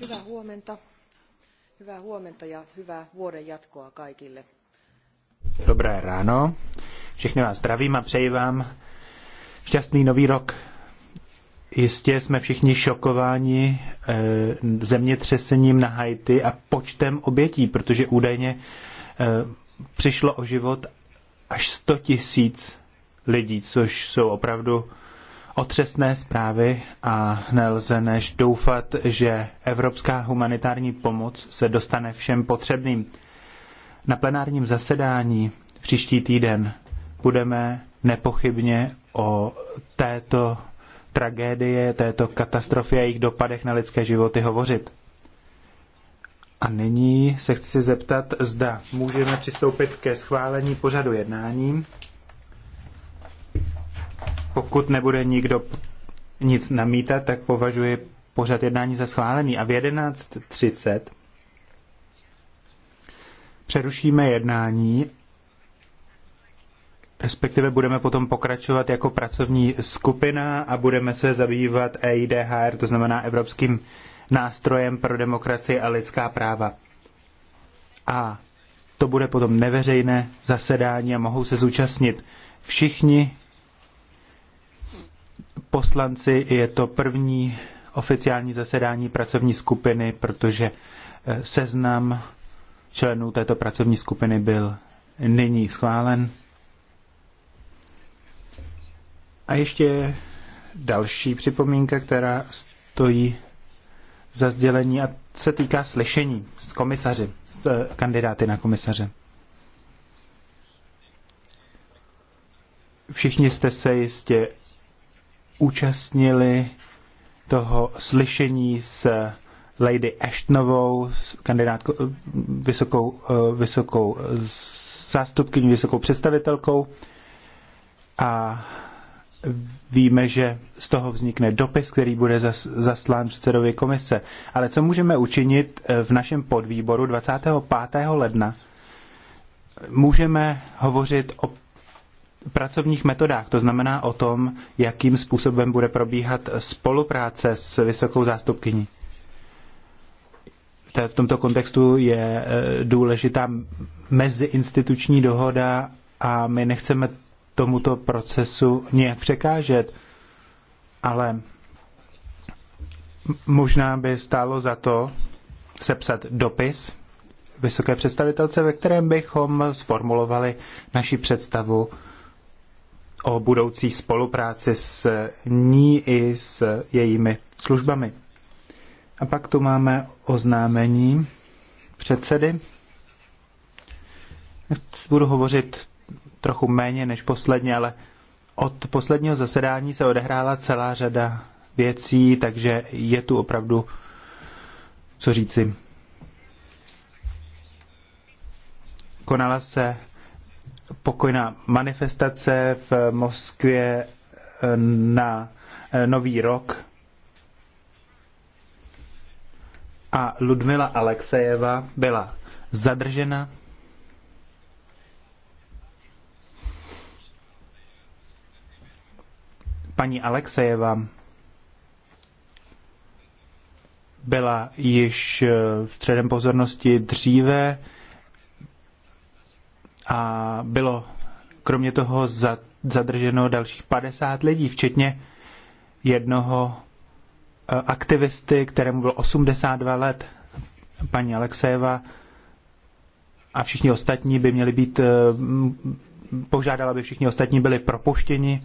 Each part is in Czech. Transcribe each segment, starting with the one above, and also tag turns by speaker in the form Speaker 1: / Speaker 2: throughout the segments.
Speaker 1: Hyvää huomenta.
Speaker 2: Hyvää huomenta ja hyvää vuoden jatkoa kaikille.
Speaker 3: Dobré ráno. Všechny vás zdravím a přeji vám šťastný nový rok. Jistě jsme všichni šokováni e, zemětřesením na Haiti a počtem obětí, protože údajně e, přišlo o život až 100 tisíc lidí, což jsou opravdu otřesné zprávy a nelze než doufat, že evropská humanitární pomoc se dostane všem potřebným. Na plenárním zasedání příští týden budeme nepochybně o této tragédie, této katastrofě a jejich dopadech na lidské životy hovořit. A nyní se chci zeptat, zda můžeme přistoupit ke schválení pořadu jednání. Pokud nebude nikdo nic namítat, tak považuji pořad jednání za schválený. A v 11.30 přerušíme jednání, respektive budeme potom pokračovat jako pracovní skupina a budeme se zabývat EIDHR, to znamená Evropským nástrojem pro demokracii a lidská práva. A to bude potom neveřejné zasedání a mohou se zúčastnit všichni poslanci. Je to první oficiální zasedání pracovní skupiny, protože eh, seznam členů této pracovní skupiny byl nyní schválen. A ještě další připomínka, která stojí za sdělení a se týká slyšení s komisaři, s eh, kandidáty na komisaře. Všichni jste se jistě účastnili toho slyšení s Lady Ashtonovou, kandidátkou eh, vysokou, eh, vysokou eh, zástupkyní, vysokou představitelkou. A víme, že z toho vznikne dopis, který bude zaslán předsedovi komise. Ale co můžeme učinit v našem podvýboru 25. ledna? Můžeme hovořit o pracovních metodách, to znamená o tom, jakým způsobem bude probíhat spolupráce s vysokou zástupkyní. V tomto kontextu je e, důležitá meziinstituční dohoda a my nechceme tomuto procesu nějak překážet, ale možná by stálo za to sepsat dopis vysoké představitelce, ve kterém bychom sformulovali naši představu o budoucí spolupráci s ní i s jejími službami. A pak tu máme oznámení předsedy. Budu hovořit trochu méně než posledně, ale od posledního zasedání se odehrála celá řada věcí, takže je tu opravdu co říci. Konala se pokojná manifestace v Moskvě eh, na eh, Nový rok. A Ludmila Alexejeva byla zadržena. Paní Alexejeva byla již eh, středem pozornosti dříve a bylo kromě toho zadrženo dalších 50 lidí, včetně jednoho eh, aktivisty, kterému bylo 82 let, paní Alexejeva a všichni ostatní by měli být, eh, požádala, aby všichni ostatní byli propuštěni,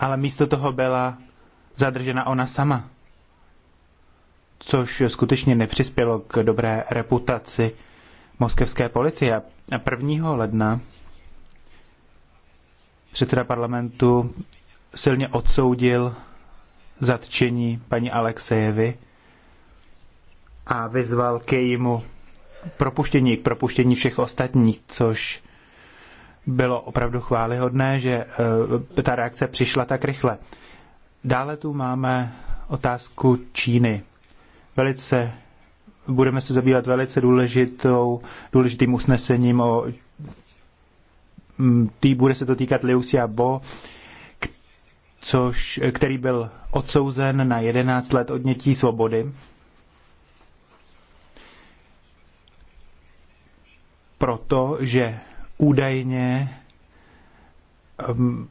Speaker 3: ale místo toho byla zadržena ona sama, což skutečně nepřispělo k dobré reputaci moskevské policie. 1. ledna předseda parlamentu silně odsoudil zatčení paní Alexejevy a vyzval k jejímu propuštění, k propuštění všech ostatních, což bylo opravdu chválihodné, že eh, ta reakce přišla tak rychle. Dále tu máme otázku Číny. Velice budeme se zabývat velice důležitou, důležitým usnesením o tý, bude se to týkat Liu Bo, což, který byl odsouzen na 11 let odnětí svobody. Protože údajně ehm,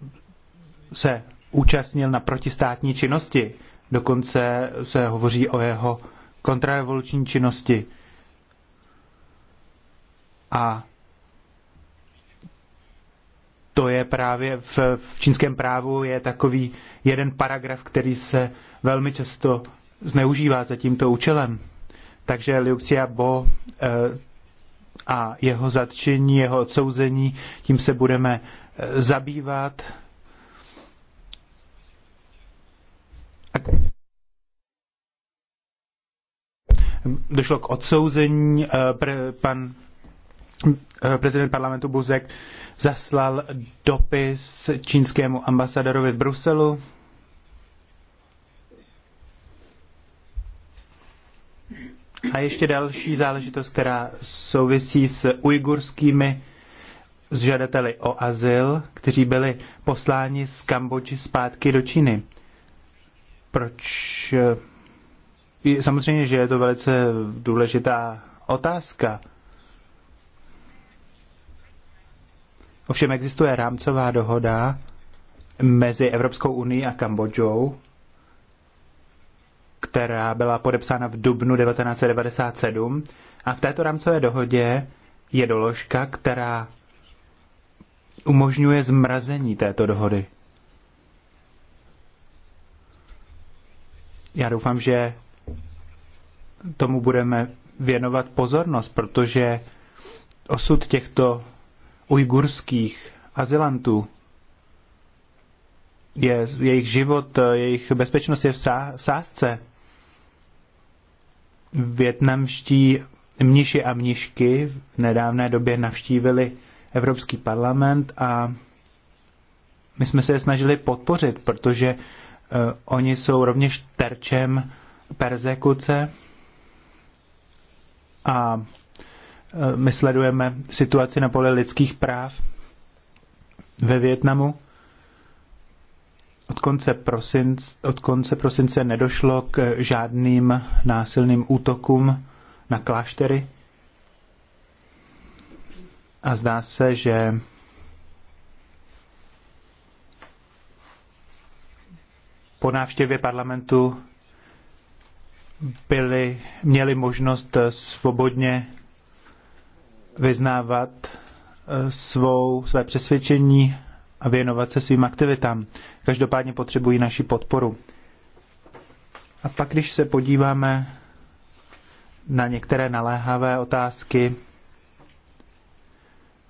Speaker 3: se účastnil na protistátní činnosti. Dokonce se hovoří o jeho kontrarevoluční činnosti. A to je právě v, v čínském právu je takový jeden paragraf, který se velmi často zneužívá za tímto účelem. Takže Liu Xiaobo eh, a jeho zatčení, jeho odsouzení, tím se budeme eh, zabývat došlo k odsouzení. Eh, pre, pan eh, prezident parlamentu Buzek zaslal dopis čínskému ambasadorovi v Bruselu. A ještě další záležitost, která souvisí s ujgurskými s žadateli o azyl, kteří byli posláni z Kambodži zpátky do Číny. Proč eh, Samozřejmě, že je to velice důležitá otázka. Ovšem existuje rámcová dohoda mezi Evropskou unii a Kambodžou, která byla podepsána v dubnu 1997. A v této rámcové dohodě je doložka, která umožňuje zmrazení této dohody. Já doufám, že tomu budeme věnovat pozornost, protože osud těchto ujgurských azylantů, je, jejich život, jejich bezpečnost je v, v sázce. Větnamští mniši a mnišky v nedávné době navštívili Evropský parlament a my jsme se je snažili podpořit, protože uh, oni jsou rovněž terčem persekuce a e, my sledujeme situaci na poli lidských práv ve Větnamu. Od konce, prosince, od konce prosince nedošlo k žádným násilným útokům na kláštery. A zdá se, že po návštěvě parlamentu byli, měli možnost eh, svobodně vyznávat eh, svou, své přesvědčení a věnovat se svým aktivitám. Každopádně potřebují naši podporu. A pak, když se podíváme na některé naléhavé otázky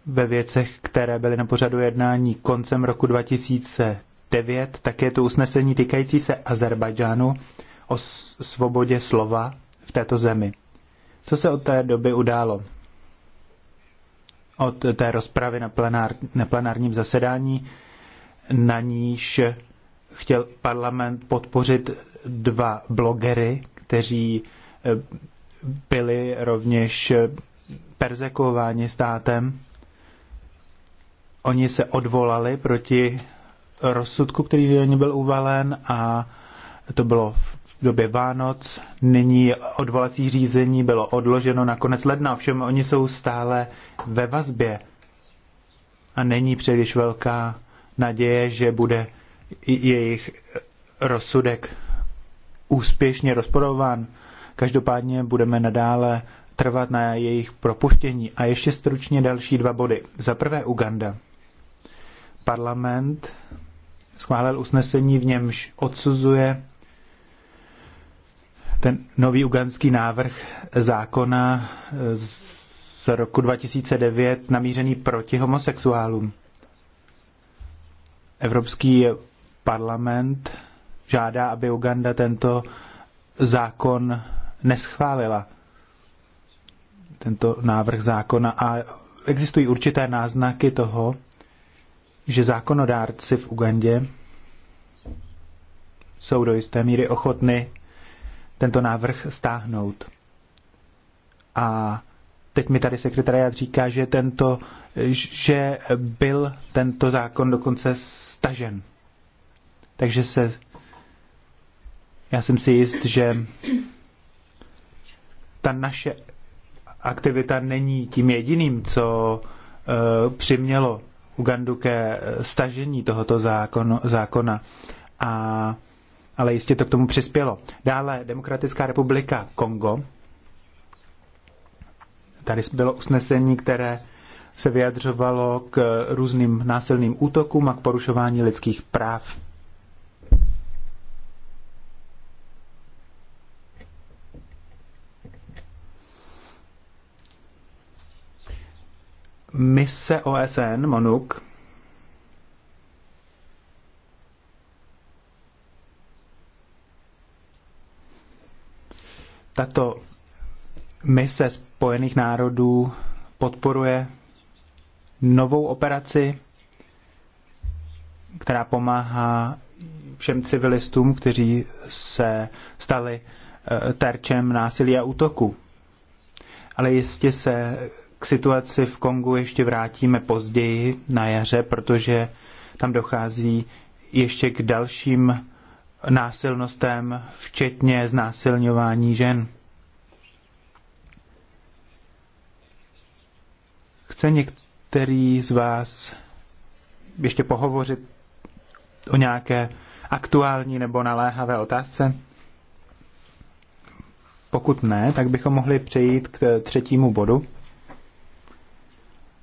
Speaker 3: ve věcech, které byly na pořadu jednání koncem roku 2009, tak je to usnesení týkající se Azerbajdžánu o svobodě slova v této zemi. Co se od té doby událo? Od té rozpravy na, plenár, na plenárním zasedání, na níž chtěl parlament podpořit dva blogery, kteří eh, byli rovněž perzekováni státem. Oni se odvolali proti rozsudku, který na ně byl uvalen a to bylo v v době Vánoc, nyní odvolací řízení bylo odloženo na konec ledna, všem oni jsou stále ve vazbě a není příliš velká naděje, že bude jejich rozsudek úspěšně rozporován. Každopádně budeme nadále trvat na jejich propuštění. A ještě stručně další dva body. Za prvé Uganda. Parlament schválil usnesení, v němž odsuzuje ten nový ugandský návrh zákona z roku 2009 namířený proti homosexuálům. Evropský parlament žádá, aby Uganda tento zákon neschválila. Tento návrh zákona. A existují určité náznaky toho, že zákonodárci v Ugandě jsou do jisté míry ochotny tento návrh stáhnout. A teď mi tady sekretariat říká, že, tento, že byl tento zákon dokonce stažen. Takže se, já jsem si jist, že ta naše aktivita není tím jediným, co uh, přimělo Ugandu ke eh, stažení tohoto zákon, zákona. A ale jistě to k tomu přispělo. Dále Demokratická republika Kongo. Tady bylo usnesení, které se vyjadřovalo k různým násilným útokům a k porušování lidských práv. Mise OSN Monuk Tato mise Spojených národů podporuje novou operaci, která pomáhá všem civilistům, kteří se stali eh, terčem násilí a útoku. Ale jistě se k situaci v Kongu ještě vrátíme později na jaře, protože tam dochází ještě k dalším násilnostem, včetně znásilňování žen. Chce některý z vás ještě pohovořit o nějaké aktuální nebo naléhavé otázce? Pokud ne, tak bychom mohli přejít k třetímu bodu.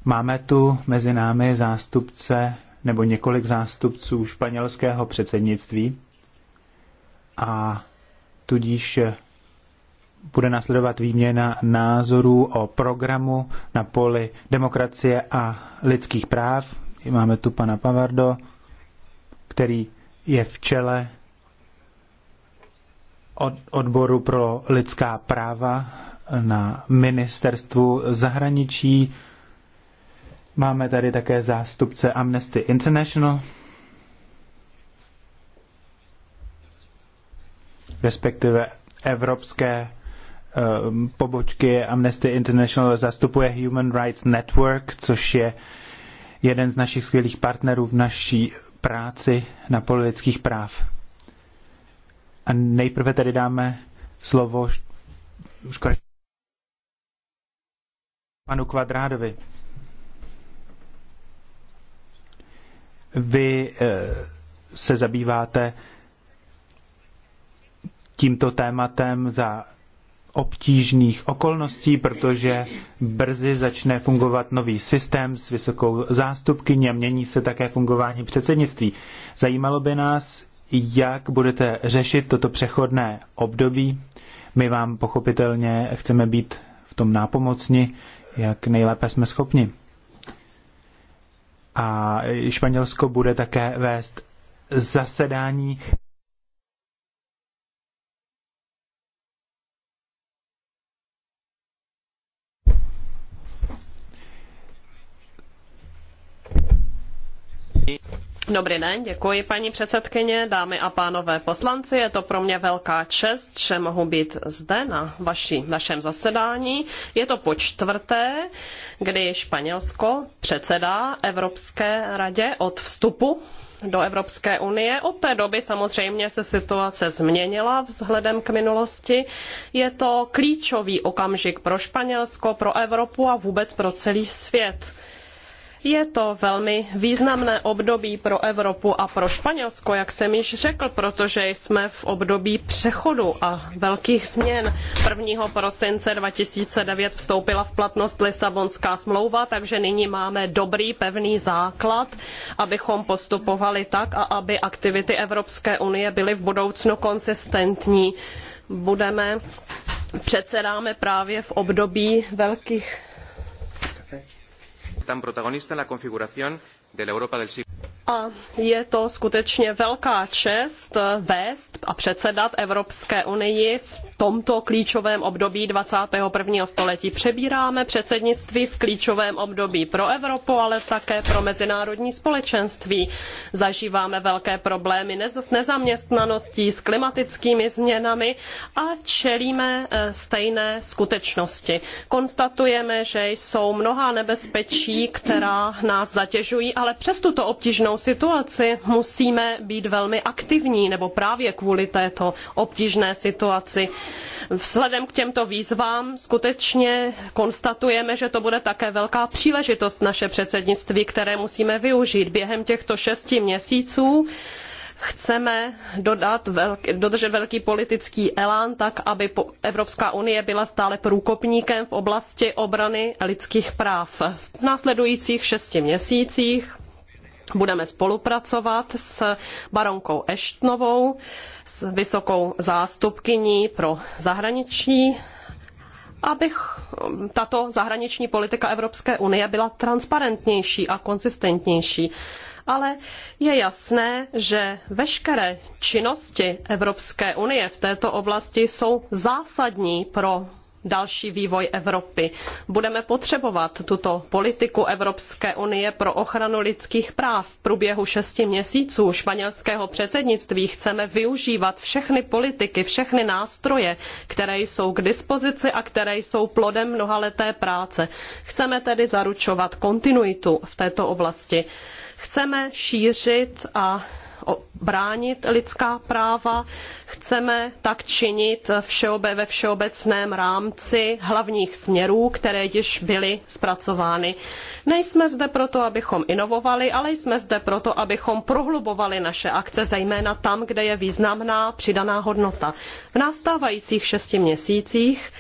Speaker 3: Máme tu mezi námi zástupce nebo několik zástupců španělského předsednictví a tudíž bude následovat výměna názorů o programu na poli demokracie a lidských práv. Máme tu pana Pavardo, který je v čele od odboru pro lidská práva na ministerstvu zahraničí. Máme tady také zástupce Amnesty International, respektive evropské eh, pobočky Amnesty International zastupuje Human Rights Network, což je jeden z našich skvělých partnerů v naší práci na poli lidských práv. A nejprve tedy dáme slovo panu Kvadrádovi. Vy eh, se zabýváte tímto tématem za obtížných okolností, protože brzy začne fungovat nový systém s vysokou zástupkyní a mění se také fungování předsednictví. Zajímalo by nás, jak budete řešit toto přechodné období. My vám pochopitelně chceme být v tom nápomocni, jak nejlépe jsme schopni. A Španělsko bude také vést zasedání
Speaker 2: Dobrý den, děkuji paní předsedkyně, dámy a pánové poslanci. Je to pro mě velká čest, že mohu být zde na vaší, vašem zasedání. Je to po čtvrté, kdy Španělsko předsedá Evropské radě od vstupu do Evropské unie. Od té doby samozřejmě se situace změnila vzhledem k minulosti. Je to klíčový okamžik pro Španělsko, pro Evropu a vůbec pro celý svět je to velmi významné období pro Evropu a pro Španělsko, jak jsem již řekl, protože jsme v období přechodu a velkých změn. 1. prosince 2009 vstoupila v platnost Lisabonská smlouva, takže nyní máme dobrý, pevný základ, abychom postupovali tak a aby aktivity Evropské unie byly v budoucnu konsistentní. Budeme předsedáme právě v období velkých
Speaker 3: tan protagonista en la configuración de la Europa del siglo
Speaker 2: a je to skutečně velká čest eh, vést a předsedat Evropské unii v tomto klíčovém období 21. století. Přebíráme předsednictví v klíčovém období pro Evropu, ale také pro mezinárodní společenství. Zažíváme velké problémy s nezaměstnaností, s klimatickými změnami a čelíme eh, stejné skutečnosti. Konstatujeme, že jsou mnohá nebezpečí, která nás zatěžují, ale přes tuto obtížnou situaci musíme být velmi aktivní, nebo právě kvůli této obtížné situaci. Vzhledem k těmto výzvám skutečně konstatujeme, že to bude také velká příležitost naše předsednictví, které musíme využít během těchto šesti měsíců chceme dodat velký, dodržet velký politický elán, tak aby Evropská unie byla stále průkopníkem v oblasti obrany lidských práv. V následujících šesti měsících Budeme spolupracovat s baronkou Eštnovou, s vysokou zástupkyní pro zahraniční abych um, tato zahraniční politika Evropské unie byla transparentnější a konsistentnější. Ale je jasné, že veškeré činnosti Evropské unie v této oblasti jsou zásadní pro další vývoj Evropy. Budeme potřebovat tuto politiku Evropské unie pro ochranu lidských práv. V průběhu šesti měsíců španělského předsednictví chceme využívat všechny politiky, všechny nástroje, které jsou k dispozici a které jsou plodem mnohaleté práce. Chceme tedy zaručovat kontinuitu v této oblasti. Chceme šířit a bránit lidská práva. Chceme tak činit všeobe, ve všeobecném rámci hlavních směrů, které již byly zpracovány. Nejsme zde proto, abychom inovovali, ale jsme zde proto, abychom prohlubovali naše akce, zejména tam, kde je významná přidaná hodnota. V nastávajících šesti měsících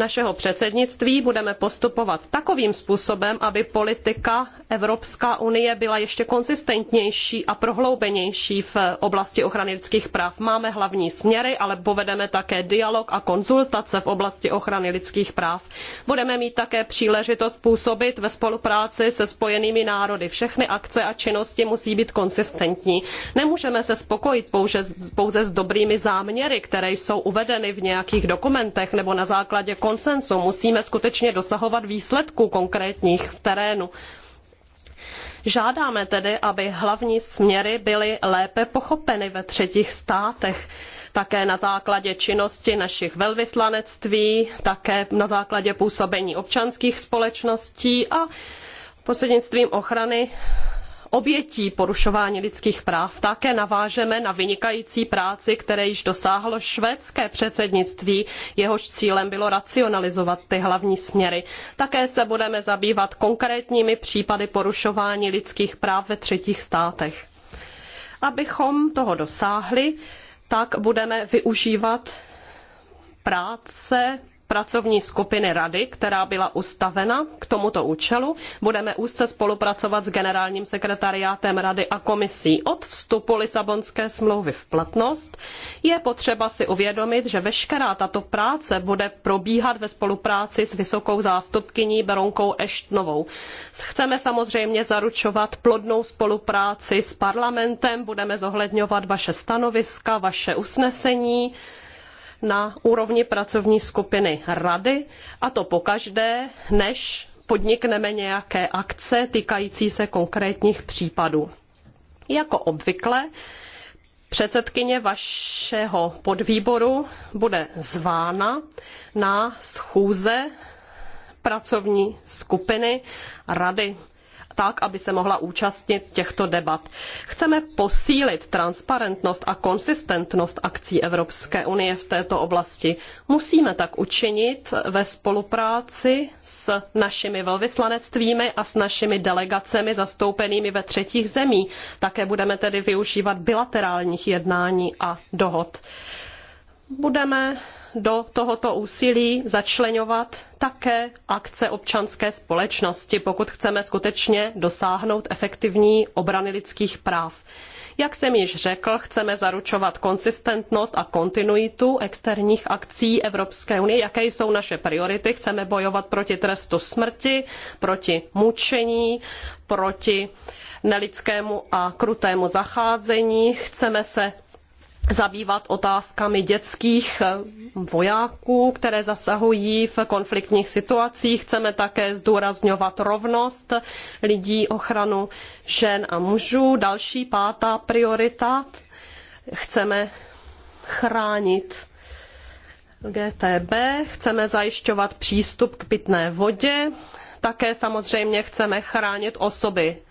Speaker 2: našeho předsednictví budeme postupovat takovým způsobem, aby politika Evropská unie byla ještě konzistentnější a prohloubenější v oblasti ochrany lidských práv. Máme hlavní směry, ale povedeme také dialog a konzultace v oblasti ochrany lidských práv. Budeme mít také příležitost působit ve spolupráci se spojenými národy. Všechny akce a činnosti musí být konzistentní. Nemůžeme se spokojit pouze, pouze s dobrými záměry, které jsou uvedeny v nějakých dokumentech nebo na základě konsensu. Musíme skutečně dosahovat výsledků konkrétních v terénu. Žádáme tedy, aby hlavní směry byly lépe pochopeny ve třetích státech, také na základě činnosti našich velvyslanectví, také na základě působení občanských společností a prostřednictvím ochrany obětí porušování lidských práv také navážeme na vynikající práci, které již dosáhlo švédské předsednictví, jehož cílem bylo racionalizovat ty hlavní směry. Také se budeme zabývat konkrétními případy porušování lidských práv ve třetích státech. Abychom toho dosáhli, tak budeme využívat práce pracovní skupiny rady, která byla ustavena k tomuto účelu. Budeme úzce spolupracovat s generálním sekretariátem rady a komisí od vstupu Lisabonské smlouvy v platnost. Je potřeba si uvědomit, že veškerá tato práce bude probíhat ve spolupráci s vysokou zástupkyní Beronkou Eštnovou. Chceme samozřejmě zaručovat plodnou spolupráci s parlamentem, budeme zohledňovat vaše stanoviska, vaše usnesení, na úrovni pracovní skupiny rady a to pokaždé, než podnikneme nějaké akce týkající se konkrétních případů. Jako obvykle, předsedkyně vašeho podvýboru bude zvána na schůze pracovní skupiny rady tak, aby se mohla účastnit těchto debat. Chceme posílit transparentnost a konsistentnost akcí Evropské unie v této oblasti. Musíme tak učinit ve spolupráci s našimi velvyslanectvími a s našimi delegacemi zastoupenými ve třetích zemí. Také budeme tedy využívat bilaterálních jednání a dohod. Budeme do tohoto úsilí začleňovat také akce občanské společnosti, pokud chceme skutečně dosáhnout efektivní obrany lidských práv. Jak jsem již řekl, chceme zaručovat konsistentnost a kontinuitu externích akcí Evropské unie. Jaké jsou naše priority? Chceme bojovat proti trestu smrti, proti mučení, proti nelidskému a krutému zacházení. Chceme se zabývat otázkami dětských eh, vojáků, které zasahují v konfliktních situacích. Chceme také zdůrazňovat rovnost lidí, ochranu žen a mužů. Další pátá priorita. Chceme chránit GTB, chceme zajišťovat přístup k pitné vodě, také samozřejmě chceme chránit osoby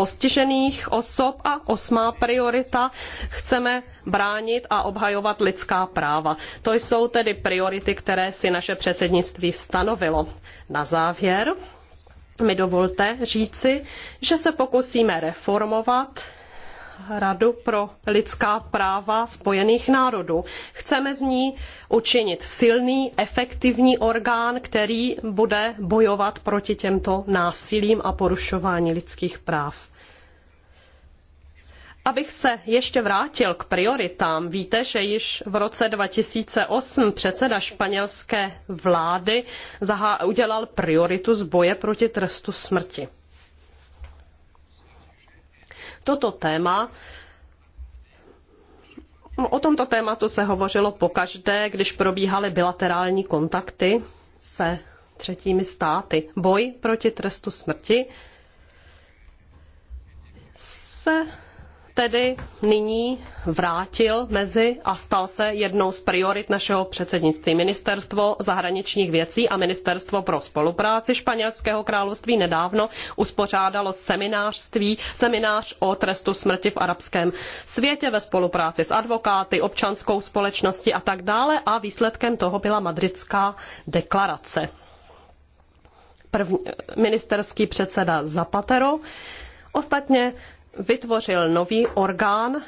Speaker 2: postižených osob a osmá priorita chceme bránit a obhajovat lidská práva. To jsou tedy priority, které si naše předsednictví stanovilo. Na závěr mi dovolte říci, že se pokusíme reformovat Radu pro lidská práva Spojených národů. Chceme z ní učinit silný, efektivní orgán, který bude bojovat proti těmto násilím a porušování lidských práv. Abych se ještě vrátil k prioritám, víte, že již v roce 2008 předseda španělské vlády udělal prioritu z boje proti trestu smrti. Toto téma O tomto tématu se hovořilo pokaždé, když probíhaly bilaterální kontakty se třetími státy. Boj proti trestu smrti se tedy nyní vrátil mezi a stal se jednou z priorit našeho předsednictví. Ministerstvo zahraničních věcí a Ministerstvo pro spolupráci Španělského království nedávno uspořádalo seminářství, seminář o trestu smrti v arabském světě ve spolupráci s advokáty, občanskou společností a tak dále a výsledkem toho byla madridská deklarace. První, ministerský předseda Zapatero Ostatně vytvořil nový orgán,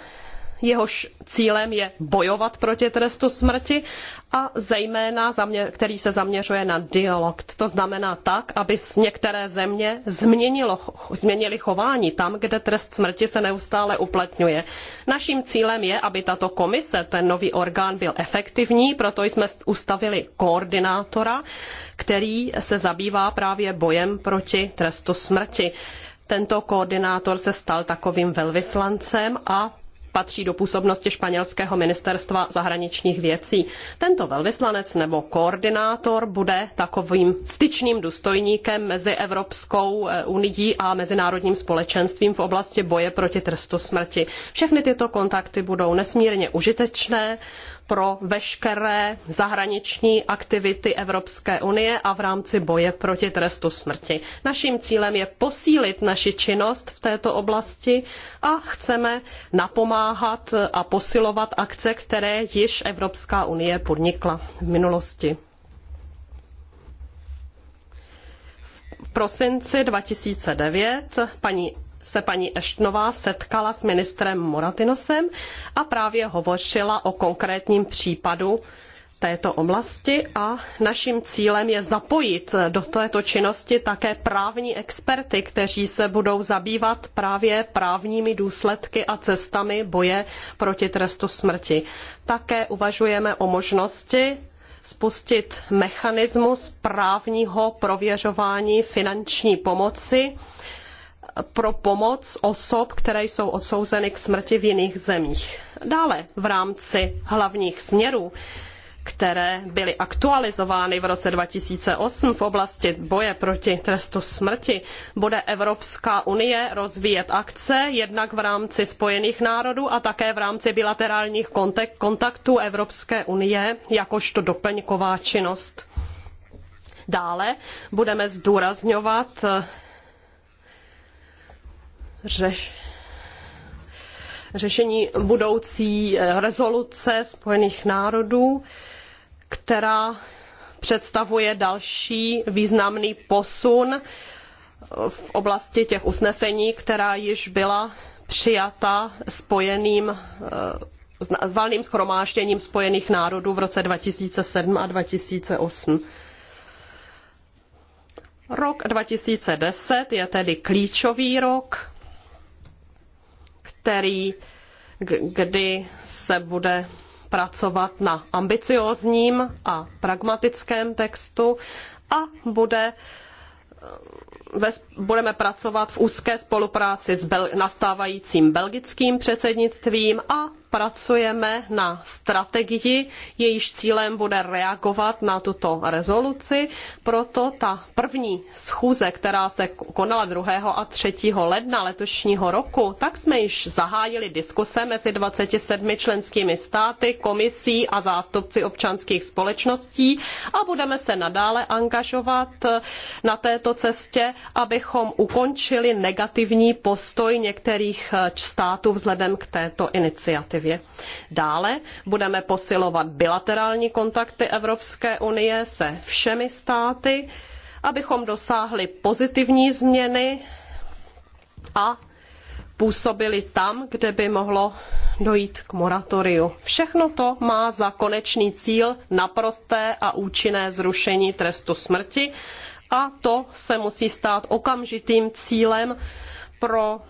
Speaker 2: jehož cílem je bojovat proti trestu smrti a zejména, který se zaměřuje na dialog. To znamená tak, aby některé země změnilo, změnili chování tam, kde trest smrti se neustále uplatňuje. Naším cílem je, aby tato komise, ten nový orgán byl efektivní, proto jsme ustavili koordinátora, který se zabývá právě bojem proti trestu smrti tento koordinátor se stal takovým velvyslancem a patří do působnosti španělského ministerstva zahraničních věcí. Tento velvyslanec nebo koordinátor bude takovým styčným důstojníkem mezi Evropskou eh, unií a mezinárodním společenstvím v oblasti boje proti trestu smrti. Všechny tyto kontakty budou nesmírně užitečné pro veškeré zahraniční aktivity Evropské unie a v rámci boje proti trestu smrti. Naším cílem je posílit naši činnost v této oblasti a chceme napomáhat a posilovat akce, které již Evropská unie podnikla v minulosti. V prosinci 2009 paní se paní Eštnová setkala s ministrem Moratinosem a právě hovořila o konkrétním případu této oblasti a naším cílem je zapojit do této činnosti také právní experty, kteří se budou zabývat právě právními důsledky a cestami boje proti trestu smrti. Také uvažujeme o možnosti spustit mechanismus právního prověřování finanční pomoci, pro pomoc osob, které jsou odsouzeny k smrti v jiných zemích. Dále v rámci hlavních směrů které byly aktualizovány v roce 2008 v oblasti boje proti trestu smrti, bude Evropská unie rozvíjet akce jednak v rámci Spojených národů a také v rámci bilaterálních kontaktů Evropské unie jakožto doplňková činnost. Dále budeme zdůrazňovat řeš, řešení budoucí eh, rezoluce Spojených národů, která představuje další významný posun eh, v oblasti těch usnesení, která již byla přijata spojeným eh, valným schromážděním Spojených národů v roce 2007 a 2008. Rok 2010 je tedy klíčový rok který, kdy se bude pracovat na ambiciózním a pragmatickém textu a bude eh, ve, budeme pracovat v úzké spolupráci s bel, nastávajícím belgickým předsednictvím a pracujeme na strategii, jejíž cílem bude reagovat na tuto rezoluci. Proto ta první schůze, která se konala 2. a 3. ledna letošního roku, tak jsme již zahájili diskuse mezi 27 členskými státy, komisí a zástupci občanských společností a budeme se nadále angažovat na této cestě, abychom ukončili negativní postoj některých států vzhledem k této iniciativě. 2009. Dále budeme posilovat bilaterální kontakty Evropské unie se všemi státy, abychom dosáhli pozitivní změny a působili tam, kde by mohlo dojít k moratoriu. Všechno to má za konečný cíl naprosté a účinné zrušení trestu smrti a to se musí stát okamžitým cílem pro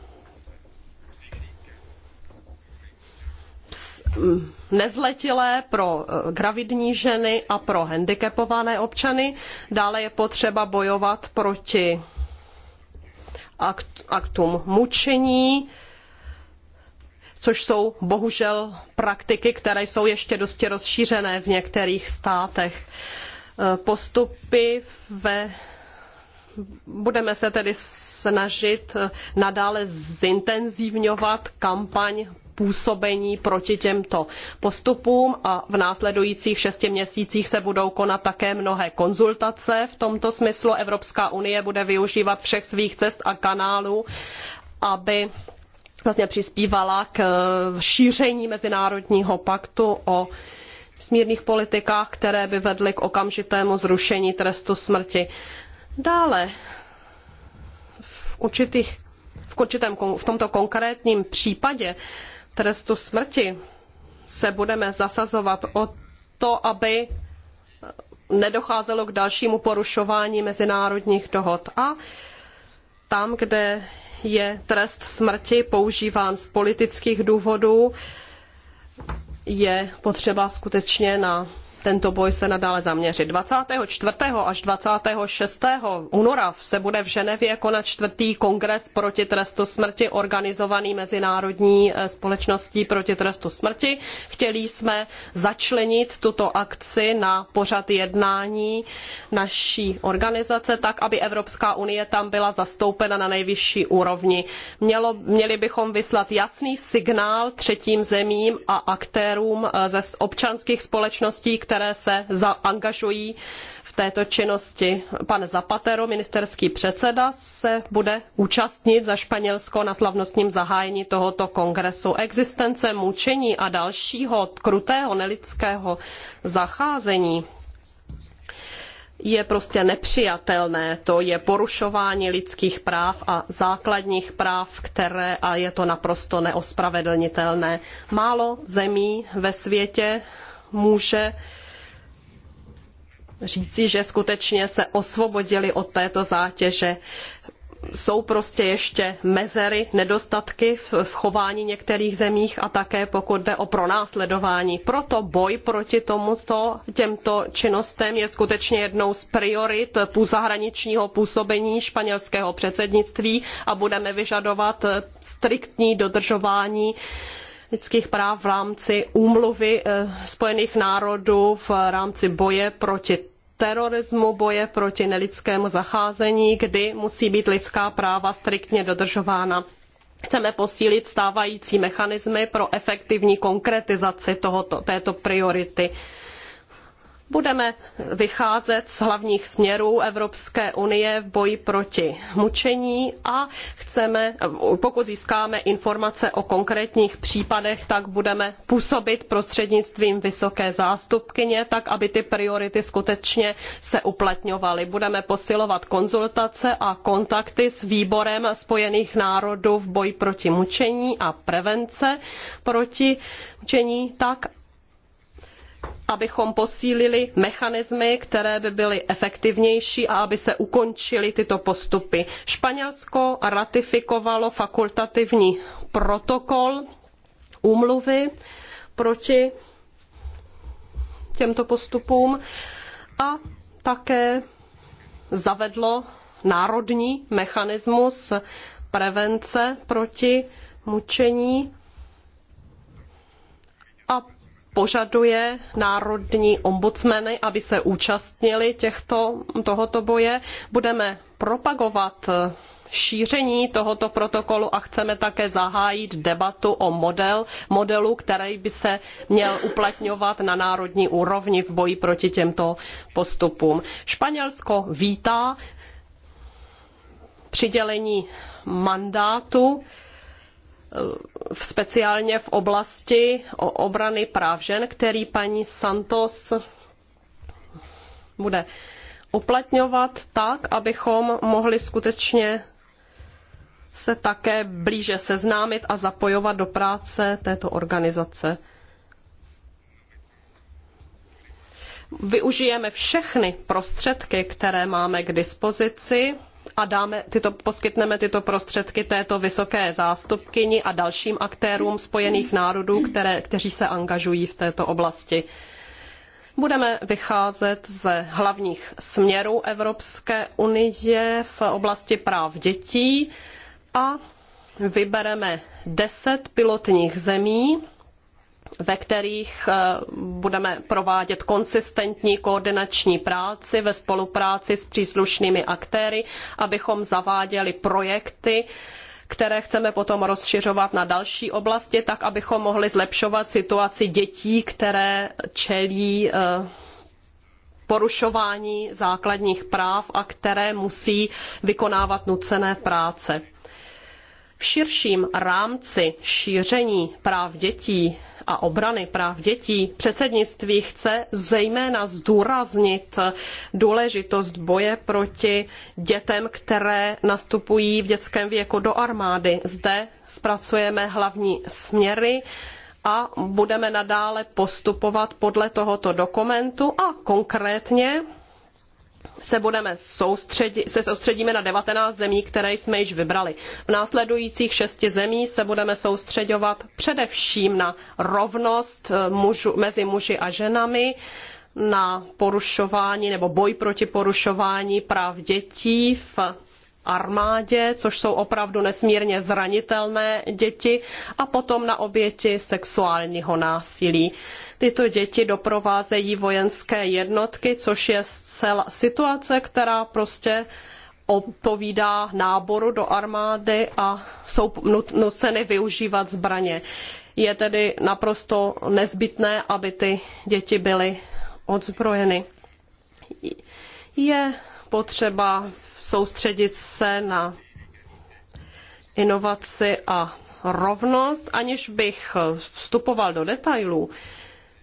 Speaker 2: Mm, nezletilé, pro eh, gravidní ženy a pro handicapované občany. Dále je potřeba bojovat proti aktům mučení, což jsou bohužel praktiky, které jsou ještě dosti rozšířené v některých státech. Eh, postupy ve budeme se tedy snažit eh, nadále zintenzívňovat kampaň působení proti těmto postupům a v následujících šesti měsících se budou konat také mnohé konzultace. V tomto smyslu Evropská unie bude využívat všech svých cest a kanálů, aby vlastně přispívala k eh, šíření mezinárodního paktu o smírných politikách, které by vedly k okamžitému zrušení trestu smrti. Dále v určitých v, určitém, v tomto konkrétním případě trestu smrti se budeme zasazovat o to, aby nedocházelo k dalšímu porušování mezinárodních dohod. A tam, kde je trest smrti používán z politických důvodů, je potřeba skutečně na tento boj se nadále zaměřit. 24. až 26. února se bude v Ženevě konat čtvrtý kongres proti trestu smrti organizovaný Mezinárodní eh, společností proti trestu smrti. Chtěli jsme začlenit tuto akci na pořad jednání naší organizace tak, aby Evropská unie tam byla zastoupena na nejvyšší úrovni. Mělo, měli bychom vyslat jasný signál třetím zemím a aktérům eh, ze občanských společností, které které se angažují v této činnosti. Pan Zapatero, ministerský předseda, se bude účastnit za Španělsko na slavnostním zahájení tohoto kongresu. Existence mučení a dalšího krutého nelidského zacházení je prostě nepřijatelné. To je porušování lidských práv a základních práv, které a je to naprosto neospravedlnitelné. Málo zemí ve světě může říci, že skutečně se osvobodili od této zátěže. Jsou prostě ještě mezery, nedostatky v, v chování některých zemích a také pokud jde o pronásledování. Proto boj proti tomuto, těmto činnostem je skutečně jednou z priorit zahraničního působení španělského předsednictví a budeme vyžadovat striktní dodržování uh, lidských práv v rámci úmluvy eh, Spojených národů v rámci boje proti terorismu, boje proti nelidskému zacházení, kdy musí být lidská práva striktně dodržována. Chceme posílit stávající mechanismy pro efektivní konkretizaci tohoto, této priority. Budeme vycházet z hlavních směrů Evropské unie v boji proti mučení a chceme, pokud získáme informace o konkrétních případech, tak budeme působit prostřednictvím vysoké zástupkyně, tak aby ty priority skutečně se uplatňovaly. Budeme posilovat konzultace a kontakty s výborem Spojených národů v boji proti mučení a prevence proti mučení tak, abychom posílili mechanismy, které by byly efektivnější a aby se ukončily tyto postupy. Španělsko ratifikovalo fakultativní protokol úmluvy proti těmto postupům a také zavedlo národní mechanismus prevence proti mučení požaduje národní ombudsmeny, aby se účastnili těchto, tohoto boje. Budeme propagovat eh, šíření tohoto protokolu a chceme také zahájit debatu o model, modelu, který by se měl uplatňovat na národní úrovni v boji proti těmto postupům. Španělsko vítá přidělení mandátu speciálně v oblasti obrany práv žen, který paní Santos bude uplatňovat tak, abychom mohli skutečně se také blíže seznámit a zapojovat do práce této organizace. Využijeme všechny prostředky, které máme k dispozici a dáme tyto, poskytneme tyto prostředky této vysoké zástupkyni a dalším aktérům Spojených národů, které, kteří se angažují v této oblasti. Budeme vycházet ze hlavních směrů Evropské unie v oblasti práv dětí a vybereme deset pilotních zemí, ve kterých eh, budeme provádět konsistentní koordinační práci ve spolupráci s příslušnými aktéry, abychom zaváděli projekty, které chceme potom rozšiřovat na další oblasti, tak abychom mohli zlepšovat situaci dětí, které čelí eh, porušování základních práv a které musí vykonávat nucené práce. V širším rámci šíření práv dětí a obrany práv dětí předsednictví chce zejména zdůraznit důležitost boje proti dětem, které nastupují v dětském věku do armády. Zde zpracujeme hlavní směry a budeme nadále postupovat podle tohoto dokumentu a konkrétně se budeme soustředit, se soustředíme na 19 zemí, které jsme již vybrali. V následujících šesti zemí se budeme soustředovat především na rovnost eh, mužu, mezi muži a ženami, na porušování nebo boj proti porušování práv dětí v armádě, což jsou opravdu nesmírně zranitelné děti, a potom na oběti sexuálního násilí. Tyto děti doprovázejí vojenské jednotky, což je zcela situace, která prostě odpovídá náboru do armády a jsou nuceny využívat zbraně. Je tedy naprosto nezbytné, aby ty děti byly odzbrojeny. Je potřeba soustředit se na inovaci a rovnost, aniž bych vstupoval do detailů.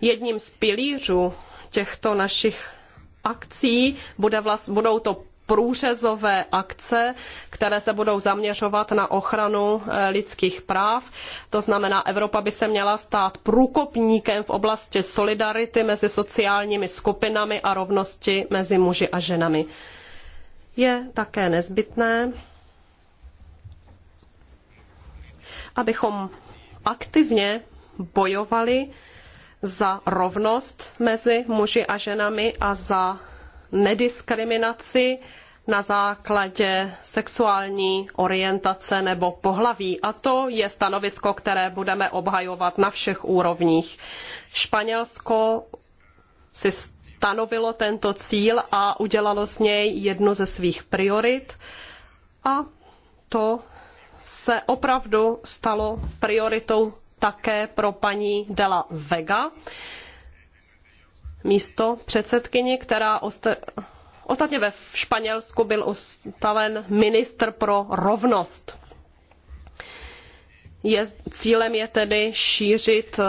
Speaker 2: Jedním z pilířů těchto našich akcí bude vlast, budou to průřezové akce, které se budou zaměřovat na ochranu eh, lidských práv. To znamená, Evropa by se měla stát průkopníkem v oblasti solidarity mezi sociálními skupinami a rovnosti mezi muži a ženami. Je také nezbytné, abychom aktivně bojovali za rovnost mezi muži a ženami a za nediskriminaci na základě sexuální orientace nebo pohlaví. A to je stanovisko, které budeme obhajovat na všech úrovních. Španělsko si stanovilo tento cíl a udělalo z něj jednu ze svých priorit. A to se opravdu stalo prioritou také pro paní Dela Vega, místo předsedkyni, která osta... ostatně ve Španělsku byl ustaven ministr pro rovnost. Je, cílem je tedy šířit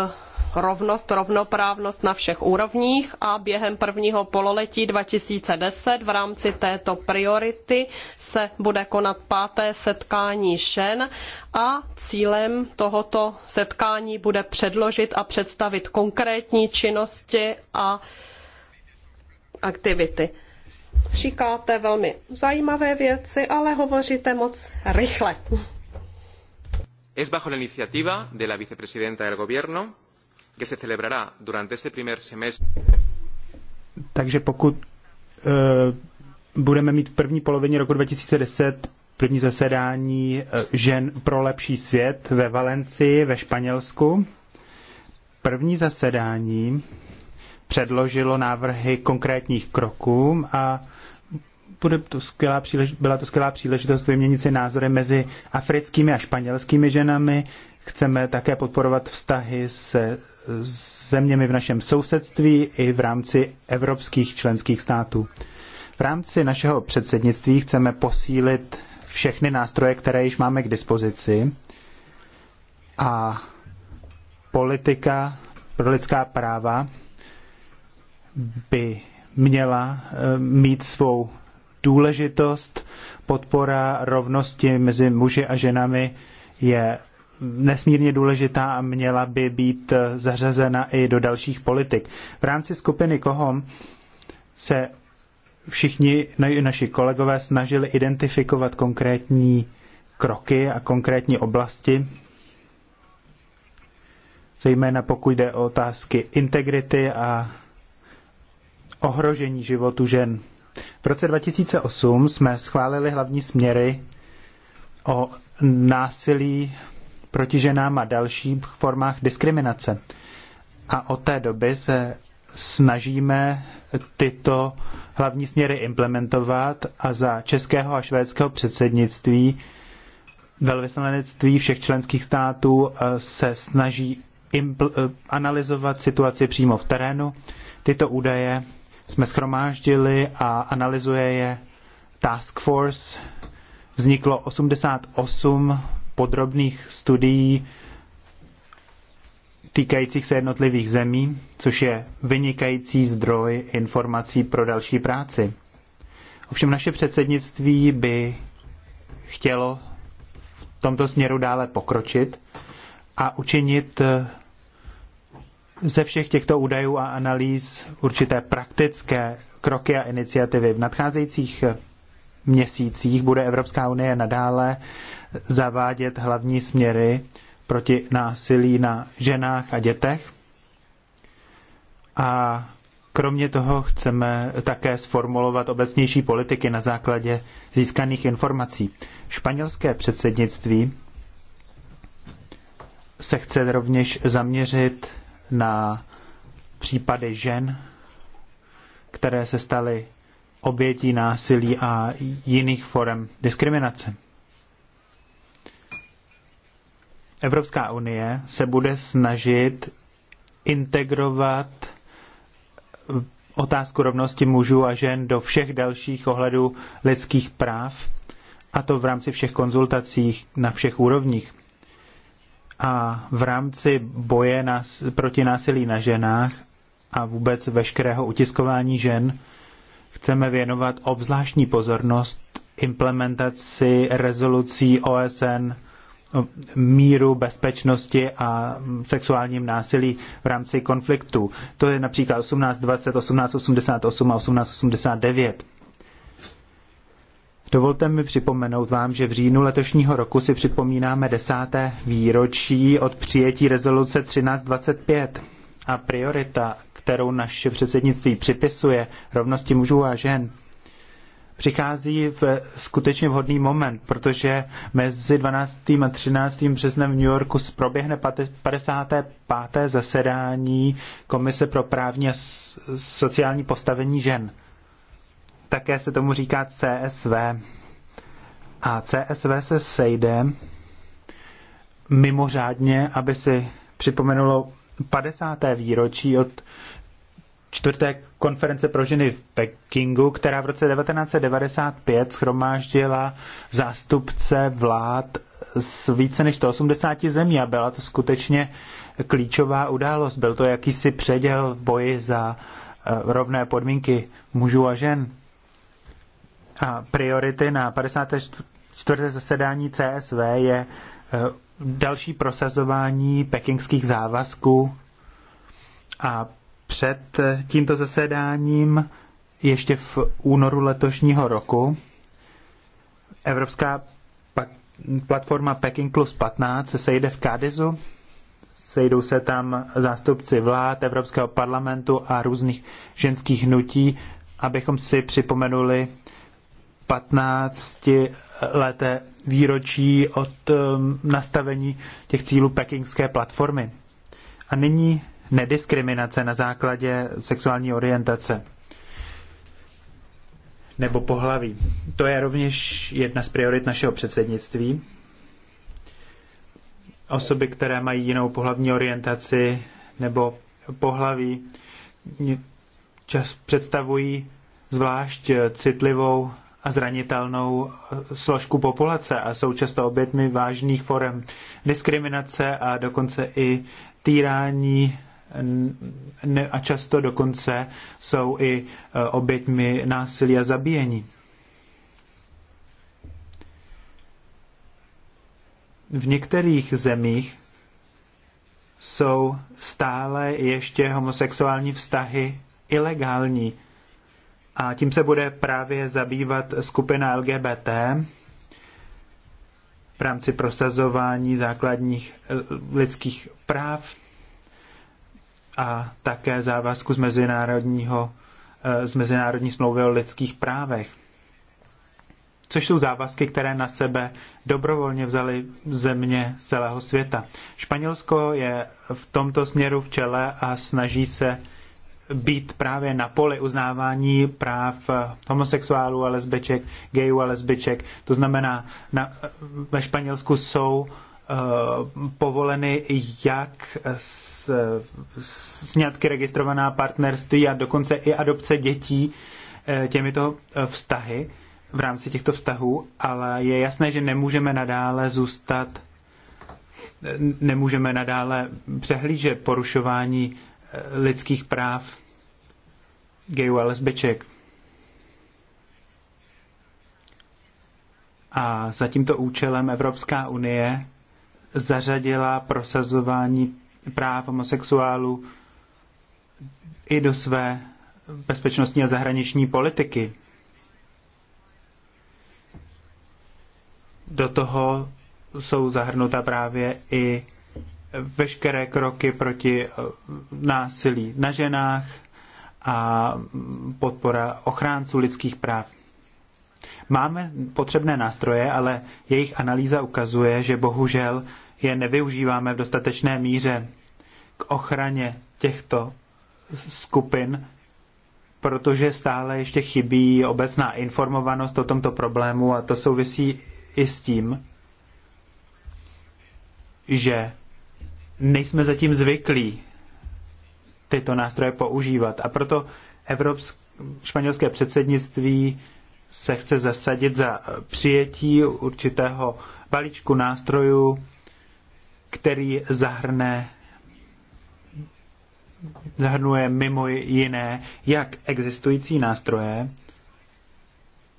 Speaker 2: rovnost, rovnoprávnost na všech úrovních a během prvního pololetí 2010 v rámci této priority se bude konat páté setkání žen a cílem tohoto setkání bude předložit a představit konkrétní činnosti a aktivity říkáte velmi zajímavé věci, ale hovoříte moc rychle.
Speaker 3: Es bajo la iniciativa de la vicepresidenta del gobierno que se celebrará durante este primer semestre. Takže pokud uh, budeme mít v první polovině roku 2010 první zasedání eh, žen pro lepší svět ve Valencii ve Španělsku, první zasedání předložilo návrhy konkrétních kroků a bude to skvělá příležitost, byla to skvělá příležitost vyměnit si názory mezi africkými a španělskými ženami, Chceme také podporovat vztahy se zeměmi v našem sousedství i v rámci evropských členských států. V rámci našeho předsednictví chceme posílit všechny nástroje, které již máme k dispozici a politika pro lidská práva by měla eh, mít svou důležitost. Podpora rovnosti mezi muži a ženami je nesmírně důležitá a měla by být eh, zařazena i do dalších politik. V rámci skupiny KOHOM se všichni naši kolegové snažili identifikovat konkrétní kroky a konkrétní oblasti, zejména pokud jde o otázky integrity a ohrožení životu žen. V roce 2008 jsme schválili hlavní směry o násilí proti ženám a dalších formách diskriminace. A od té doby se snažíme tyto hlavní směry implementovat a za českého a švédského předsednictví velvyslanectví všech členských států eh, se snaží eh, analyzovat situaci přímo v terénu. Tyto údaje jsme schromáždili a analyzuje je Task Force. Vzniklo 88 podrobných studií týkajících se jednotlivých zemí, což je vynikající zdroj informací pro další práci. Ovšem naše předsednictví by chtělo v tomto směru dále pokročit a učinit ze všech těchto údajů a analýz určité praktické kroky a iniciativy. V nadcházejících měsících bude Evropská unie nadále zavádět hlavní směry proti násilí na ženách a dětech. A kromě toho chceme také sformulovat obecnější politiky na základě získaných informací. Španělské předsednictví se chce rovněž zaměřit na případy žen, které se staly obětí násilí a jiných forem diskriminace. Evropská unie se bude snažit integrovat otázku rovnosti mužů a žen do všech dalších ohledů lidských práv, a to v rámci všech konzultacích na všech úrovních. A v rámci boje nás, proti násilí na ženách a vůbec veškerého utiskování žen chceme věnovat obzvláštní pozornost implementaci rezolucí OSN míru, bezpečnosti a sexuálním násilí v rámci konfliktu. To je například 1820, 1888 a 1889. Dovolte mi připomenout vám, že v říjnu letošního roku si připomínáme desáté výročí od přijetí rezoluce 1325 a priorita, kterou naše předsednictví připisuje rovnosti mužů a žen, přichází v skutečně vhodný moment, protože mezi 12. a 13. březnem v New Yorku proběhne 55. zasedání Komise pro právní a sociální postavení žen. Také se tomu říká CSV. A CSV se sejde mimořádně, aby si připomenulo 50. výročí od čtvrté konference pro ženy v Pekingu, která v roce 1995 schromáždila zástupce vlád z více než 180 zemí a byla to skutečně klíčová událost. Byl to jakýsi předěl v boji za eh, rovné podmínky mužů a žen. A priority na 54. zasedání CSV je eh, další prosazování pekingských závazků a před tímto zasedáním ještě v únoru letošního roku Evropská platforma Peking Plus 15 se sejde v Kadizu. Sejdou se tam zástupci vlád Evropského parlamentu a různých ženských hnutí, abychom si připomenuli 15 leté výročí od ehm, nastavení těch cílů pekingské platformy. A nyní nediskriminace na základě sexuální orientace nebo pohlaví. To je rovněž jedna z priorit našeho předsednictví. Osoby, které mají jinou pohlavní orientaci nebo pohlaví, čas představují zvlášť citlivou a zranitelnou eh, složku populace a jsou často obětmi vážných forem diskriminace a dokonce i týrání a často dokonce jsou i eh, oběťmi násilí a zabíjení. V některých zemích jsou stále ještě homosexuální vztahy ilegální a tím se bude právě zabývat skupina LGBT v rámci prosazování základních eh, lidských práv a také závazku z, mezinárodního, eh, z mezinárodní smlouvy o lidských právech. Což jsou závazky, které na sebe dobrovolně vzali země celého světa. Španělsko je v tomto směru v čele a snaží se být právě na poli uznávání práv homosexuálů a lesbiček, gayů a lesbiček. To znamená, na, ve Španělsku jsou uh, povoleny jak s, sňatky registrovaná partnerství a dokonce i adopce dětí uh, těmito eh, vztahy v rámci těchto vztahů, ale je jasné, že nemůžeme nadále zůstat nemůžeme nadále přehlížet porušování lidských práv gayů a lesbiček. A za tímto účelem Evropská unie zařadila prosazování práv homosexuálů i do své bezpečnostní a zahraniční politiky. Do toho jsou zahrnuta právě i veškeré kroky proti eh, násilí na ženách a podpora ochránců lidských práv. Máme potřebné nástroje, ale jejich analýza ukazuje, že bohužel je nevyužíváme v dostatečné míře k ochraně těchto skupin, protože stále ještě chybí obecná informovanost o tomto problému a to souvisí i s tím, že nejsme zatím zvyklí tyto nástroje používat. A proto Evropsk- španělské předsednictví se chce zasadit za přijetí určitého balíčku nástrojů, který zahrne zahrnuje mimo jiné jak existující nástroje,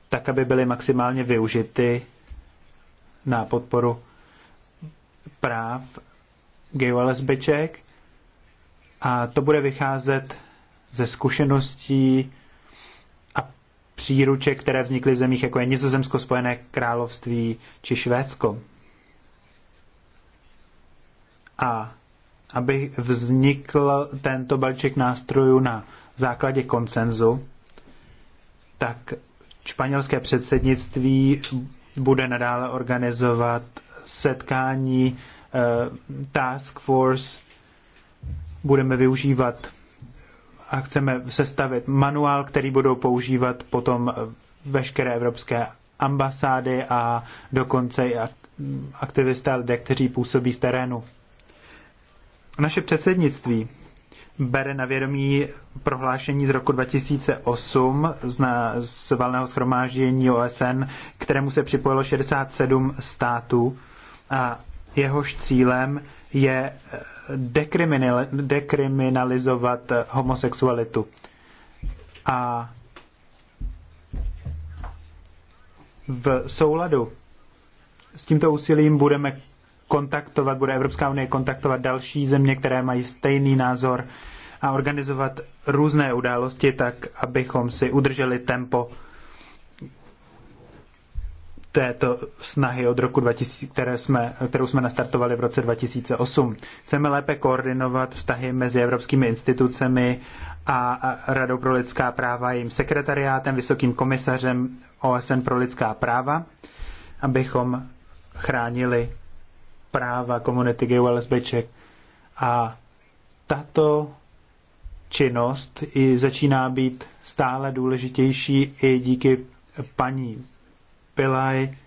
Speaker 3: tak aby byly maximálně využity na podporu práv gayů a lesbiček a to bude vycházet ze zkušeností a příruček, které vznikly v zemích jako je Nizozemsko, Spojené království či Švédsko. A aby vznikl tento balíček nástrojů na základě konsenzu, tak španělské předsednictví bude nadále organizovat setkání Eh, task force budeme využívat a chceme sestavit manuál, který budou používat potom eh, veškeré evropské ambasády a dokonce i aktivisté lidé, kteří působí v terénu. Naše předsednictví bere na vědomí prohlášení z roku 2008 z, valného schromáždění OSN, kterému se připojilo 67 států a jehož cílem je eh, dekriminalizovat eh, homosexualitu. A v souladu s tímto úsilím budeme kontaktovat, bude Evropská unie kontaktovat další země, které mají stejný názor a organizovat různé události tak, abychom si udrželi tempo této snahy od roku 2000, které jsme, kterou jsme nastartovali v roce 2008. Chceme lépe koordinovat vztahy mezi evropskými institucemi a Radou pro lidská práva, jejím sekretariátem, vysokým komisařem OSN pro lidská práva, abychom chránili práva komunity gay A tato činnost i začíná být stále důležitější i díky paní Pilaj,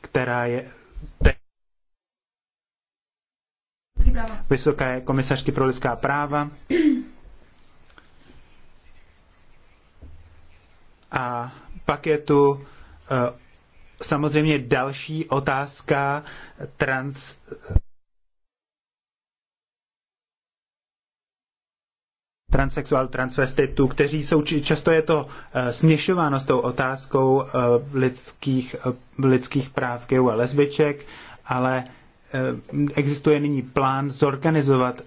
Speaker 3: která je vysoké komisařky pro lidská práva. A pak je tu eh, samozřejmě další otázka trans transsexuál, transvestitů, kteří jsou, často je to eh, směšováno s tou otázkou eh, lidských, eh, lidských práv gayů a lesbiček, ale existuje nyní plán zorganizovat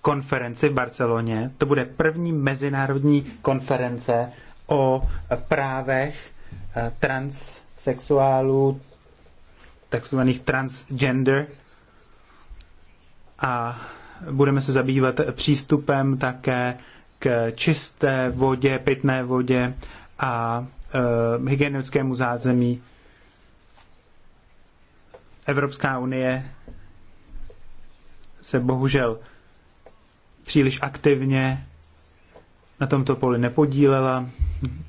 Speaker 3: konferenci v Barceloně. To bude první mezinárodní konference o právech transsexuálů, takzvaných transgender. A budeme se zabývat přístupem také k čisté vodě, pitné vodě a e, hygienickému zázemí. Evropská unie se bohužel příliš aktivně na tomto poli nepodílela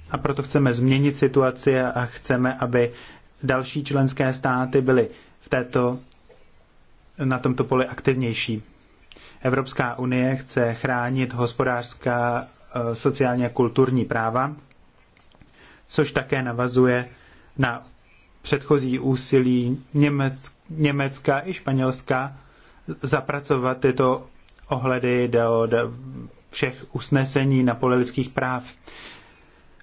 Speaker 3: a proto chceme změnit situaci a chceme, aby další členské státy byly v této, na tomto poli aktivnější. Evropská unie chce chránit hospodářská, eh, sociálně kulturní práva, což také navazuje na předchozí úsilí Němec, Německa i Španělska zapracovat tyto ohledy do, do všech usnesení na pole lidských práv.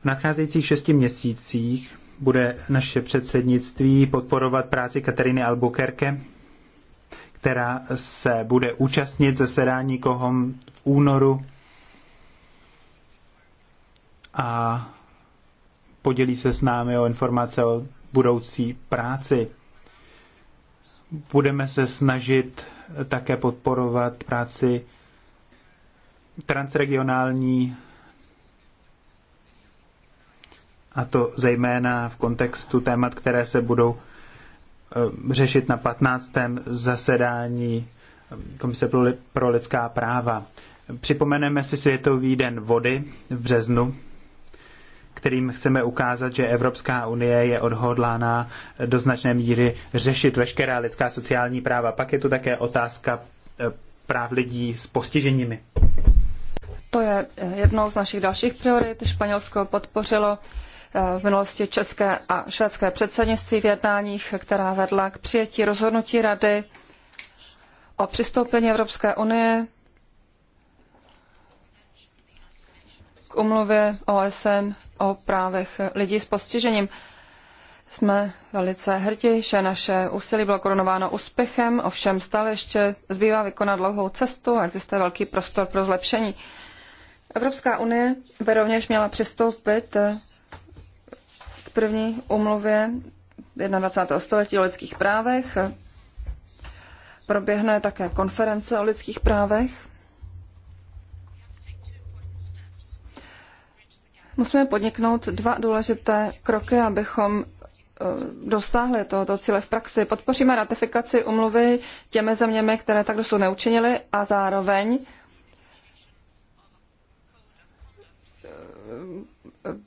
Speaker 3: V nadcházejících šesti měsících bude naše předsednictví podporovat práci Kateriny Albuquerque která se bude účastnit zasedání kohom v únoru a podělí se s námi o informace o budoucí práci. Budeme se snažit také podporovat práci transregionální a to zejména v kontextu témat, které se budou Eh, řešit na 15. zasedání Komise pro lidská práva. Připomeneme si Světový den vody v březnu, kterým chceme ukázat, že Evropská unie je odhodlána do značné míry řešit veškerá lidská sociální práva. Pak je tu také otázka eh, práv lidí s postiženími.
Speaker 1: To je eh, jednou z našich dalších priorit. Španělsko podpořilo Eh, v minulosti české a švédské předsednictví v jednáních, která vedla k přijetí rozhodnutí Rady o přistoupení Evropské unie k umluvě OSN o právech lidí s postižením. Jsme velice hrdí, že naše úsilí bylo korunováno úspěchem, ovšem stále ještě zbývá vykonat dlouhou cestu a existuje velký prostor pro zlepšení. Evropská unie by rovněž měla přistoupit první umluvě 21. století o lidských právech. Proběhne také konference o lidských právech. Musíme podniknout dva důležité kroky, abychom eh, dosáhli tohoto cíle v praxi. Podpoříme ratifikaci umluvy těmi zeměmi, které tak dosud neučinily a zároveň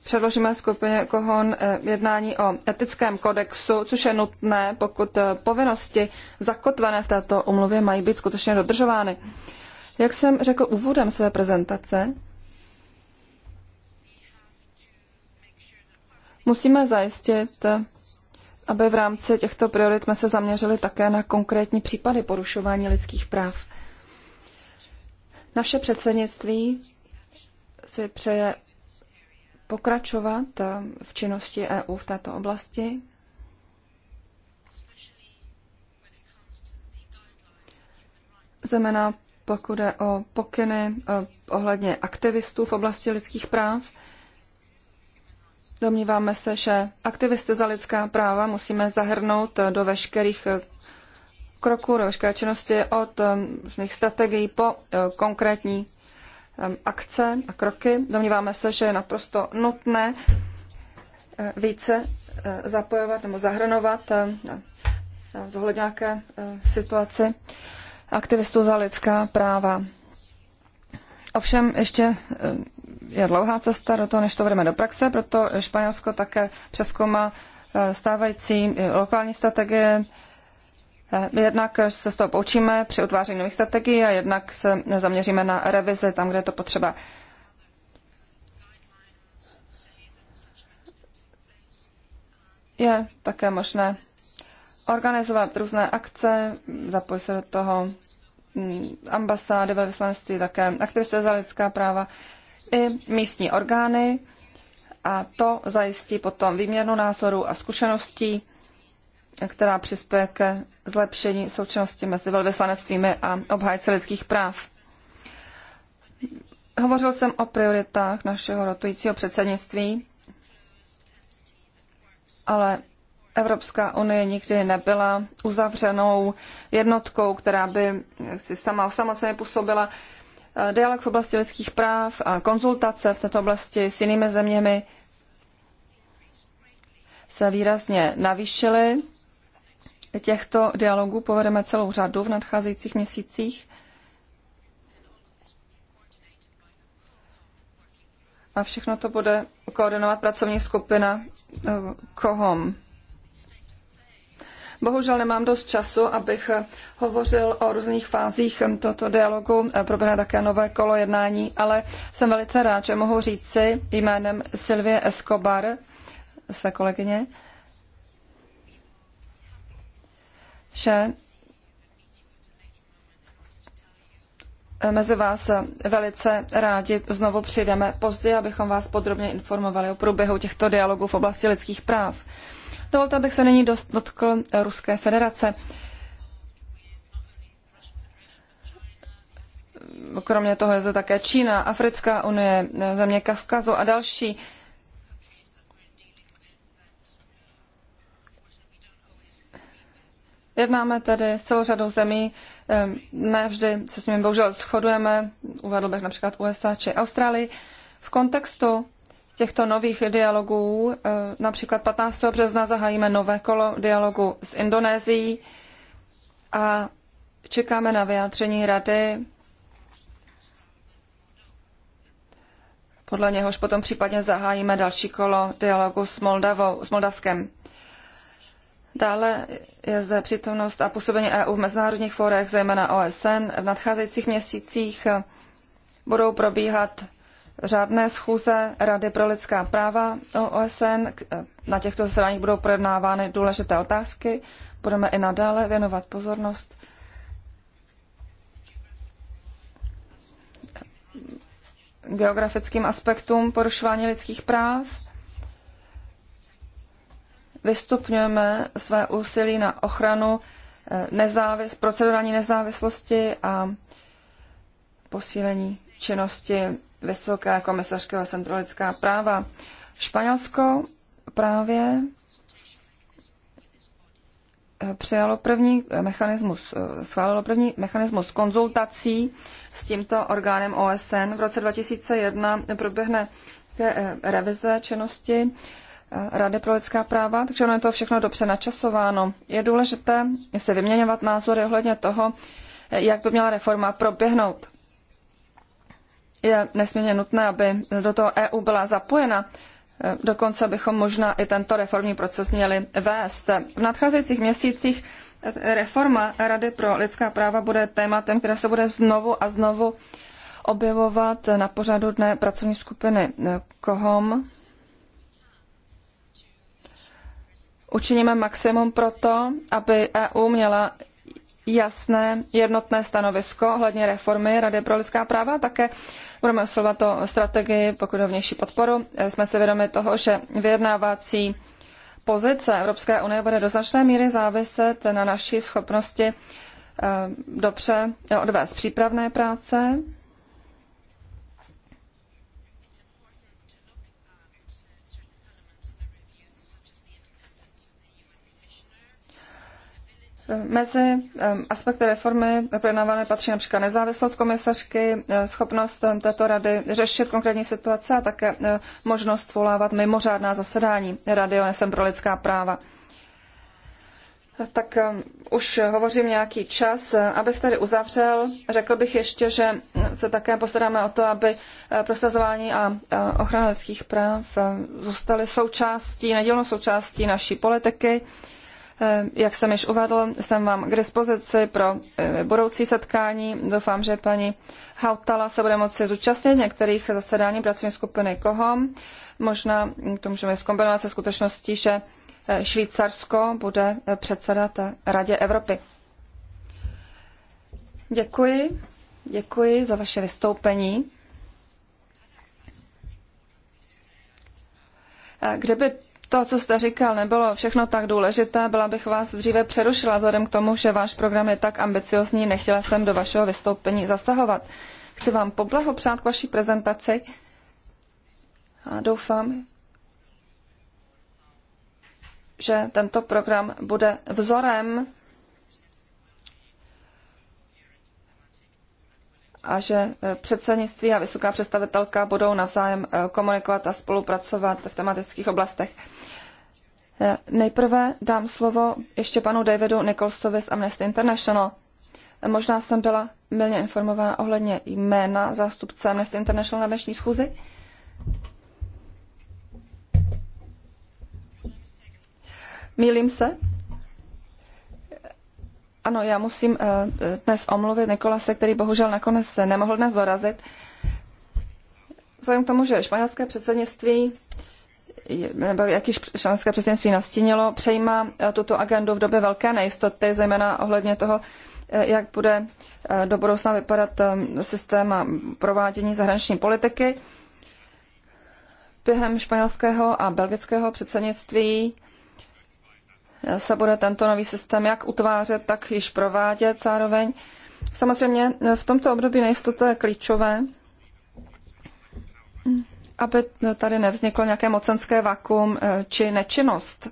Speaker 1: předložíme skupině Kohon eh, jednání o etickém kodexu, což je nutné, pokud eh, povinnosti zakotvené v této umluvě mají být skutečně dodržovány. Jak jsem řekl úvodem své prezentace, musíme zajistit, aby v rámci těchto priorit jsme se zaměřili také na konkrétní případy porušování lidských práv. Naše předsednictví si přeje pokračovat eh, v činnosti EU v této oblasti, zejména pokud je o pokyny eh, ohledně aktivistů v oblasti lidských práv. Domníváme se, že aktivisty za lidská práva musíme zahrnout eh, do veškerých kroků, do veškeré činnosti od různých strategií po konkrétní akce a kroky. Domníváme se, že je naprosto nutné eh, více eh, zapojovat nebo zahrnovat v eh, vzhledem nějaké situaci aktivistů za lidská práva. Ovšem ještě je dlouhá cesta do toho, než to vedeme do praxe, proto Španělsko také přeskoumá stávající lokální strategie Eh, jednak se z toho poučíme při utváření nových strategií a jednak se zaměříme na revizi tam, kde je to potřeba. Je také možné organizovat různé akce, zapojit se do toho mm, ambasády, velvyslanectví, také aktivisté za lidská práva i místní orgány a to zajistí potom výměnu názorů a zkušeností, která přispěje ke zlepšení součinnosti mezi velvyslanectvími a obhájci lidských práv. Hovořil jsem o prioritách našeho rotujícího předsednictví, ale Evropská unie nikdy nebyla uzavřenou jednotkou, která by si sama samozřejmě působila. Dialog v oblasti lidských práv a konzultace v této oblasti s jinými zeměmi se výrazně navýšily těchto dialogů povedeme celou řadu v nadcházejících měsících. A všechno to bude koordinovat pracovní skupina eh, KOHOM. Bohužel nemám dost času, abych hovořil o různých fázích tohoto dialogu. Eh, Proběhne také nové kolo jednání, ale jsem velice rád, že mohu říci jménem Silvie Escobar, své kolegyně, že mezi vás velice rádi znovu přijdeme později, abychom vás podrobně informovali o průběhu těchto dialogů v oblasti lidských práv. Dovolte, abych se nyní dotkl Ruské federace. Kromě toho je zde také Čína, Africká unie, země Kavkazu a další. Jednáme tedy s celou řadou zemí, ne vždy se s nimi bohužel shodujeme, uvedl bych například USA či Austrálii. V kontextu těchto nových dialogů, například 15. března zahájíme nové kolo dialogu s Indonésií a čekáme na vyjádření rady, podle něhož potom případně zahájíme další kolo dialogu s Moldavou, s Moldavskem. Dále je zde přítomnost a působení EU v mezinárodních fórech, zejména OSN. V nadcházejících měsících budou probíhat řádné schůze Rady pro lidská práva OSN. Na těchto zasedáních budou projednávány důležité otázky. Budeme i nadále věnovat pozornost geografickým aspektům porušování lidských práv vystupňujeme své úsilí na ochranu eh, nezávis, procedurální nezávislosti a posílení činnosti Vysoké komisařky a lidská práva. Španělsko právě eh, přijalo první eh, mechanismus, schválilo první mechanismus konzultací s tímto orgánem OSN. V roce 2001 proběhne revize činnosti Eh, Rady pro lidská práva, takže ono je to všechno dobře načasováno. Je důležité se vyměňovat názory ohledně toho, jak by měla reforma proběhnout. Je nesmírně nutné, aby do toho EU byla zapojena. Eh, dokonce bychom možná i tento reformní proces měli vést. V nadcházejících měsících eh, reforma Rady pro lidská práva bude tématem, které se bude znovu a znovu objevovat na pořadu dne pracovní skupiny KOHOM, Učiníme maximum pro to, aby EU měla jasné jednotné stanovisko ohledně reformy Rady pro lidská práva. Také budeme oslovovat o strategii, pokud o vnější podporu. E, jsme si vědomi toho, že vyjednávací pozice Evropské unie bude do značné míry záviset na naší schopnosti e, dobře odvést přípravné práce Mezi aspekty reformy projednávané patří například nezávislost komisařky, schopnost této rady řešit konkrétní situace a také možnost volávat mimořádná zasedání Rady o pro lidská práva. Tak už hovořím nějaký čas. Abych tady uzavřel, řekl bych ještě, že se také postaráme o to, aby eh, prosazování a ochrana lidských práv zůstaly součástí, nedělnou součástí naší politiky. Eh, jak jsem již uvedl, jsem vám k dispozici pro eh, budoucí setkání. Doufám, že paní Hautala se bude moci zúčastnit některých zasedání pracovní skupiny KOHOM. Možná hm, to můžeme zkombinovat se skutečností, že eh, Švýcarsko bude předsedat Radě Evropy. Děkuji. Děkuji za vaše vystoupení. Kdyby to, co jste říkal, nebylo všechno tak důležité. Byla bych vás dříve přerušila vzhledem k tomu, že váš program je tak ambiciozní. Nechtěla jsem do vašeho vystoupení zasahovat. Chci vám poblahopřát k vaší prezentaci a doufám, že tento program bude vzorem a že eh, předsednictví a vysoká představitelka budou navzájem eh, komunikovat a spolupracovat v tematických oblastech. Eh, nejprve dám slovo ještě panu Davidu Nicholsovi z Amnesty International. Možná jsem byla milně informována ohledně jména zástupce Amnesty International na dnešní schůzi. Mýlím se? Ano, já musím eh, dnes omluvit Nikolase, který bohužel nakonec nemohl dnes dorazit. Vzhledem k tomu, že španělské předsednictví nebo již španělské předsednictví nastínilo, přejímá eh, tuto agendu v době velké nejistoty, zejména ohledně toho, eh, jak bude do budoucna vypadat systém a provádění zahraniční politiky. Během španělského a belgického předsednictví se bude tento nový systém jak utvářet, tak již provádět zároveň. Samozřejmě e, v tomto období to je klíčové, aby tady nevzniklo nějaké mocenské vakuum e, či nečinnost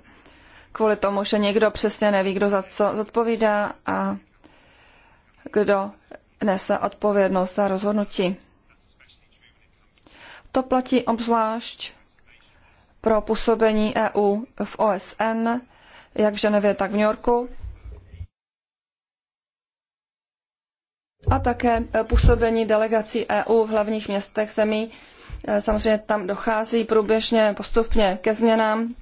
Speaker 1: kvůli tomu, že někdo přesně neví, kdo za co zodpovídá a kdo nese odpovědnost za rozhodnutí. To platí obzvlášť pro působení EU v OSN, jak v Ženevě, tak v New Yorku. A také eh, působení delegací EU v hlavních městech zemí. Eh, samozřejmě tam dochází průběžně postupně ke změnám.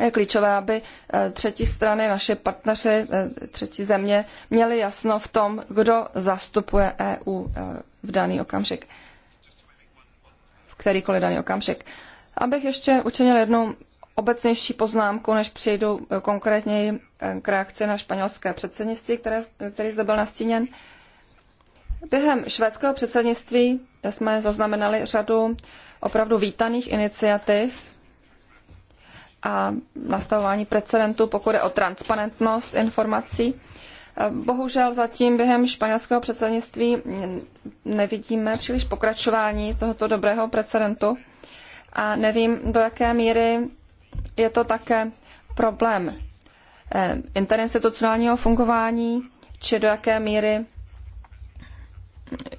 Speaker 1: Je klíčové, aby eh, třetí strany, naše partneři, třetí země, měli jasno v tom, kdo zastupuje EU v daný okamžik. V kterýkoliv daný okamžik. Abych ještě učinil jednu obecnější poznámku, než přejdu eh, konkrétněji eh, k reakci na španělské předsednictví, které, který zde byl nastíněn. Během švédského předsednictví jsme zaznamenali řadu opravdu vítaných iniciativ a nastavování precedentu, pokud je o transparentnost informací. Eh, bohužel zatím během španělského předsednictví nevidíme příliš pokračování tohoto dobrého precedentu a nevím, do jaké míry je to také problém eh, interinstitucionálního fungování, či do jaké míry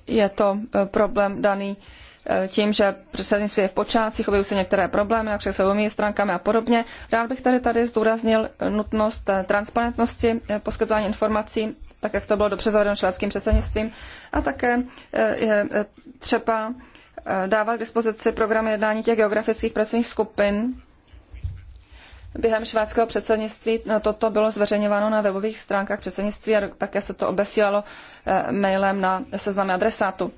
Speaker 1: je to eh, problém daný eh, tím, že předsednictví je v počátcích, objevují se některé problémy, jak se umí stránkami a podobně. Rád bych tady tady zdůraznil nutnost transparentnosti poskytování informací, tak jak to bylo dobře zavedeno švédským předsednictvím, a také je třeba dávat k dispozici programy jednání těch geografických pracovních skupin, během švédského předsednictví. No, toto bylo zveřejňováno na webových stránkách předsednictví a také se to obesílalo eh, mailem na seznamy adresátů.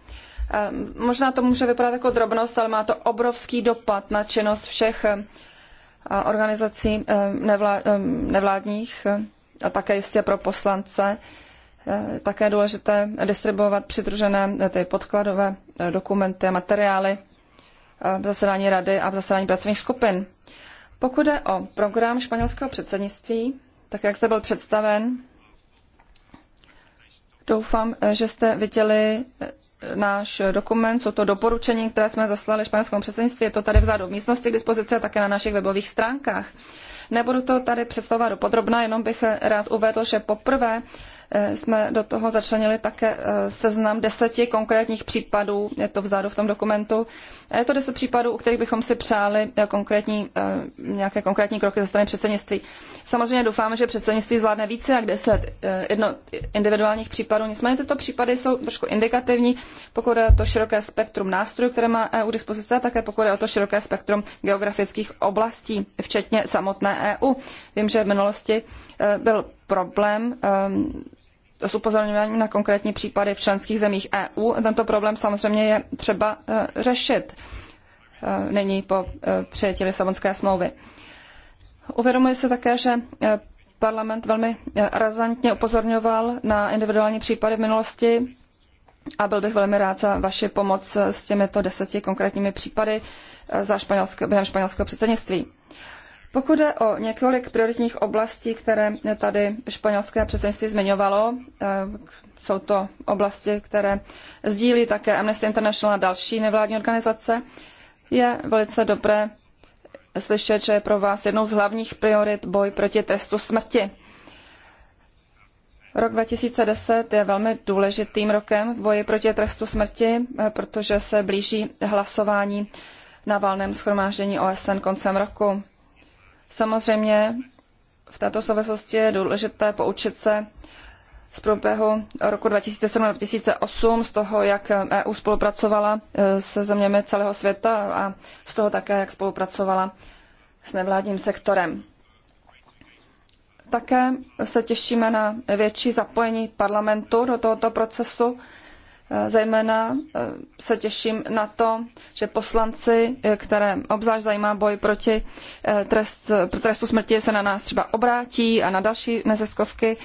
Speaker 1: Eh, možná to může vypadat jako drobnost, ale má to obrovský dopad na činnost všech eh, organizací nevládních a také jistě pro poslance. Také je důležité distribuovat přidružené ty podkladové dokumenty a materiály v zasedání rady a v zasedání pracovních skupin. Pokud je o program španělského předsednictví, tak jak se byl představen, doufám, že jste viděli eh, náš dokument, jsou to doporučení, které jsme zaslali španělskému předsednictví, je to tady vzadu v místnosti k dispozici a také na našich webových stránkách. Nebudu to tady představovat do podrobna, jenom bych eh, rád uvedl, že poprvé Eh, jsme do toho začlenili také eh, seznam deseti konkrétních případů, je to vzadu v tom dokumentu. Je to deset případů, u kterých bychom si přáli eh, konkrétní, nějaké konkrétní kroky ze strany předsednictví. Samozřejmě doufáme, že předsednictví zvládne více jak deset jedno, individuálních případů, nicméně tyto případy jsou trošku indikativní, pokud je to široké spektrum nástrojů, které má EU dispozice, a také pokud je o to široké spektrum geografických oblastí, včetně samotné EU. Vím, že v minulosti byl problém ehm, s upozorňováním na konkrétní případy v členských zemích EU. Tento problém samozřejmě je třeba e, řešit. E, nyní po e, přijetí Lisabonské smlouvy. Uvědomuje se také, že parlament velmi razantně upozorňoval na individuální případy v minulosti a byl bych velmi rád za vaši pomoc s těmito deseti konkrétními případy za španělské, během španělského předsednictví. Pokud je o několik prioritních oblastí, které tady španělské předsednictví zmiňovalo, eh, jsou to oblasti, které sdílí také Amnesty International a další nevládní organizace, je velice dobré slyšet, že je pro vás jednou z hlavních priorit boj proti trestu smrti. Rok 2010 je velmi důležitým rokem v boji proti trestu smrti, eh, protože se blíží hlasování na valném schromáždění OSN koncem roku. Samozřejmě v této souvislosti je důležité poučit se z průběhu roku 2007-2008, z toho, jak EU spolupracovala e, se zeměmi celého světa a z toho také, jak spolupracovala s nevládním sektorem. Také se těšíme na větší zapojení parlamentu do tohoto procesu. Eh, zejména eh, se těším na to, že poslanci, eh, které obzvlášť zajímá boj proti trest, trestu smrti, se na nás třeba obrátí a na další neziskovky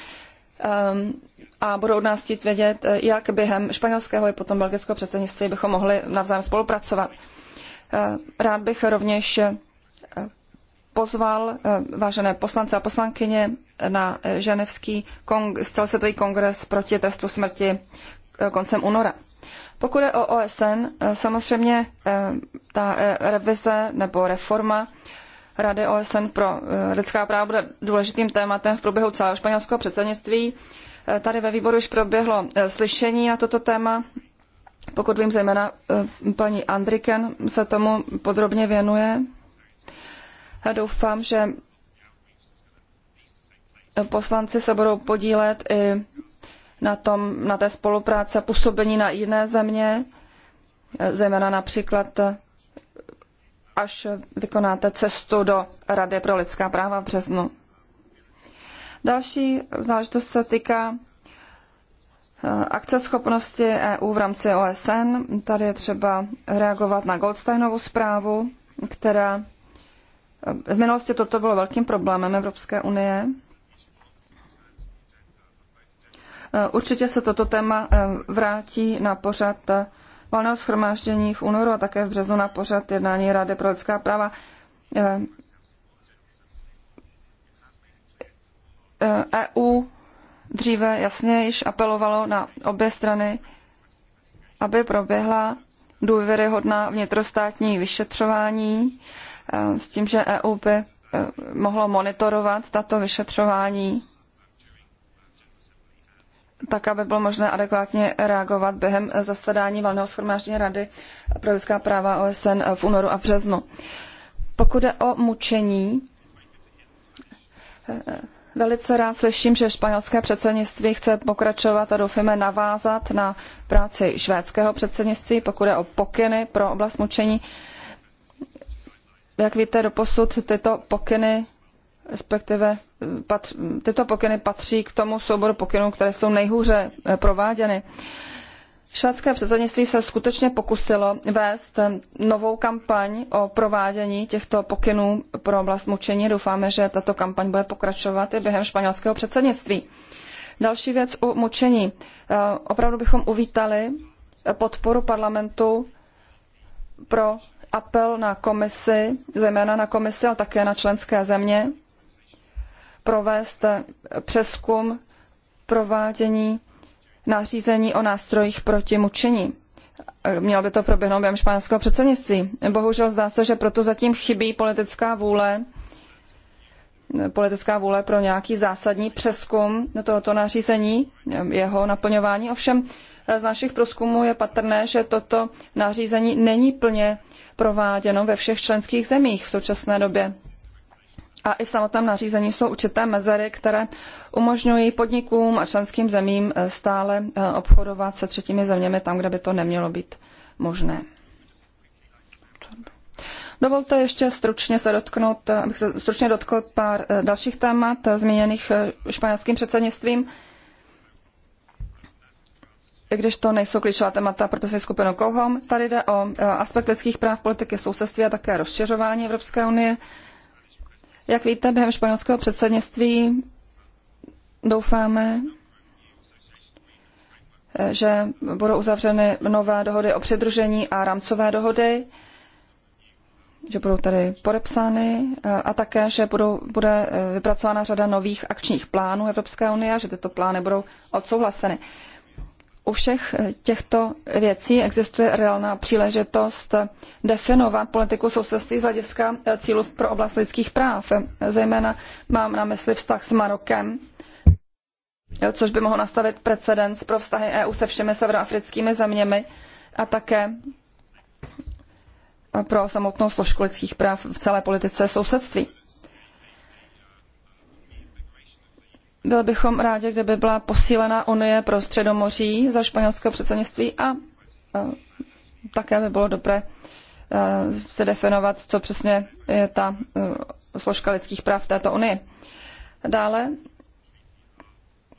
Speaker 1: ehm, a budou od nás chtít vědět, jak během španělského i potom belgického předsednictví bychom mohli navzájem spolupracovat. Rád bych rovněž pozval vážené poslance a poslankyně na ženevský kong- celosvětový kongres proti trestu smrti Eh, koncem února. Pokud je o OSN, eh, samozřejmě eh, ta revize nebo reforma Rady OSN pro lidská práva bude důležitým tématem v průběhu celého španělského předsednictví. Tady ve výboru už proběhlo slyšení na toto téma. Pokud vím, zejména paní Andriken se tomu podrobně věnuje. Já doufám, že poslanci se budou podílet i na, tom, na té spolupráce působení na jiné země, zejména například až vykonáte cestu do Rady pro lidská práva v březnu. Další záležitost se týká eh, akceschopnosti EU v rámci OSN. Tady je třeba reagovat na Goldsteinovu zprávu, která eh, v minulosti toto bylo velkým problémem Evropské unie. Eh, určitě se toto téma eh, vrátí na pořad eh, valného schromáždění v únoru a také v březnu na pořad jednání Rady pro lidská práva. EU dříve jasně již apelovalo na obě strany, aby proběhla důvěryhodná vnitrostátní vyšetřování s tím, že EU by mohlo monitorovat tato vyšetřování tak, aby bylo možné adekvátně reagovat během zasedání valného schromáždění Rady pro lidská práva OSN v únoru a v březnu. Pokud je o mučení, eh, velice rád slyším, že španělské předsednictví chce pokračovat a doufáme navázat na práci švédského předsednictví, pokud je o pokyny pro oblast mučení. Jak víte, doposud tyto pokyny respektive eh, patř, tyto pokyny patří k tomu souboru pokynů, které jsou nejhůře eh, prováděny. Švédské předsednictví se skutečně pokusilo vést eh, novou kampaň o provádění těchto pokynů pro oblast mučení. Doufáme, že tato kampaň bude pokračovat i během španělského předsednictví. Další věc u mučení. Opravdu bychom uvítali podporu parlamentu pro apel na komisi, zejména na komisi, ale také na členské země, provést přeskum provádění nařízení o nástrojích proti mučení. Mělo by to proběhnout během španělského předsednictví. Bohužel zdá se, že proto zatím chybí politická vůle politická vůle pro nějaký zásadní přeskum tohoto nařízení, jeho naplňování. Ovšem z našich průzkumů je patrné, že toto nařízení není plně prováděno ve všech členských zemích v současné době a i v samotném nařízení jsou určité mezery, které umožňují podnikům a členským zemím eh, stále eh, obchodovat se třetími zeměmi tam, kde by to nemělo být možné. Dovolte ještě stručně se dotknout, eh, abych se stručně dotkl pár dalších témat zmíněných španělským předsednictvím. I když to nejsou klíčová témata pro pracovní skupinu COHOM, tady jde o aspekt lidských práv, politiky sousedství a také rozšiřování Evropské unie. Jak víte, během španělského předsednictví doufáme, že budou uzavřeny nové dohody o přidružení a rámcové dohody, že budou tady podepsány eh, a také, že budou, bude eh, vypracována řada nových akčních plánů Evropské unie a že tyto plány budou odsouhlaseny u všech eh, těchto věcí existuje reálná příležitost definovat politiku sousedství z hlediska eh, cílů pro oblast lidských práv. Zejména mám na mysli vztah s Marokem, eh, což by mohlo nastavit precedens pro vztahy EU se všemi severoafrickými zeměmi a také pro samotnou složku lidských práv v celé politice sousedství. Byli bychom rádi, kdyby byla posílená Unie pro středomoří za španělského předsednictví a e, také by bylo dobré e, se definovat, co přesně je ta e, složka lidských práv této Unii. Dále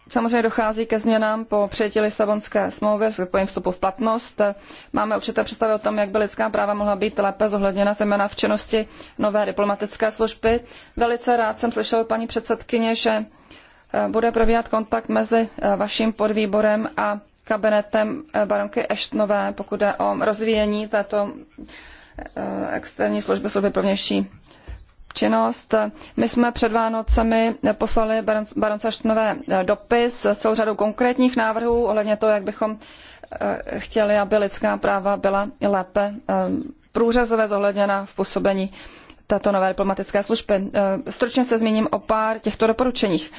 Speaker 1: samozřejmě dochází ke změnám po přijetí Lisabonské smlouvy, s jejím vstupu v platnost. Máme určité představy o tom, jak by lidská práva mohla být lépe zohledněna, zejména v činnosti nové diplomatické služby. Velice rád jsem slyšel paní předsedkyně, že Eh, bude probíhat kontakt mezi eh, vaším podvýborem a kabinetem eh, baronky Eštnové, pokud jde o rozvíjení této externí služby, služby pro vnější činnost. My jsme před Vánocemi poslali baronce Eštnové dopis s celou řadou konkrétních návrhů ohledně toho, jak bychom chtěli, aby lidská práva byla lépe průřezově zohledněna v působení této nové diplomatické služby. Stručně se zmíním o pár těchto doporučeních.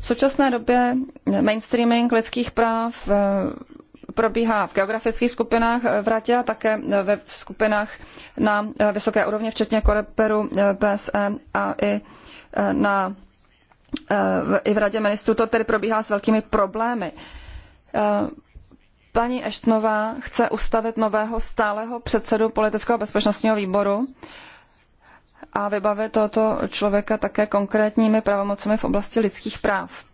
Speaker 1: V současné době mainstreaming lidských práv eh, probíhá v geografických skupinách eh, v Radě a také eh, ve skupinách na vysoké úrovni, včetně Koreperu, BSE a i na i v Radě ministrů to tedy probíhá s velkými problémy. Paní Eštnová chce ustavit nového stálého předsedu politického bezpečnostního výboru a vybavit tohoto člověka také konkrétními pravomocemi v oblasti lidských práv.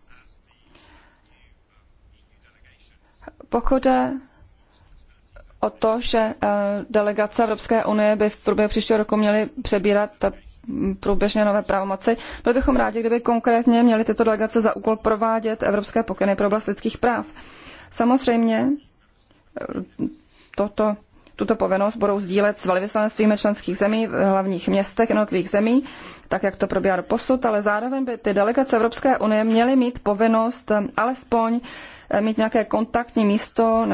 Speaker 1: Pokud je o to, že eh, delegace Evropské unie by v průběhu příštího roku měly přebírat eh, průběžně nové pravomoci. Byli bychom rádi, kdyby konkrétně měly tyto delegace za úkol provádět evropské pokyny pro oblast lidských práv. Samozřejmě eh, toto tuto povinnost budou sdílet s velvyslanectvími členských zemí v hlavních městech jednotlivých zemí, tak jak to probíhá do posud, ale zároveň by ty delegace Evropské unie měly mít povinnost alespoň eh, mít nějaké kontaktní místo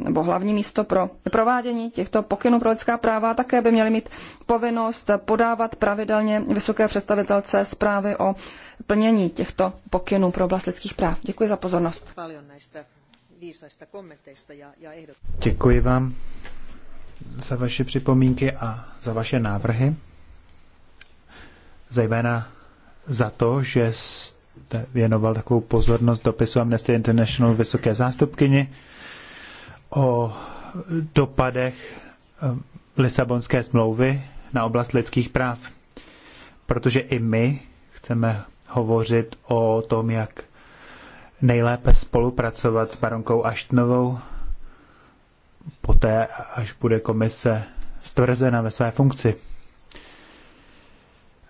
Speaker 1: nebo hlavní místo pro provádění těchto pokynů pro lidská práva. Také by měly mít povinnost podávat pravidelně vysoké představitelce zprávy o plnění těchto pokynů pro oblast lidských práv. Děkuji za pozornost viisaista kommenteista ja, ja ehdotuksista.
Speaker 3: Děkuji vám za vaše připomínky a za vaše návrhy. Zejména za to, že jste věnoval takovou pozornost dopisu Amnesty International vysoké zástupkyni o dopadech eh, Lisabonské smlouvy na oblast lidských práv. Protože i my chceme hovořit o tom, jak nejlépe spolupracovat s baronkou Aštnovou poté, až bude komise stvrzena ve své funkci.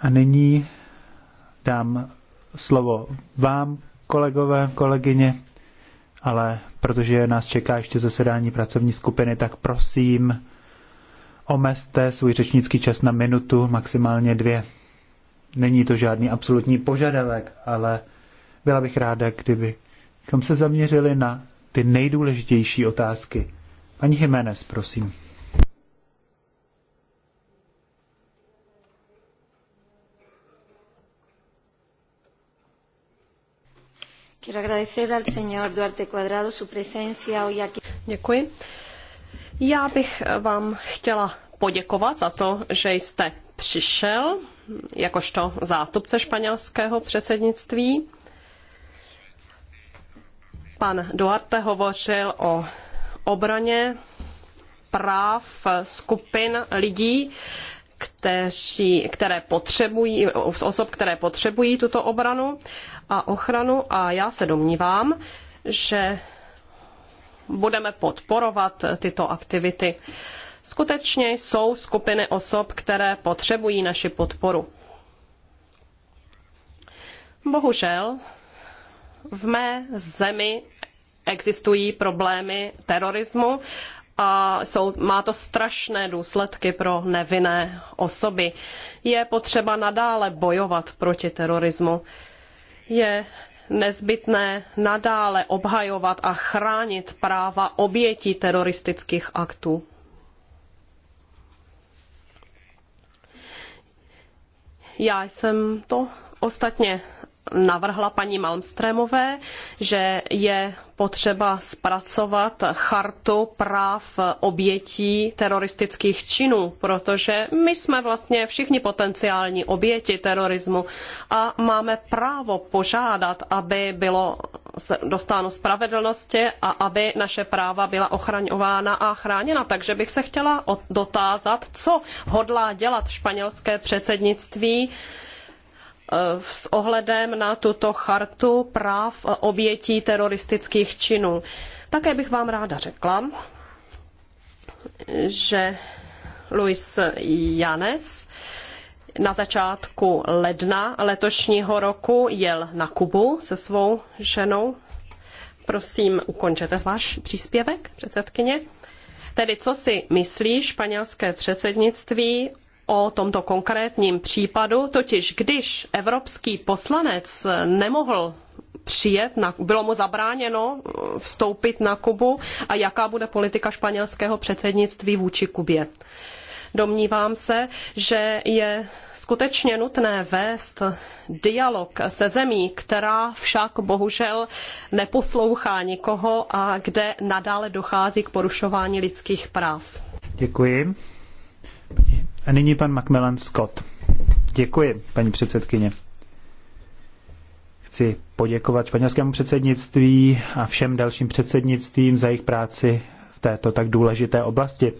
Speaker 3: A nyní dám slovo vám, kolegové, kolegyně, ale protože nás čeká ještě zasedání pracovní skupiny, tak prosím, omezte svůj řečnický čas na minutu, maximálně dvě. Není to žádný absolutní požadavek, ale byla bych ráda, kdybychom se zaměřili na ty nejdůležitější otázky. Paní Jiménez, prosím.
Speaker 1: Quiero agradecer al señor Duarte Cuadrado su
Speaker 2: presencia hoy aquí. Děkuji. Já bych vám chtěla poděkovat za to, že jste přišel jakožto zástupce španělského předsednictví. Pan Duarte hovořil o obraně práv skupin lidí, kteří, které potřebují, osob, které potřebují tuto obranu a ochranu. A já se domnívám, že budeme podporovat tyto aktivity. Skutečně jsou skupiny osob, které potřebují naši podporu. Bohužel v mé zemi existují problémy terorismu a jsou, má to strašné důsledky pro nevinné osoby. Je potřeba nadále bojovat proti terorismu. Je nezbytné nadále obhajovat a chránit práva obětí teroristických aktů. Já jsem to ostatně navrhla paní Malmstrémové, že je potřeba zpracovat chartu práv obětí teroristických činů, protože my jsme vlastně všichni potenciální oběti terorismu a máme právo požádat, aby bylo dostáno spravedlnosti a aby naše práva byla ochraňována a chráněna. Takže bych se chtěla dotázat, co hodlá dělat španělské předsednictví, Eh, s ohledem na tuto chartu práv obětí teroristických činů. Také bych vám ráda řekla, že Luis Janes na začátku ledna letošního roku jel na Kubu se svou ženou. Prosím, ukončete váš příspěvek, předsedkyně. Tedy co si myslí španělské předsednictví o tomto konkrétním případu, totiž když evropský poslanec nemohl přijet, na, bylo mu zabráněno eh, vstoupit na Kubu a jaká bude politika španělského předsednictví vůči Kubě. Domnívám se, že je skutečně nutné vést dialog se zemí, která však bohužel neposlouchá nikoho a kde nadále dochází k porušování lidských práv.
Speaker 3: Děkuji. A nyní pan Macmillan Scott. Děkuji, paní předsedkyně. Chci poděkovat španělskému předsednictví a všem dalším předsednictvím za jejich práci v této tak důležité oblasti.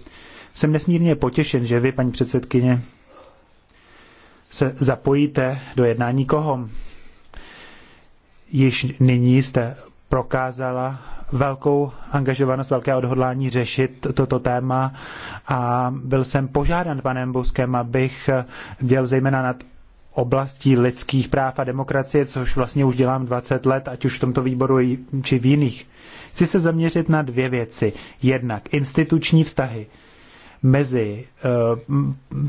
Speaker 3: Jsem nesmírně potěšen, že vy, paní předsedkyně, se zapojíte do jednání kohom. Již nyní jste prokázala velkou angažovanost, velké odhodlání řešit toto téma a byl jsem požádán panem Buskem, abych děl zejména nad oblastí lidských práv a demokracie, což vlastně už dělám 20 let, ať už v tomto výboru či v jiných. Chci se zaměřit na dvě věci. Jednak instituční vztahy mezi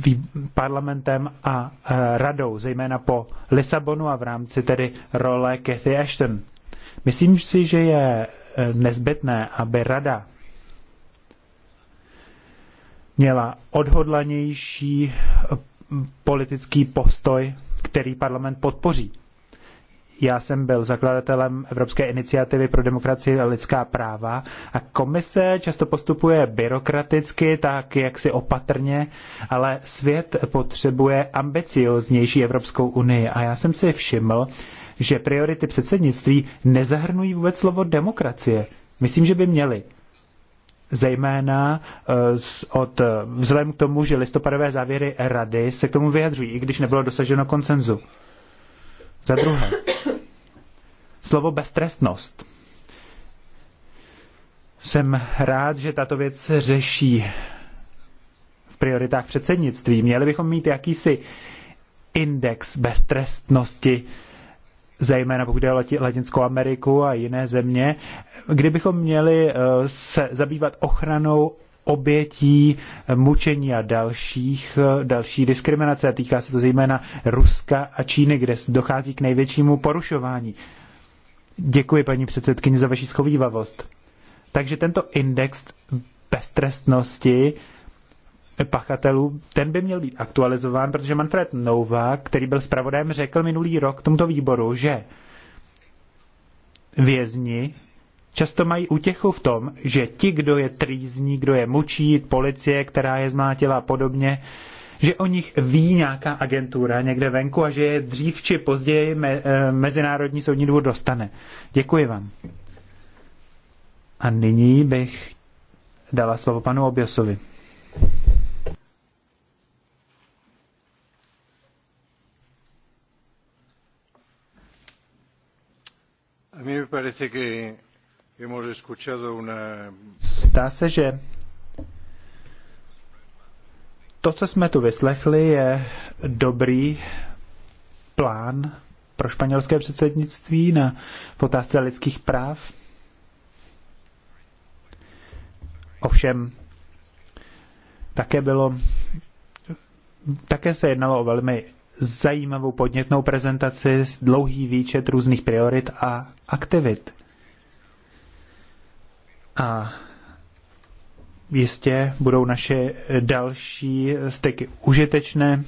Speaker 3: eh, parlamentem a eh, radou, zejména po Lisabonu a v rámci tedy role Cathy Ashton. Myslím si, že je nezbytné, aby rada měla odhodlanější politický postoj, který parlament podpoří. Já jsem byl zakladatelem Evropské iniciativy pro demokracii a lidská práva a komise často postupuje byrokraticky, tak jaksi opatrně, ale svět potřebuje ambicioznější Evropskou unii. A já jsem si všiml, že priority předsednictví nezahrnují vůbec slovo demokracie. Myslím, že by měly. Zejména eh, od, eh, vzhledem k tomu, že listopadové závěry rady se k tomu vyjadřují, i když nebylo dosaženo koncenzu. Za druhé, slovo beztrestnost. Jsem rád, že tato věc řeší v prioritách předsednictví. Měli bychom mít jakýsi index beztrestnosti zejména pokud jde o Latinskou Ameriku a jiné země, kdybychom měli eh, se zabývat ochranou obětí eh, mučení a dalších, eh, další diskriminace. A týká se to zejména Ruska a Číny, kde dochází k největšímu porušování. Děkuji, paní předsedkyni, za vaši schovývavost. Takže tento index beztrestnosti pachatelů, ten by měl být aktualizován, protože Manfred Novák, který byl zpravodajem, řekl minulý rok tomuto výboru, že vězni často mají útěchu v tom, že ti, kdo je trýzní, kdo je mučí, policie, která je zmátila a podobně, že o nich ví nějaká agentura někde venku a že je dřív či později me, eh, Mezinárodní soudní dvůr dostane. Děkuji vám. A nyní bych dala slovo panu Objosovi. Zdá se, že to, co jsme tu vyslechli, je dobrý plán pro španělské předsednictví na, v otázce lidských práv. Ovšem, také bylo, také se jednalo o velmi zajímavou podnětnou prezentaci, dlouhý výčet různých priorit a aktivit. A jistě budou naše další styky užitečné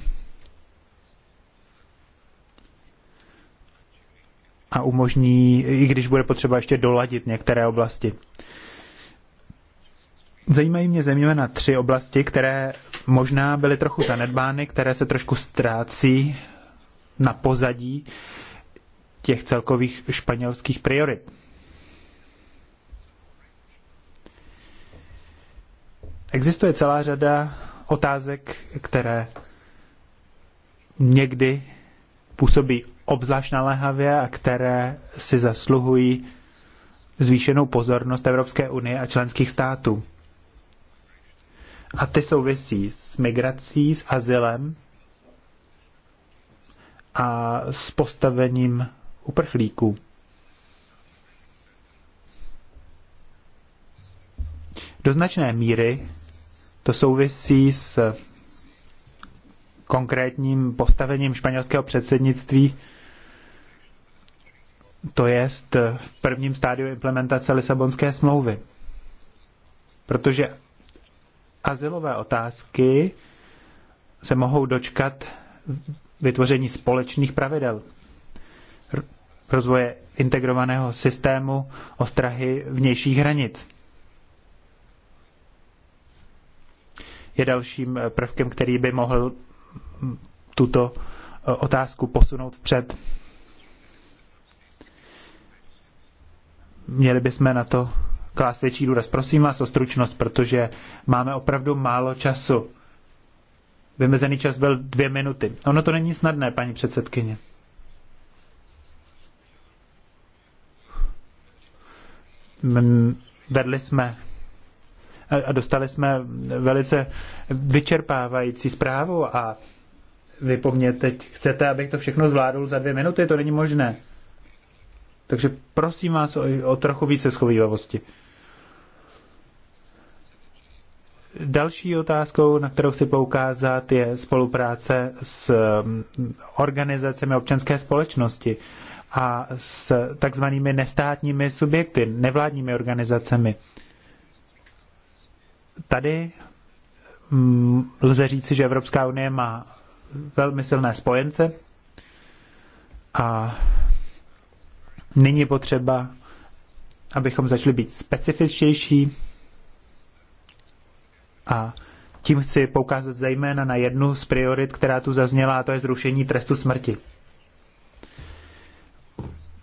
Speaker 3: a umožní, i když bude potřeba ještě doladit některé oblasti. Zajímají mě zejména tři oblasti, které možná byly trochu zanedbány, které se trošku ztrácí na pozadí těch celkových španělských priorit. Existuje celá řada otázek, které někdy působí obzvlášť naléhavě a které si zasluhují zvýšenou pozornost Evropské unie a členských států a ty souvisí s migrací, s azylem a s postavením uprchlíků. Do značné míry to souvisí s konkrétním postavením španělského předsednictví, to jest v prvním stádiu implementace Lisabonské smlouvy. Protože azylové otázky se mohou dočkat vytvoření společných pravidel, rozvoje integrovaného systému ostrahy vnějších hranic. Je dalším eh, prvkem, který by mohl mm, tuto eh, otázku posunout před. Měli bychom na to klást větší důraz. Prosím vás o stručnost, protože máme opravdu málo času. Vymezený čas byl dvě minuty. Ono to není snadné, paní předsedkyně. Vedli jsme a dostali jsme velice vyčerpávající zprávu a vy po mně teď chcete, abych to všechno zvládl za dvě minuty, to není možné. Takže prosím vás o, o trochu více schovývavosti. Další otázkou, na kterou chci poukázat, je spolupráce s mm, organizacemi občanské společnosti a s takzvanými nestátními subjekty, nevládními organizacemi. Tady mm, lze říci, že Evropská unie má velmi silné spojence a není potřeba, abychom začali být specifičtější a tím chci poukázat zejména na jednu z priorit, která tu zazněla, a to je zrušení trestu smrti.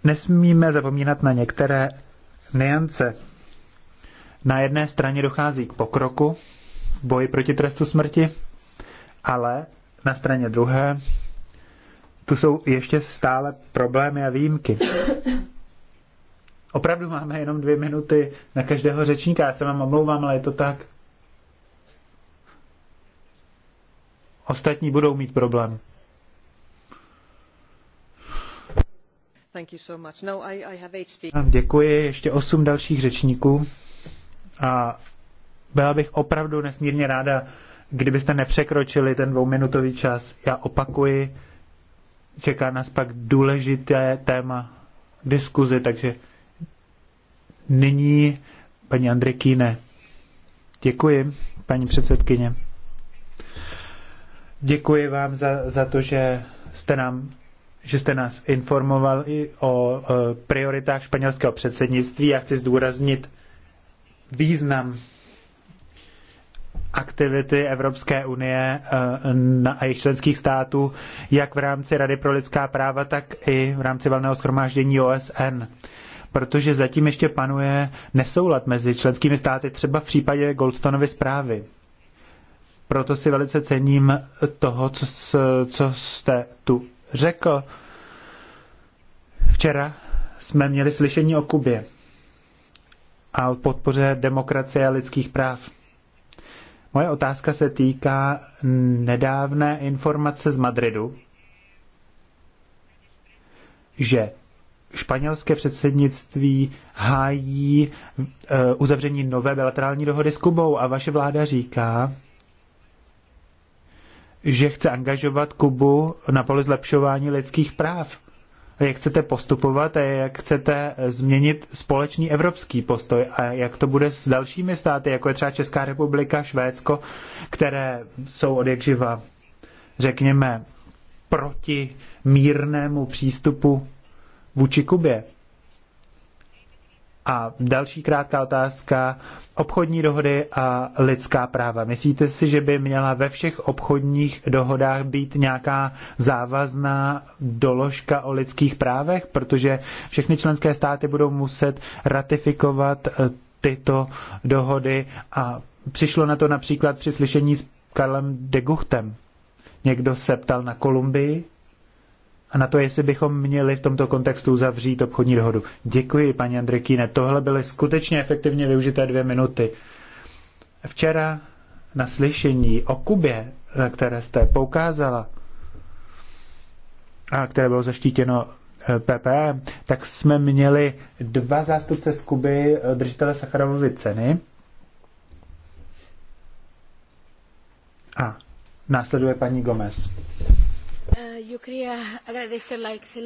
Speaker 3: Nesmíme zapomínat na některé niance. Na jedné straně dochází k pokroku v boji proti trestu smrti, ale na straně druhé tu jsou ještě stále problémy a výjimky. Opravdu máme jenom dvě minuty na každého řečníka, já se vám omlouvám, ale je to tak. ostatní budou mít problém. No, děkuji, ještě osm dalších řečníků. A byla bych opravdu nesmírně ráda, kdybyste nepřekročili ten dvouminutový čas. Já opakuji, čeká nás pak důležité téma diskuzi, takže nyní paní Andrikýne. Děkuji, paní předsedkyně. Děkuji vám za, za to, že jste nám že jste nás informovali o prioritách španělského předsednictví. Já chci zdůraznit význam aktivity Evropské unie e, a jejich členských států, jak v rámci Rady pro lidská práva, tak i v rámci valného schromáždění OSN. Protože zatím ještě panuje nesoulad mezi členskými státy, třeba v případě Goldstonovy zprávy. Proto si velice cením toho, co, co jste tu řekl. Včera jsme měli slyšení o Kubě a o podpoře demokracie a lidských práv. Moje otázka se týká nedávné informace z Madridu, že španělské předsednictví hájí e, uzavření nové bilaterální dohody s Kubou a vaše vláda říká, že chce angažovat Kubu na poli zlepšování lidských práv. Jak chcete postupovat a jak chcete změnit společný evropský postoj a jak to bude s dalšími státy, jako je třeba Česká republika, Švédsko, které jsou od jak živa, řekněme, proti mírnému přístupu vůči Kubě. A další krátká otázka. Obchodní dohody a lidská práva. Myslíte si, že by měla ve všech obchodních dohodách být nějaká závazná doložka o lidských právech? Protože všechny členské státy budou muset ratifikovat eh, tyto dohody a přišlo na to například při slyšení s Karlem de Guchtem. Někdo se ptal na Kolumbii, a na to, jestli bychom měli v tomto kontextu zavřít obchodní dohodu. Děkuji, paní Andrekine. Tohle byly skutečně efektivně využité dvě minuty. Včera na slyšení o Kubě, na které jste poukázala, a které bylo zaštítěno eh, PPM, e, tak jsme měli dva zástupce z Kuby, eh, držitele Sacharovovy ceny. A následuje paní Gomez. Eh,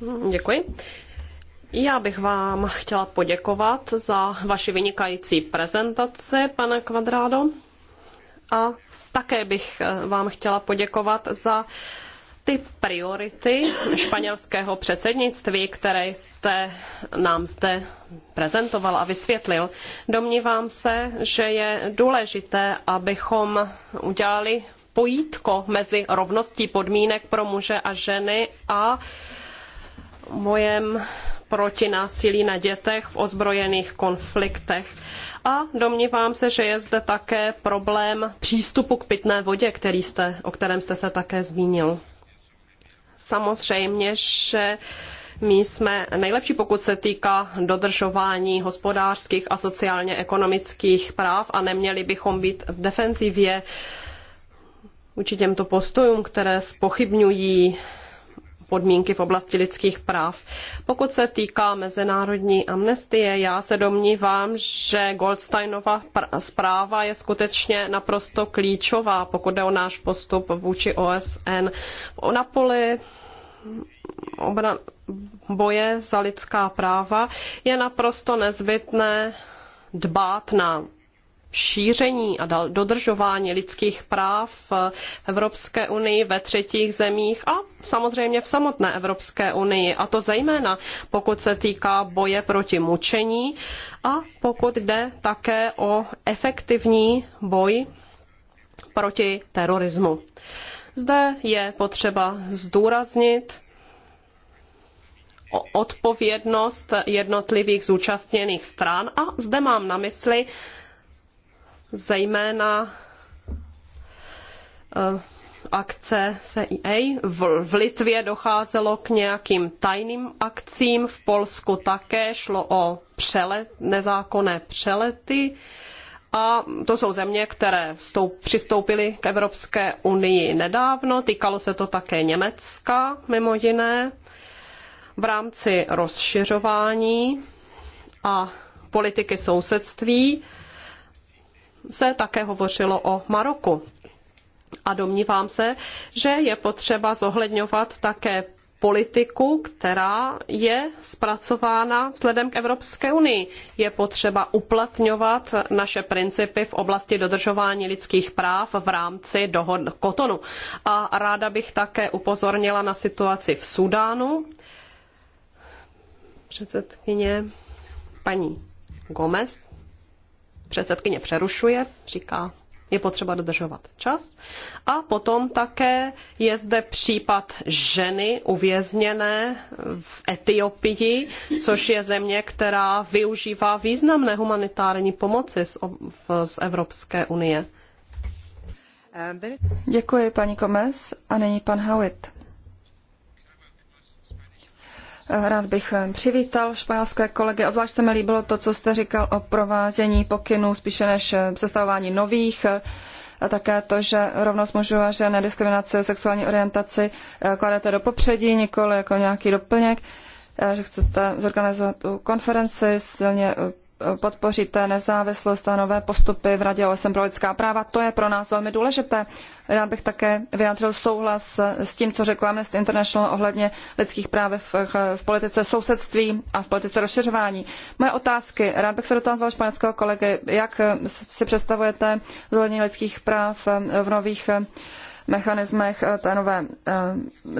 Speaker 3: mm,
Speaker 2: děkuji. Já bych vám chtěla poděkovat za vaši vynikající prezentaci, pane Quadrado. A také bych eh, vám chtěla poděkovat za ty priority španělského předsednictví, které jste nám zde prezentoval a vysvětlil. Domnívám se, že je důležité, abychom udělali pojítko mezi rovností podmínek pro muže a ženy a bojem proti násilí na dětech v ozbrojených konfliktech. A domnívám se, že je zde také problém přístupu k pitné vodě, který jste, o kterém jste se také zmínil. Samozřejmě, že my jsme nejlepší, pokud se týká dodržování hospodářských a sociálně ekonomických práv a neměli bychom být v defenzivě. Uh, vůči těmto postojům, které spochybňují podmínky v oblasti lidských práv. Pokud se týká mezinárodní amnestie, já se domnívám, že Goldsteinova zpráva je skutečně naprosto klíčová, pokud jde o náš postup vůči OSN. o poli boje za lidská práva je naprosto nezbytné dbát na šíření a dodržování lidských práv eh, v Evropské unii ve třetích zemích a samozřejmě v samotné Evropské unii. A to zejména pokud se týká boje proti mučení a pokud jde také o efektivní boj proti terorismu. Zde je potřeba zdůraznit, odpovědnost jednotlivých zúčastněných stran a zde mám na mysli zejména eh, akce CIA. V, Litvě docházelo k nějakým tajným akcím, v Polsku také šlo o přelet, nezákonné přelety. A to jsou země, které vstoup, přistoupily k Evropské unii nedávno. Týkalo se to také Německa, mimo jiné, v rámci rozšiřování a politiky sousedství se také hovořilo o Maroku. A domnívám se, že je potřeba zohledňovat také politiku, která je zpracována vzhledem k Evropské unii. Je potřeba uplatňovat naše principy v oblasti dodržování lidských práv v rámci dohod Kotonu. A ráda bych také upozornila na situaci v Sudánu. Předsedkyně paní Gomez Předsedkyně přerušuje, říká, je potřeba dodržovat čas. A potom také je zde případ ženy uvězněné v Etiopii, což je země, která využívá významné humanitární pomoci z, z Evropské unie.
Speaker 1: Děkuji, paní Komes. A nyní pan Howitt. Rád bych eh, přivítal španělské kolegy. Obzvlášť se mi líbilo to, co jste říkal o provádění pokynů, spíše než eh, sestavování nových. Eh, a také to, že rovnost mužů a žen, diskriminace sexuální orientaci kladete do popředí, nikoli jako nějaký doplněk že chcete zorganizovat konferenci silně podpoříte nezávislost a nové postupy v Radě OSN pro lidská práva. To je pro nás velmi důležité. Rád bych také vyjádřil souhlas s tím, co řekla Amnesty International ohledně lidských práv v, v politice sousedství a v politice rozšiřování. Moje otázky. Rád bych se dotázal španělského kolegy, jak si představujete zvolení lidských práv v nových mechanismech té nové eh,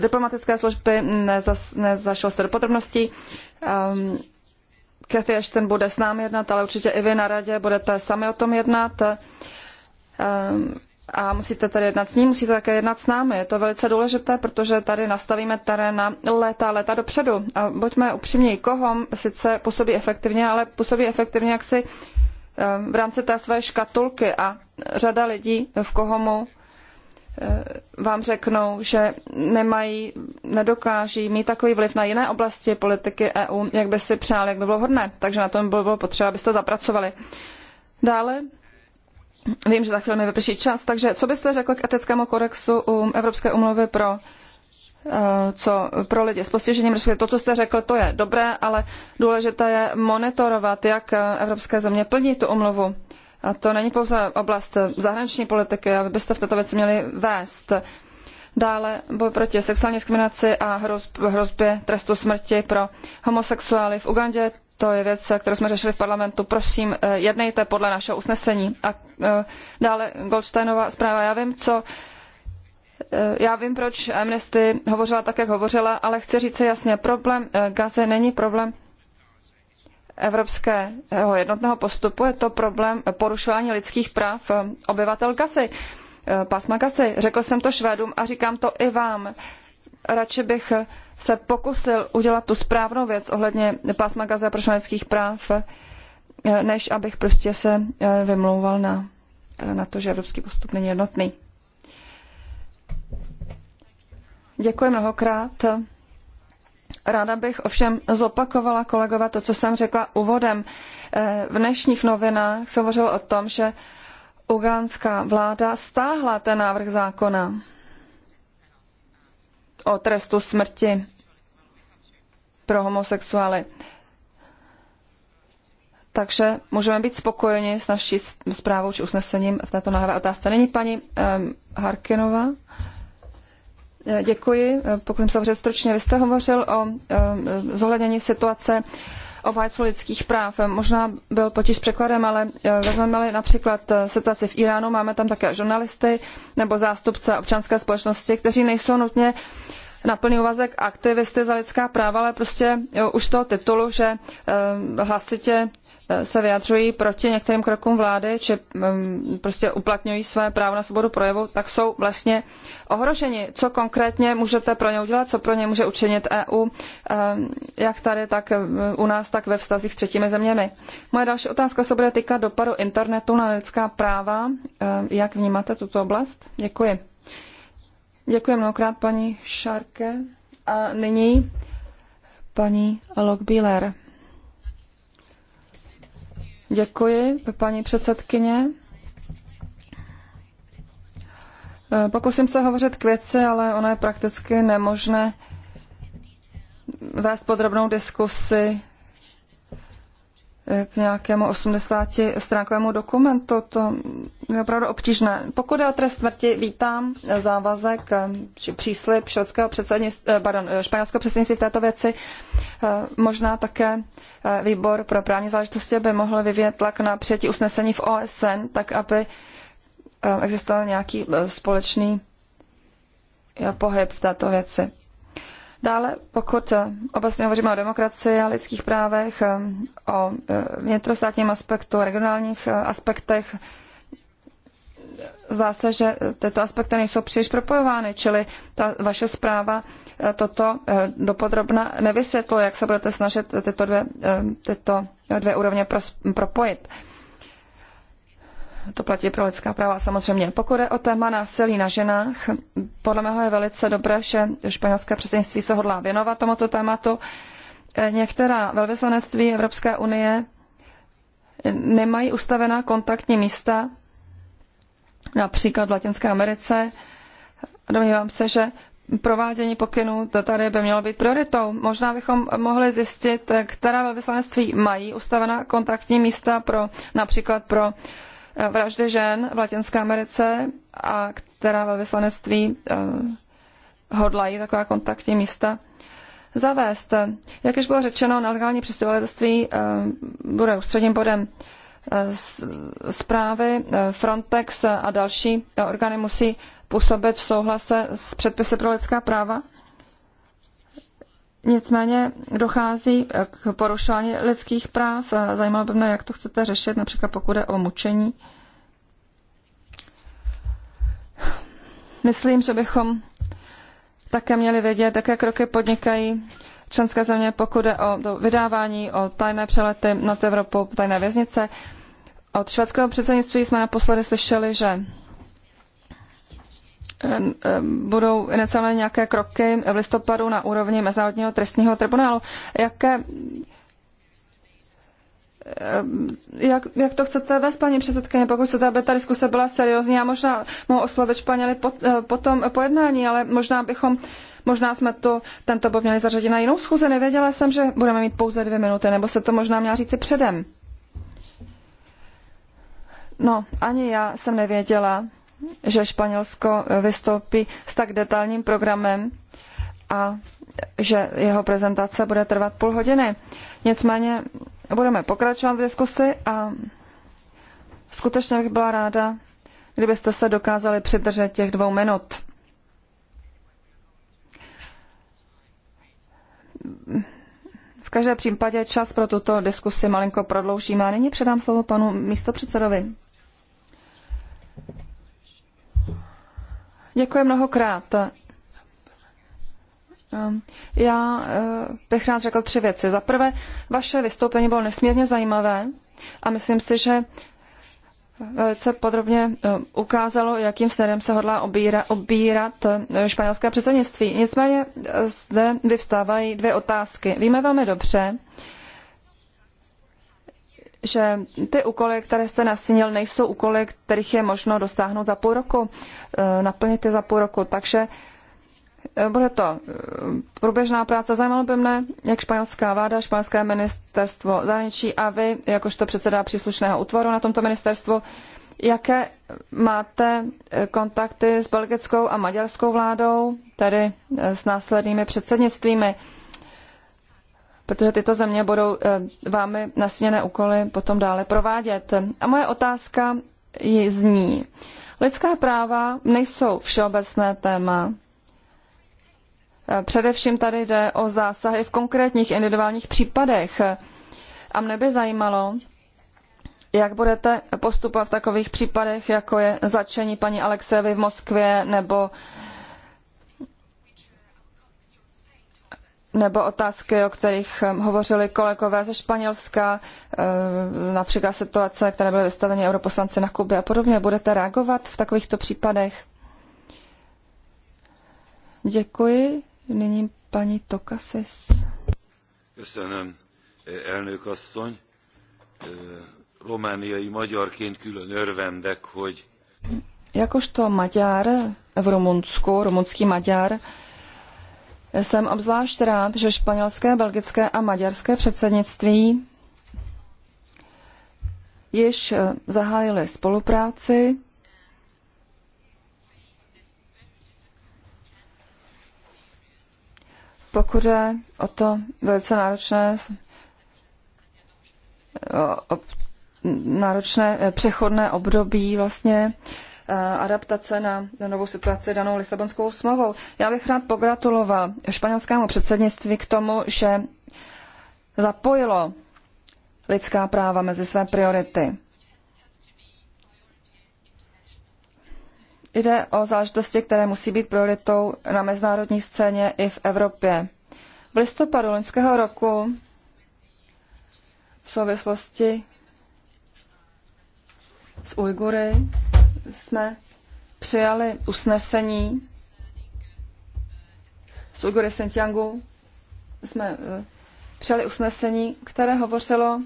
Speaker 1: diplomatické služby, neza, nezašel jste do podrobností. Um, Kathy Ashton bude s námi jednat, ale určitě i vy na radě budete sami o tom jednat. Ehm, a musíte tady jednat s ním, musíte také jednat s námi. Je to velice důležité, protože tady nastavíme terén na léta, léta dopředu. A buďme upřímní, kohom sice působí efektivně, ale působí efektivně jaksi ehm, v rámci té své škatulky a řada lidí v Kohomu Eh, vám řeknou, že nemají, nedokáží mít takový vliv na jiné oblasti politiky EU, jak by si přáli, jak by bylo hodné. Takže na tom by bylo potřeba, abyste zapracovali. Dále, vím, že za chvíli mi vyprší čas, takže co byste řekl k etickému kodexu u Evropské umluvy pro eh, co pro lidi s postižením, respektive to, co jste řekl, to je dobré, ale důležité je monitorovat, jak eh, evropské země plní tu omluvu. A to není pouze oblast zahraniční politiky, aby byste v této věci měli vést. Dále boj proti sexuální diskriminaci a hrozbě trestu smrti pro homosexuály v Ugandě. To je věc, kterou jsme řešili v parlamentu. Prosím, eh, jednejte podle našeho usnesení. A eh, dále Goldsteinova zpráva. Já vím, co eh, já vím, proč Amnesty hovořila tak, jak hovořila, ale chci říct jasně, problém Gazy není problém evropského jednotného postupu je to problém porušování lidských práv eh, obyvatel Gasy, eh, pásma Gazy. Řekl jsem to Švédům a říkám to i vám. Radši bych se pokusil udělat tu správnou věc ohledně pásma Gazy a lidských práv, eh, než abych prostě se vymlouval na, na to, že evropský postup není jednotný. Děkuji mnohokrát. Ráda bych ovšem zopakovala, kolegové, to, co jsem řekla úvodem. Eh, v dnešních novinách se hovořilo o tom, že ugánská vláda stáhla ten návrh zákona o trestu smrti pro homosexuály. Takže můžeme být spokojeni s naší zprávou či usnesením v této nahavé otázce. Není paní um, Harkinová? Eh, děkuji. Eh, Pokud jsem se dobře stručně, vy jste hovořil o eh, zohlednění situace obhájců lidských práv. Možná byl potíž s překladem, ale vezmeme-li například situaci v Iránu, máme tam také žurnalisty nebo zástupce občanské společnosti, kteří nejsou nutně na plný úvazek aktivisty za lidská práva, ale prostě jo, už toho titulu, že hlasitě Eh, se vyjadřují proti některým krokům vlády, či mm, prostě uplatňují své právo na svobodu projevu, tak jsou vlastně ohroženi. Co konkrétně můžete pro ně udělat, co pro ně může učinit EU, eh, jak tady, tak eh, u nás, tak ve vztazích s třetími zeměmi. Moje další otázka se bude týkat dopadu internetu na lidská práva. Jak vnímáte tuto oblast? Děkuji. Děkuji mnohokrát paní Šárke. A nyní paní Lokbíler. Děkuji, paní předsedkyně. Eh, pokusím se hovořit k věci, ale ono je prakticky nemožné vést podrobnou diskusi Eh, k nějakému 80-stránkovému dokumentu. To je opravdu obtížné. Pokud je o trest smrti, vítám závazek eh, či příslip švédského předsednictví, eh, pardon, španělského předsednictví v této věci. Možná také výbor pro právní záležitosti by mohl vyvíjet tlak na přijetí usnesení v OSN, tak aby existoval nějaký společný pohyb v této věci. Dále, pokud eh, obecně hovoříme o demokracii a lidských právech, eh, o eh, vnitrostátním aspektu, regionálních aspektech, zdá se, že tyto aspekty nejsou příliš propojovány, čili ta vaše zpráva toto dopodrobna nevysvětluje, jak se budete snažit tyto dvě, tyto dvě úrovně propojit to platí pro lidská práva samozřejmě. Pokud je o téma násilí na ženách, podle mého je velice dobré, že španělské předsednictví se hodlá věnovat tomuto tématu. Eh, některá velvyslanectví Evropské unie nemají ustavená kontaktní místa, například v Latinské Americe. Domnívám se, že provádění pokynů tady by mělo být prioritou. Možná bychom mohli zjistit, eh, která velvyslanectví mají ustavená kontaktní místa pro například pro Eh, vraždy žen v Latinské Americe a která ve vyslanectví eh, hodlají taková kontaktní místa zavést. Jak již bylo řečeno, nelegální přistěhovalectví eh, bude ústředním bodem zprávy. Frontex a další orgány musí působit v souhlase s předpisy pro lidská práva Nicméně dochází k porušování lidských práv. Zajímalo by mě, jak to chcete řešit, například pokud je o mučení. Myslím, že bychom také měli vědět, jaké kroky podnikají členské země, pokud je o vydávání, o tajné přelety nad Evropou, tajné věznice. Od švédského předsednictví jsme naposledy slyšeli, že Ehm, ehm, budou iniciovány nějaké kroky v listopadu na úrovni Mezinárodního trestního tribunálu. Jaké, ehm, jak, jak to chcete vést, paní předsedkyně, pokud chcete, aby ta diskuse byla seriózní, já možná mohu oslovit Španěly po, eh, potom pojednání, ale možná bychom, možná jsme to, tento bod měli zařadit na jinou schůze, nevěděla jsem, že budeme mít pouze dvě minuty, nebo se to možná měla říci předem. No, ani já jsem nevěděla, že Španělsko vystoupí s tak detailním programem a že jeho prezentace bude trvat půl hodiny. Nicméně budeme pokračovat v diskusi a skutečně bych byla ráda, kdybyste se dokázali přidržet těch dvou minut. V každém případě čas pro tuto diskusi malinko prodloužíme. A nyní předám slovo panu místopředsedovi. Děkuji mnohokrát. Ehm, já eh, bych rád řekl tři věci. Za prvé, vaše vystoupení bylo nesmírně zajímavé a myslím si, že velice podrobně eh, ukázalo, jakým směrem se hodlá obíra, obírat eh, španělské předsednictví. Nicméně zde vyvstávají dvě otázky. Víme velmi dobře, že ty úkoly, které jste nasínil, nejsou úkoly, kterých je možno dosáhnout za půl roku, eh, naplnit je za půl roku. Takže eh, bude to eh, průběžná práce. Zajímalo by mne, jak španělská vláda, španělské ministerstvo zahraničí a vy, jakožto předseda příslušného útvaru na tomto ministerstvu, jaké máte kontakty s belgickou a maďarskou vládou, tedy s následnými předsednictvími protože tyto země budou eh, vámi nasněné úkoly potom dále provádět. A moje otázka je zní. Lidská práva nejsou všeobecné téma. Eh, především tady jde o zásahy v konkrétních individuálních případech. A mne by zajímalo, jak budete postupovat v takových případech, jako je začení paní Alexevy v Moskvě nebo uh, nebo otázky, o kterých ehm, hovořili kolegové ze Španělska, ehm, například situace, které byly vystaveny europoslanci na Kubě a podobně. Budete reagovat v takovýchto případech? Děkuji. Nyní paní Tokasis.
Speaker 3: Köszönöm, elnök asszony. Ehm, romániai magyarként külön örvendek, hogy...
Speaker 1: Jakožto Maďar v Rumunsku, rumunský Maďar, jsem obzvlášť rád, že španělské, belgické a maďarské předsednictví již eh, zahájili spolupráci pokud je o to velice náročné, o, eh, o, náročné eh, přechodné období vlastně, Eh, adaptace na novou situaci danou Lisabonskou smlouvou. Já bych rád pogratuloval španělskému předsednictví k tomu, že zapojilo lidská práva mezi své priority. Jde o záležitosti, které musí být prioritou na mezinárodní scéně i v Evropě. V listopadu loňského roku v souvislosti s Ujgury jsme přijali usnesení z Ugury Santiago. Jsme eh, přijali usnesení, které hovořilo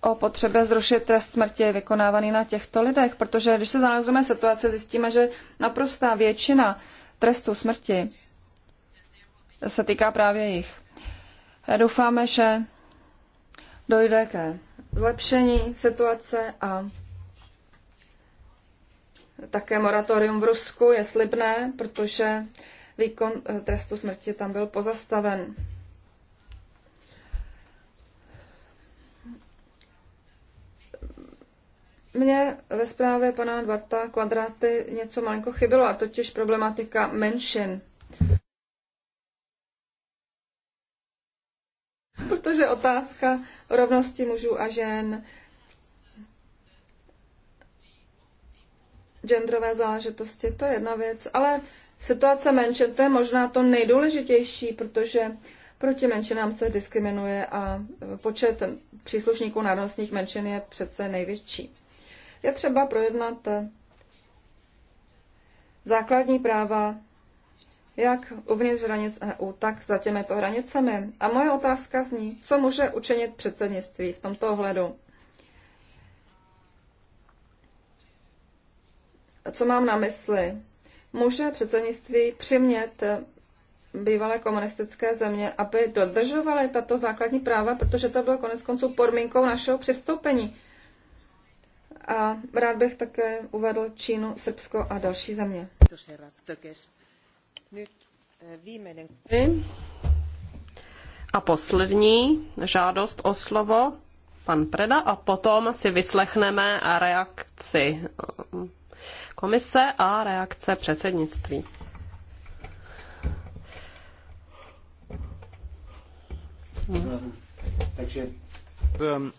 Speaker 1: o potřebě zrušit trest smrti vykonávaný na těchto lidech, protože když se zanalizujeme situace, zjistíme, že naprostá většina trestů smrti se týká právě jich. Eh, doufáme, že dojde ke zlepšení situace a také moratorium v Rusku je slibné, protože výkon eh, trestu smrti tam byl pozastaven. Mně ve zprávě pana Dvarta Kvadráty něco malinko chybilo a totiž problematika menšin. Protože otázka rovnosti mužů a žen genderové záležitosti, to je jedna věc, ale situace menšin, to je možná to nejdůležitější, protože proti menšinám se diskriminuje a e, počet příslušníků národnostních menšin je přece největší. Je třeba projednat e, základní práva jak uvnitř hranic EU, tak za těmito hranicemi. A moje otázka zní, co může učinit předsednictví v tomto ohledu. Co mám na mysli? Může předsednictví přimět bývalé komunistické země, aby dodržovaly tato základní práva, protože to bylo konec konců podmínkou našeho přistoupení. A rád bych také uvedl Čínu, Srbsko a další země.
Speaker 2: A poslední žádost o slovo pan Preda a potom si vyslechneme reakci komise a reakce předsednictví.
Speaker 3: Um,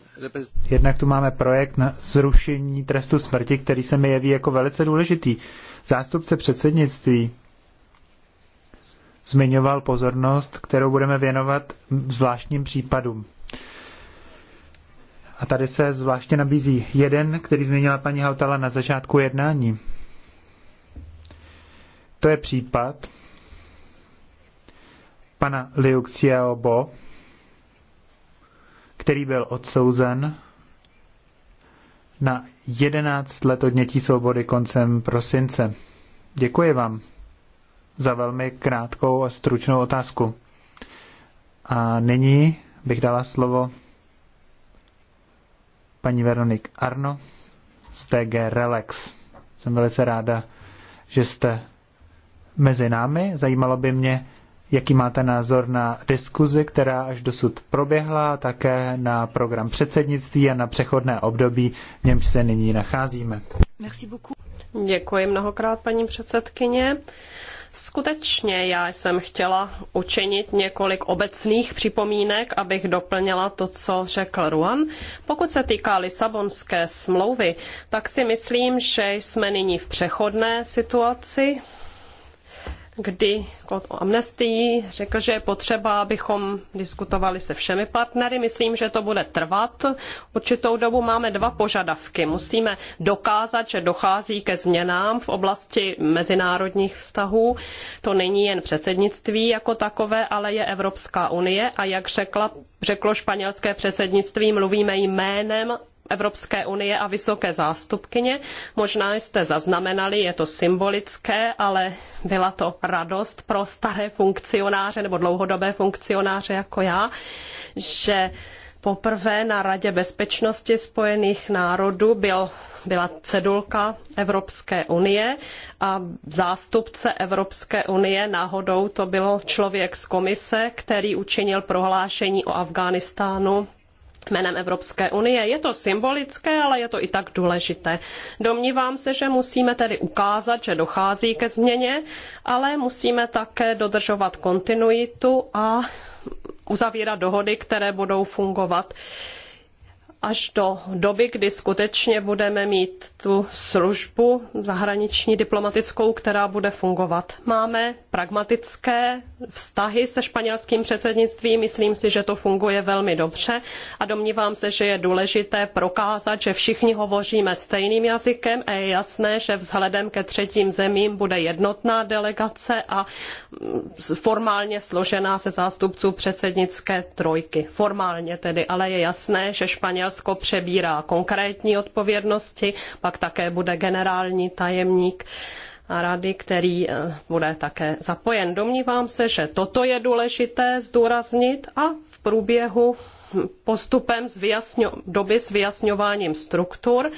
Speaker 3: Jednak tu máme projekt na zrušení trestu smrti, který se mi jeví jako velice důležitý. Zástupce předsednictví zmiňoval pozornost, kterou budeme věnovat zvláštním případům. A tady se zvláště nabízí jeden, který změnila paní Hautala na začátku jednání. To je případ pana Liu Xiaobo, který byl odsouzen na 11 let odnětí svobody koncem prosince. Děkuji vám za velmi krátkou a stručnou otázku. A nyní bych dala slovo paní Veronik Arno z TG Relax. Jsem velice ráda, že jste mezi námi. Zajímalo by mě, jaký máte názor na diskuzi, která až dosud proběhla, také na program předsednictví a na přechodné období, v němž se nyní nacházíme.
Speaker 2: Děkuji mnohokrát, paní předsedkyně. Skutečně já jsem chtěla učinit několik obecných připomínek, abych doplnila to, co řekl Ruan. Pokud se týká Lisabonské smlouvy, tak si myslím, že jsme nyní v přechodné situaci, kdy od amnestii řekl, že je potřeba, abychom diskutovali se všemi partnery. Myslím, že to bude trvat. Určitou dobu máme dva požadavky. Musíme dokázat, že dochází ke změnám v oblasti mezinárodních vztahů. To není jen předsednictví jako takové, ale je Evropská unie a jak řekla, řeklo španělské předsednictví, mluvíme jménem Evropské unie a vysoké zástupkyně. Možná jste zaznamenali, je to symbolické, ale byla to radost pro staré funkcionáře nebo dlouhodobé funkcionáře jako já, že poprvé na Radě bezpečnosti Spojených národů byl, byla cedulka Evropské unie a zástupce Evropské unie náhodou to byl člověk z komise, který učinil prohlášení o Afghánistánu jménem Evropské unie. Je to symbolické, ale je to i tak důležité. Domnívám se, že musíme tedy ukázat, že dochází ke změně, ale musíme také dodržovat kontinuitu a uzavírat dohody, které budou fungovat až do doby, kdy skutečně budeme mít tu službu zahraniční diplomatickou, která bude fungovat. Máme pragmatické vztahy se španělským předsednictvím, myslím si, že to funguje velmi dobře a domnívám se, že je důležité prokázat, že všichni hovoříme stejným jazykem a je jasné, že vzhledem ke třetím zemím bude jednotná delegace a formálně složená ze zástupců předsednické trojky. Formálně tedy, ale je jasné, že Španělsko Maďarsko přebírá konkrétní odpovědnosti, pak také bude generální tajemník rady, který eh, bude také zapojen. Domnívám se, že toto je důležité zdůraznit a v průběhu postupem z vyjasňo- doby s vyjasňováním struktur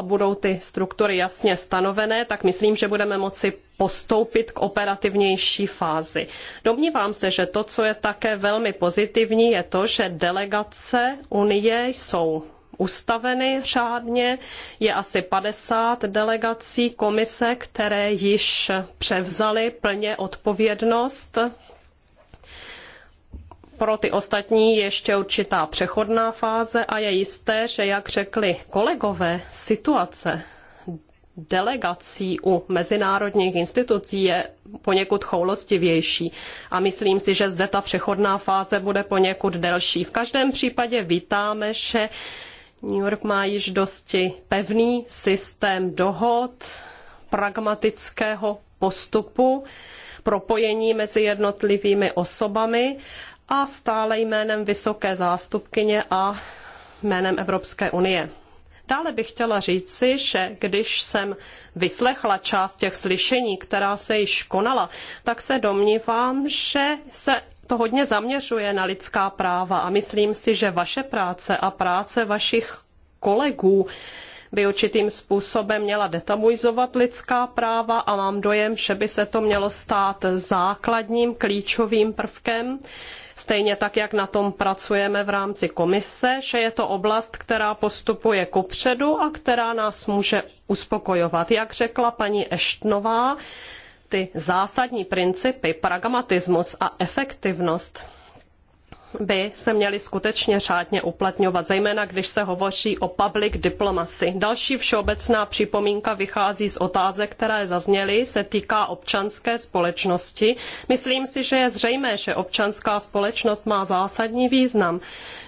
Speaker 2: a budou ty struktury jasně stanovené, tak myslím, že budeme moci postoupit k operativnější fázi. Domnívám se, že to, co je také velmi pozitivní, je to, že delegace Unie jsou ustaveny řádně. Je asi 50 delegací komise, které již převzaly plně odpovědnost pro ty ostatní ještě určitá přechodná fáze a je jisté, že jak řekli kolegové, situace delegací u mezinárodních institucí je poněkud choulostivější a myslím si, že zde ta přechodná fáze bude poněkud delší. V každém případě vítáme, že New York má již dosti pevný systém dohod, pragmatického postupu, propojení mezi jednotlivými osobami a stále jménem vysoké zástupkyně a jménem Evropské unie. Dále bych chtěla říci, že když jsem vyslechla část těch slyšení, která se již konala, tak se domnívám, že se to hodně zaměřuje na lidská práva a myslím si, že vaše práce a práce vašich kolegů by určitým způsobem měla detabuizovat lidská práva a mám dojem, že by se to mělo stát základním klíčovým prvkem stejně tak, jak na tom pracujeme v rámci komise, že je to oblast, která postupuje kupředu a která nás může uspokojovat. Jak řekla paní Eštnová, ty zásadní principy, pragmatismus a efektivnost by se měly skutečně řádně uplatňovat, zejména když se hovoří o public diplomacy. Další všeobecná připomínka vychází z otázek, které zazněly, se týká občanské společnosti. Myslím si, že je zřejmé, že občanská společnost má zásadní význam.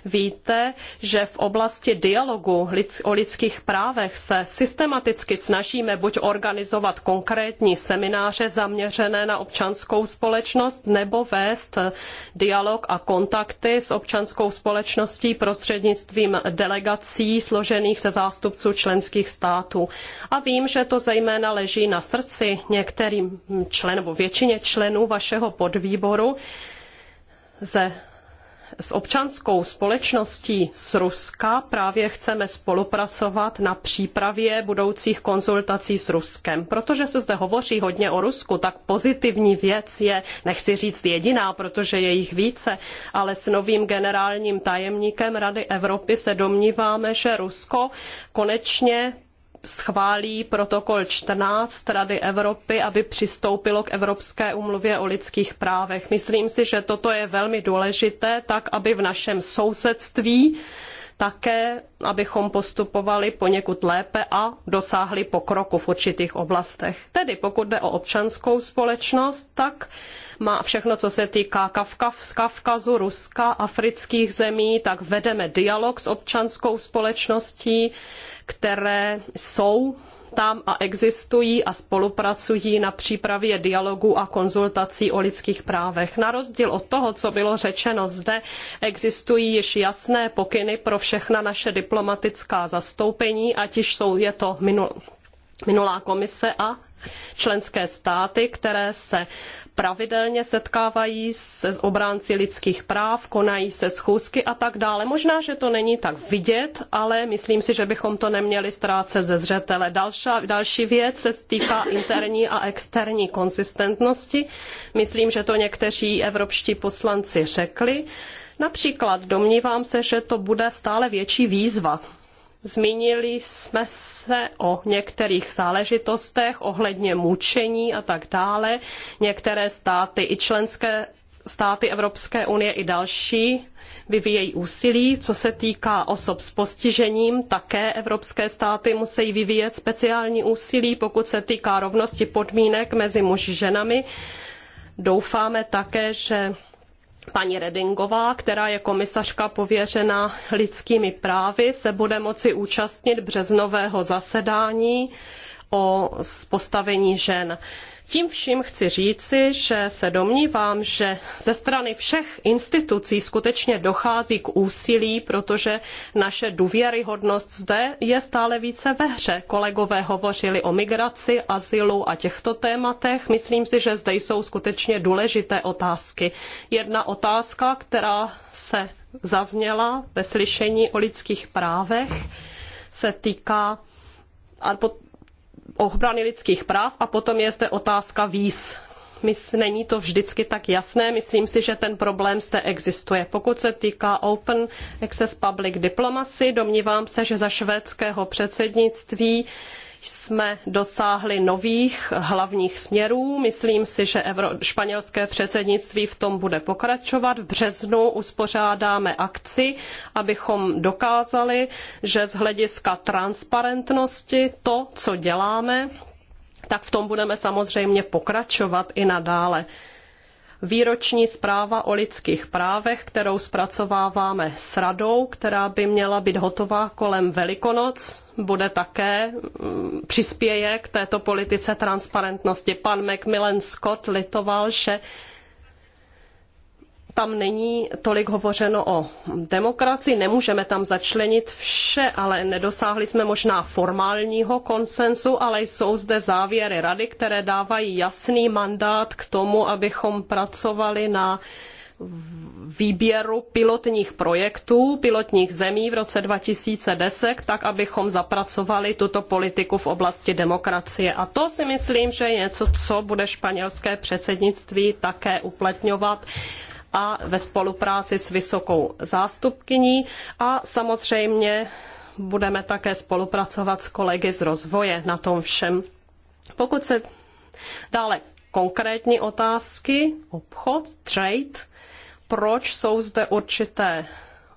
Speaker 2: Víte, že v oblasti dialogu o lidských právech se systematicky snažíme buď organizovat konkrétní semináře zaměřené na občanskou společnost, nebo vést dialog a kontakt kontakty s občanskou společností prostřednictvím delegací složených ze zástupců členských států. A vím, že to zejména leží na srdci některým členům, většině členů vašeho podvýboru ze s občanskou společností z Ruska právě chceme spolupracovat na přípravě budoucích konzultací s Ruskem. Protože se zde hovoří hodně o Rusku, tak pozitivní věc je, nechci říct jediná, protože je jich více, ale s novým generálním tajemníkem Rady Evropy se domníváme, že Rusko konečně schválí protokol 14 Rady Evropy, aby přistoupilo k Evropské umluvě o lidských právech. Myslím si, že toto je velmi důležité, tak aby v našem sousedství také, abychom postupovali poněkud lépe a dosáhli pokroku v určitých oblastech. Tedy pokud jde o občanskou společnost, tak má všechno, co se týká Kavkazu, Ruska, afrických zemí, tak vedeme dialog s občanskou společností, které jsou tam a existují a spolupracují na přípravě dialogu a konzultací o lidských právech. Na rozdíl od toho, co bylo řečeno zde, existují již jasné pokyny pro všechna naše diplomatická zastoupení, ať již jsou je to minul, minulá komise a členské státy, které se pravidelně setkávají se obránci lidských práv, konají se schůzky a tak dále. Možná, že to není tak vidět, ale myslím si, že bychom to neměli ztrácet ze zřetele. Další, další věc se týká interní a externí konsistentnosti. Myslím, že to někteří evropští poslanci řekli. Například domnívám se, že to bude stále větší výzva Zmínili jsme se o některých záležitostech ohledně mučení a tak dále. Některé státy i členské státy Evropské unie i další vyvíjejí úsilí. Co se týká osob s postižením, také evropské státy musí vyvíjet speciální úsilí, pokud se týká rovnosti podmínek mezi muži a ženami. Doufáme také, že paní Redingová, která je komisařka pověřena lidskými právy, se bude moci účastnit březnového zasedání o postavení žen. Tím vším chci říci, že se domnívám, že ze strany všech institucí skutečně dochází k úsilí, protože naše důvěryhodnost zde je stále více ve hře. Kolegové hovořili o migraci, azylu a těchto tématech. Myslím si, že zde jsou skutečně důležité otázky. Jedna otázka, která se zazněla ve slyšení o lidských právech, se týká ochrany lidských práv a potom je zde otázka víz. Mys, není to vždycky tak jasné, myslím si, že ten problém zde existuje. Pokud se týká Open Access Public Diplomacy, domnívám se, že za švédského předsednictví uh, jsme dosáhli nových hlavních směrů. Myslím si, že španělské předsednictví v tom bude pokračovat. V březnu uspořádáme akci, abychom dokázali, že z hlediska transparentnosti to, co děláme, tak v tom budeme samozřejmě pokračovat i nadále výroční zpráva o lidských právech, kterou zpracováváme s radou, která by měla být hotová kolem Velikonoc, bude také mm, přispěje k této politice transparentnosti. Pan Macmillan Scott litoval, že tam není tolik hovořeno o demokracii, nemůžeme tam začlenit vše, ale nedosáhli jsme možná formálního konsensu, ale jsou zde závěry rady, které dávají jasný mandát k tomu, abychom pracovali na výběru pilotních projektů, pilotních zemí v roce 2010, tak abychom zapracovali tuto politiku v oblasti demokracie. A to si myslím, že je něco, co bude španělské předsednictví také uplatňovat a ve spolupráci s vysokou zástupkyní a samozřejmě budeme také spolupracovat s kolegy z rozvoje na tom všem. Pokud se dále konkrétní otázky, obchod, trade, proč jsou zde určité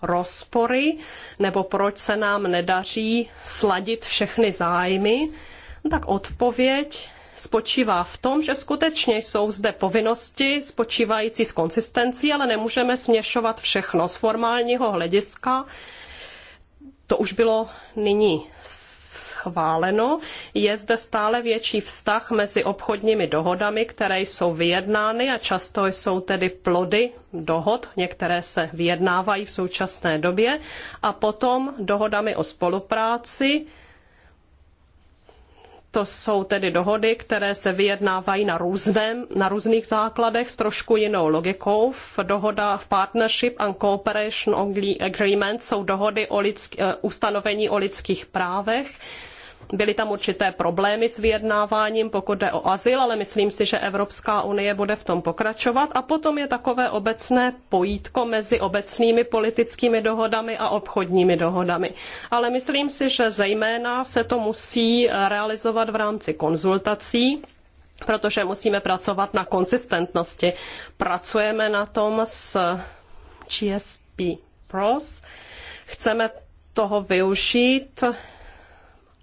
Speaker 2: rozpory, nebo proč se nám nedaří sladit všechny zájmy, no tak odpověď spočívá v tom, že skutečně jsou zde povinnosti spočívající z konsistencí, ale nemůžeme směšovat všechno z formálního hlediska. To už bylo nyní schváleno. Je zde stále větší vztah mezi obchodními dohodami, které jsou vyjednány a často jsou tedy plody dohod, některé se vyjednávají v současné době, a potom dohodami o spolupráci, to jsou tedy dohody, které se vyjednávají na, různém, na různých základech s trošku jinou logikou. V dohoda v Partnership and Cooperation Agreement jsou dohody o lidsk, eh, ustanovení o lidských právech Byly tam určité problémy s vyjednáváním, pokud jde o azyl, ale myslím si, že Evropská unie bude v tom pokračovat. A potom je takové obecné pojítko mezi obecnými politickými dohodami a obchodními dohodami. Ale myslím si, že zejména se to musí realizovat v rámci konzultací protože musíme pracovat na konsistentnosti. Pracujeme na tom s GSP Pros. Chceme toho využít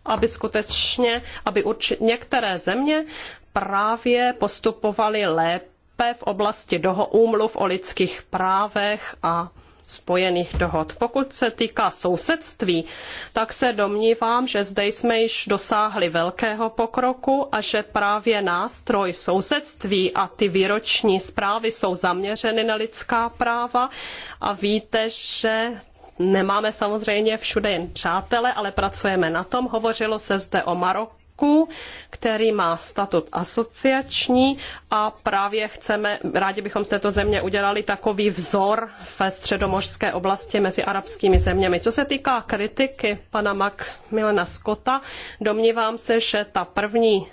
Speaker 2: aby skutečně, aby některé země právě postupovaly lépe v oblasti doho, úmluv o lidských právech a spojených dohod. Pokud se týká sousedství, tak se domnívám, že zde jsme již dosáhli velkého pokroku a že právě nástroj sousedství a ty výroční zprávy jsou zaměřeny na lidská práva a víte, že Nemáme samozřejmě všude jen přátele, ale pracujeme na tom. Hovořilo se zde o Maroku který má statut asociační a právě chceme, rádi bychom z této země udělali takový vzor ve středomořské oblasti mezi arabskými zeměmi. Co se týká kritiky pana Mac Milena Scotta, domnívám se, že ta první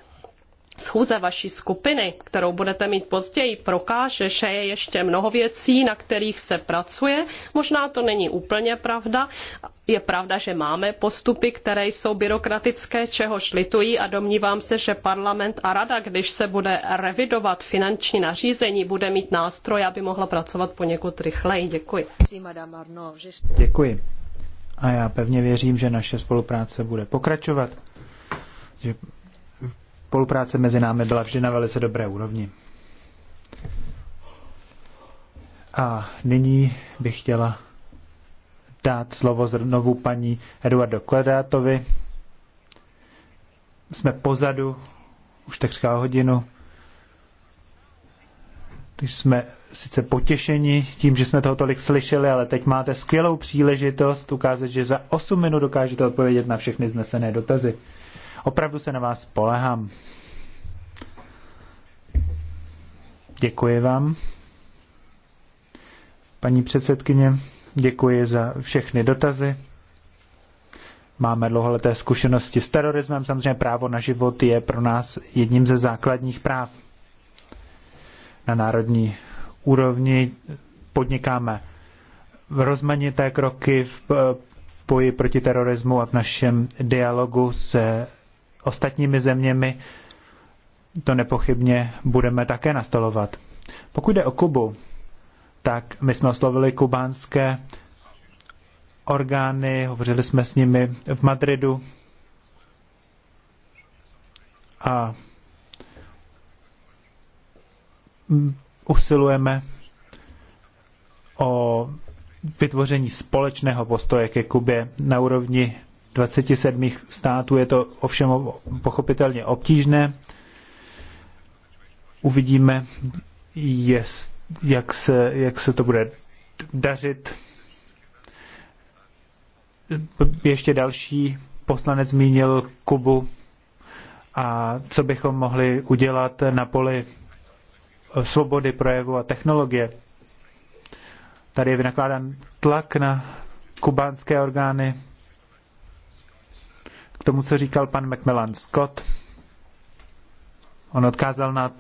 Speaker 2: schůze vaší skupiny, kterou budete mít později, prokáže, že je ještě mnoho věcí, na kterých se pracuje. Možná to není úplně pravda. Je pravda, že máme postupy, které jsou byrokratické, čehož litují a domnívám se, že parlament a rada, když se bude revidovat finanční nařízení, bude mít nástroj, aby mohla pracovat poněkud rychleji. Děkuji.
Speaker 3: Děkuji. A já pevně věřím, že naše spolupráce bude pokračovat, že spolupráce mezi námi byla vždy na velice dobré úrovni. A nyní bych chtěla dát slovo znovu paní Eduardo Kledátovi. Jsme pozadu už takřka hodinu. Takže jsme sice potěšeni tím, že jsme toho tolik slyšeli, ale teď máte skvělou příležitost ukázat, že za 8 minut dokážete odpovědět na všechny znesené dotazy. Opravdu se na vás spolehám. Děkuji vám. Paní předsedkyně, děkuji za všechny dotazy. Máme dlouholeté zkušenosti s terorismem. Samozřejmě právo na život je pro nás jedním ze základních práv. Na národní úrovni podnikáme rozmanité kroky v boji proti terorismu a v našem dialogu se ostatními zeměmi, to nepochybně budeme také nastolovat. Pokud jde o Kubu, tak my jsme oslovili kubánské orgány, hovořili jsme s nimi v Madridu a usilujeme o vytvoření společného postoje ke Kubě na úrovni 27 států je to ovšem pochopitelně obtížné. Uvidíme, jest, jak, se, jak se to bude dařit. Ještě další poslanec zmínil Kubu a co bychom mohli udělat na poli svobody projevu a technologie. Tady je vynakládán tlak na kubánské orgány, k tomu, co říkal pan Macmillan Scott, on odkázal na,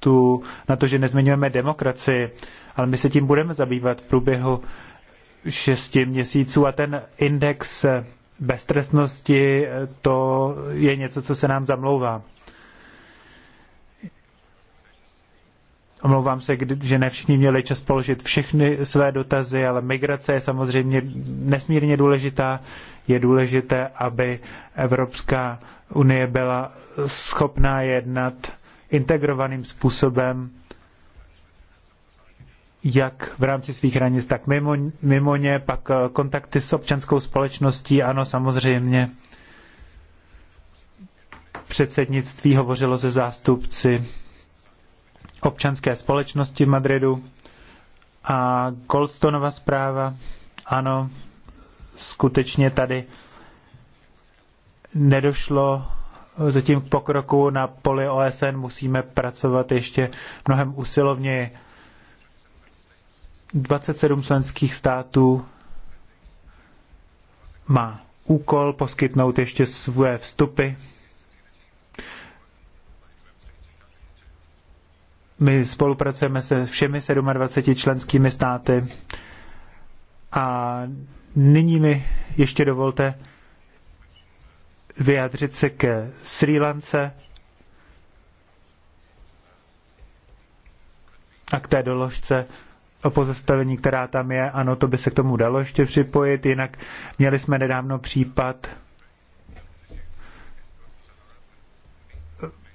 Speaker 3: tu, na to, že nezmiňujeme demokracii, ale my se tím budeme zabývat v průběhu šesti měsíců a ten index beztrestnosti, to je něco, co se nám zamlouvá. Omlouvám se, že ne všichni měli čas položit všechny své dotazy, ale migrace je samozřejmě nesmírně důležitá. Je důležité, aby Evropská unie byla schopná jednat integrovaným způsobem, jak v rámci svých hranic, tak mimo, mimo ně, pak eh, kontakty s občanskou společností, ano, samozřejmě. Předsednictví hovořilo se zástupci občanské společnosti v Madridu a Goldstoneova zpráva. Ano, skutečně tady nedošlo zatím k pokroku na poli OSN, musíme pracovat ještě mnohem usilovněji. 27 členských států má úkol poskytnout ještě své vstupy My spolupracujeme se všemi 27 členskými státy a nyní mi ještě dovolte vyjádřit se ke Sri Lance a k té doložce o pozastavení, která tam je. Ano, to by se k tomu dalo ještě připojit, jinak měli jsme nedávno případ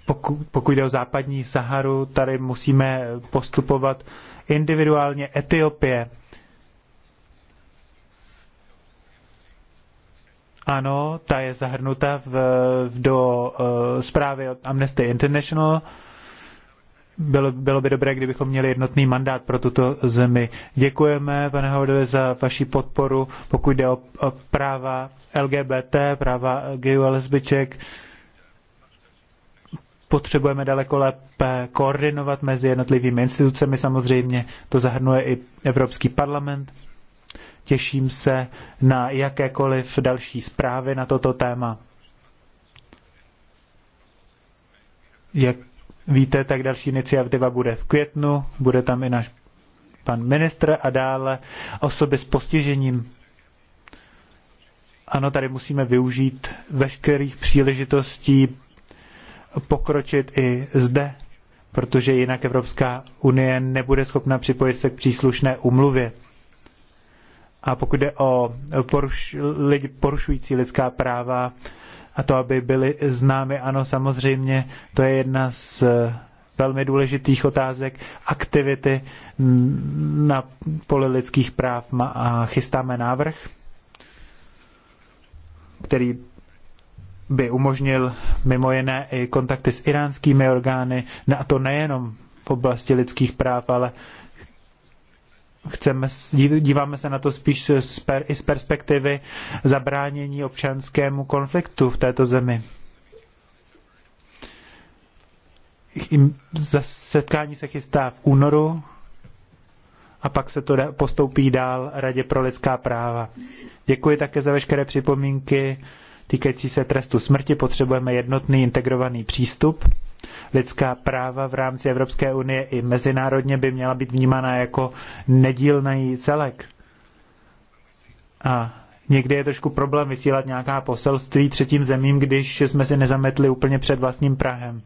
Speaker 3: Pokud, pokud jde o západní Saharu, tady musíme postupovat individuálně. Etiopie. Ano, ta je zahrnuta v, v, do uh, zprávy od Amnesty International. Bylo, bylo by dobré, kdybychom měli jednotný mandát pro tuto zemi. Děkujeme, pane Hovodové, za vaši podporu, pokud jde o, o práva LGBT, práva gay a lesbiček. Uh, potřebujeme daleko lépe koordinovat mezi jednotlivými institucemi. Samozřejmě to zahrnuje i Evropský parlament. Těším se na jakékoliv další zprávy na toto téma. Jak víte, tak další iniciativa bude v květnu, bude tam i náš pan ministr a dále osoby s postižením. Ano, tady musíme využít veškerých příležitostí pokročit i zde, protože jinak Evropská unie nebude schopna připojit se k příslušné umluvě. A pokud jde o poruš, lidi porušující lidská práva a to, aby byly známy, ano, samozřejmě, to je jedna z velmi důležitých otázek, aktivity na poli lidských práv a chystáme návrh, který by umožnil mimo jiné i kontakty s iránskými orgány, a to nejenom v oblasti lidských práv, ale chceme, díváme se na to spíš z i z perspektivy zabránění občanskému konfliktu v této zemi. Setkání se chystá v únoru a pak se to postoupí dál Radě pro lidská práva. Děkuji také za veškeré připomínky týkající se trestu smrti. Potřebujeme jednotný integrovaný přístup. Lidská práva v rámci Evropské unie i mezinárodně by měla být vnímána jako nedílný celek. A někdy je trošku problém vysílat nějaká poselství třetím zemím, když jsme si nezametli úplně před vlastním Prahem.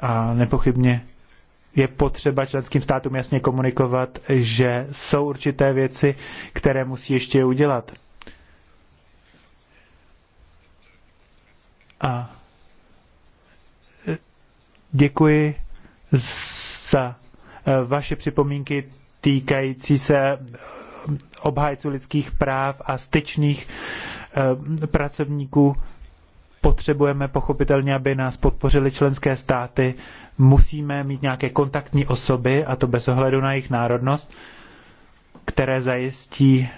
Speaker 3: A nepochybně je potřeba členským státům jasně komunikovat, že jsou určité věci, které musí ještě udělat. A e, děkuji za e, vaše připomínky týkající se e, obhájců lidských práv a styčných pracovníků potřebujeme pochopitelně, aby nás podpořili členské státy, musíme mít nějaké kontaktní osoby, a to bez ohledu na jejich národnost, které zajistí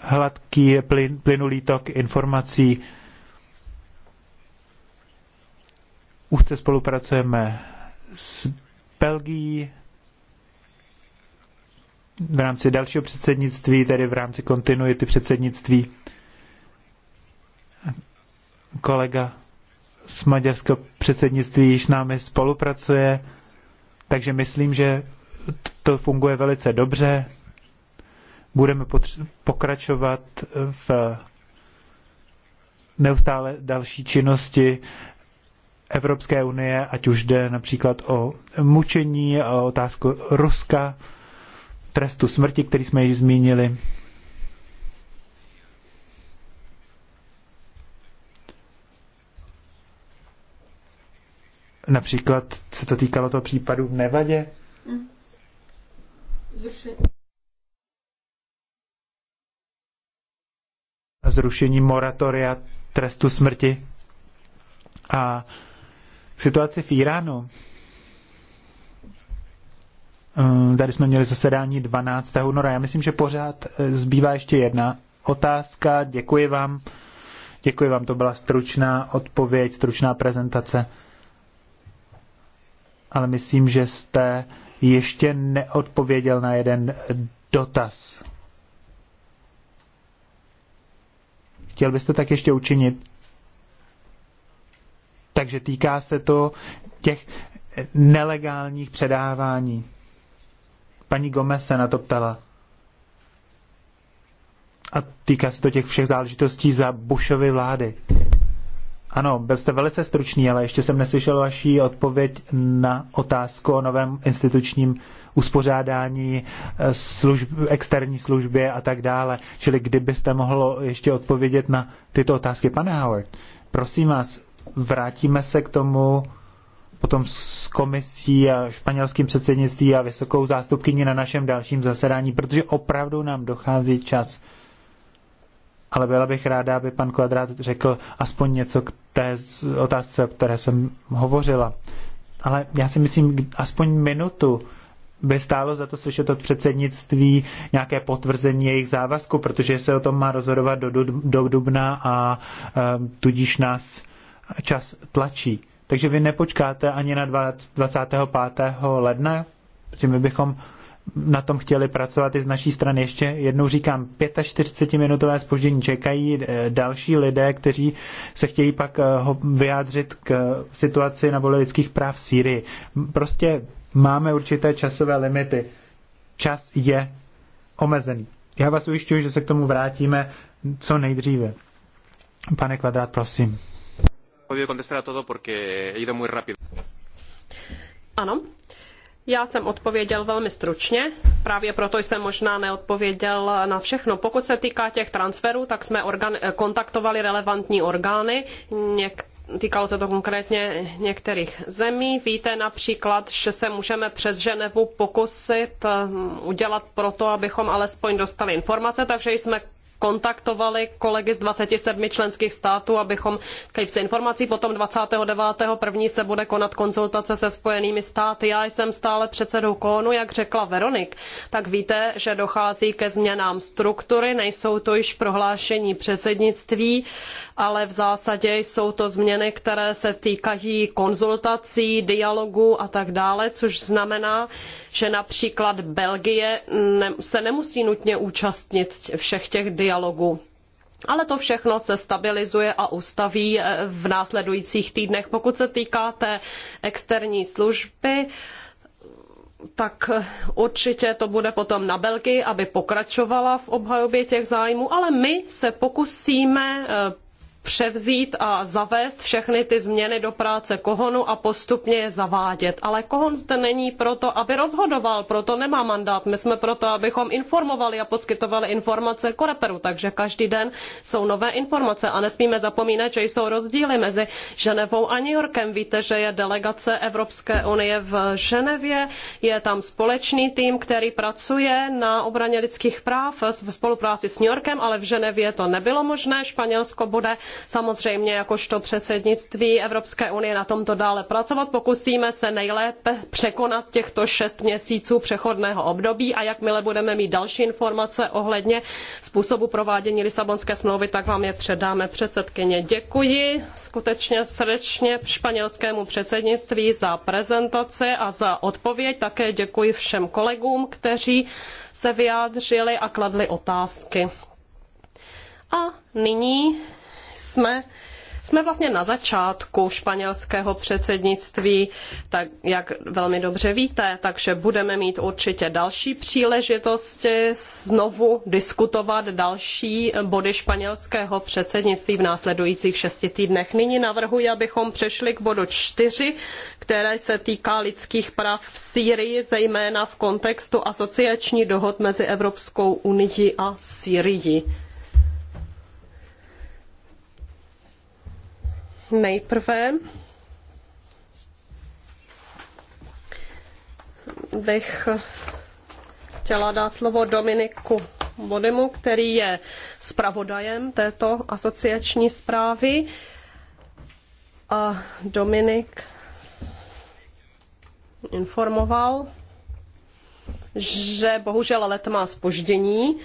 Speaker 3: hladký plyn, plynulý tok informací. Úzce spolupracujeme s Belgií v rámci dalšího předsednictví, tedy v rámci kontinuity předsednictví kolega z maďarského předsednictví již s námi spolupracuje, takže myslím, že to funguje velice dobře. Budeme pokračovat v neustále další činnosti Evropské unie, ať už jde například o mučení, o otázku Ruska, trestu smrti, který jsme již zmínili. Například se to týkalo toho případu v Nevadě. Zrušení. Zrušení moratoria trestu smrti. A v situaci v Iránu eh, Tady jsme měli zasedání 12. února. Já myslím, že pořád eh, zbývá ještě jedna otázka. Děkuji vám. Děkuji vám, to byla stručná odpověď, stručná prezentace ale myslím, že jste ještě neodpověděl na jeden dotaz. Chtěl byste tak ještě učinit? Takže týká se to těch nelegálních předávání. Paní Gomez se na to ptala. A týká se to těch všech záležitostí za Bushovy vlády. Ano, byl jste velice stručný, ale ještě jsem neslyšel vaší odpověď na otázku o novém institučním uspořádání eh, služb, externí služby a tak dále. Čili kdybyste mohlo ještě odpovědět na tyto otázky. Pane Howard, prosím vás, vrátíme se k tomu potom s komisí a španělským předsednictví a vysokou zástupkyní na našem dalším zasedání, protože opravdu nám dochází čas ale byla bych ráda, aby pan Kvadrát řekl aspoň něco k té otázce, o které jsem hovořila. Ale já si myslím, aspoň minutu by stálo za to slyšet od předsednictví nějaké potvrzení jejich závazku, protože se o tom má rozhodovat do, do, do dubna a e, tudíž nás čas tlačí. Takže vy nepočkáte ani na 25. ledna, protože my bychom na tom chtěli pracovat i z naší strany. Ještě jednou říkám, 45-minutové spoždění čekají eh, další lidé, kteří se chtějí pak eh, vyjádřit k situaci na poli lidských práv v Sýrii. Prostě máme určité časové limity. Čas je omezený. Já vás ujišťuji, že se k tomu vrátíme co nejdříve. Pane Kvadrát, prosím.
Speaker 2: Ano, já jsem odpověděl velmi stručně, právě proto jsem možná neodpověděl na všechno. Pokud se týká těch transferů, tak jsme kontaktovali relevantní orgány. Něk- týkalo se to konkrétně některých zemí. Víte například, že se můžeme přes Ženevu pokusit um, udělat proto, abychom alespoň dostali informace, takže jsme kontaktovali kolegy z 27 členských států, abychom kejvce informací. Potom první se bude konat konzultace se spojenými státy. Já jsem stále předsedou konu, jak řekla Veronik. Tak víte, že dochází ke změnám struktury, nejsou to již prohlášení předsednictví, ale v zásadě jsou to změny, které se týkají konzultací, dialogu a tak dále, což znamená, že například Belgie se nemusí nutně účastnit všech těch dialogů dialogu. Ale to všechno se stabilizuje a ustaví eh, v následujících týdnech. Pokud se týká té externí služby, tak určitě to bude potom na Belgii, aby pokračovala v obhajobě těch zájmů, ale my se pokusíme eh, převzít a zavést všechny ty změny do práce Kohonu a postupně je zavádět. Ale Kohon zde není proto, aby rozhodoval, proto nemá mandát. My jsme proto, abychom informovali a poskytovali informace Koreperu, takže každý den jsou nové informace a nesmíme zapomínat, že jsou rozdíly mezi Ženevou a New Yorkem. Víte, že je delegace Evropské unie v Ženevě, je tam společný tým, který pracuje na obraně lidských práv v spolupráci s New Yorkem, ale v Ženevě to nebylo možné. Španělsko bude Samozřejmě jakožto předsednictví Evropské unie na tomto dále pracovat. Pokusíme se nejlépe překonat těchto šest měsíců přechodného období a jakmile budeme mít další informace ohledně způsobu provádění Lisabonské smlouvy, tak vám je předáme předsedkyně. Děkuji skutečně srdečně španělskému předsednictví za prezentaci a za odpověď. Také děkuji všem kolegům, kteří se vyjádřili a kladli otázky. A nyní jsme jsme vlastně na začátku španělského předsednictví, tak jak velmi dobře víte, takže budeme mít určitě další příležitosti znovu diskutovat další body španělského předsednictví v následujících šesti týdnech. Nyní navrhuji, abychom přešli k bodu čtyři, které se týká lidských práv v Sýrii, zejména v kontextu asociační dohod mezi Evropskou unií a Sýrií. Nejprve bych chtěla dát slovo Dominiku Bodemu, který je zpravodajem této asociační zprávy. A Dominik informoval, že bohužel let má spoždění,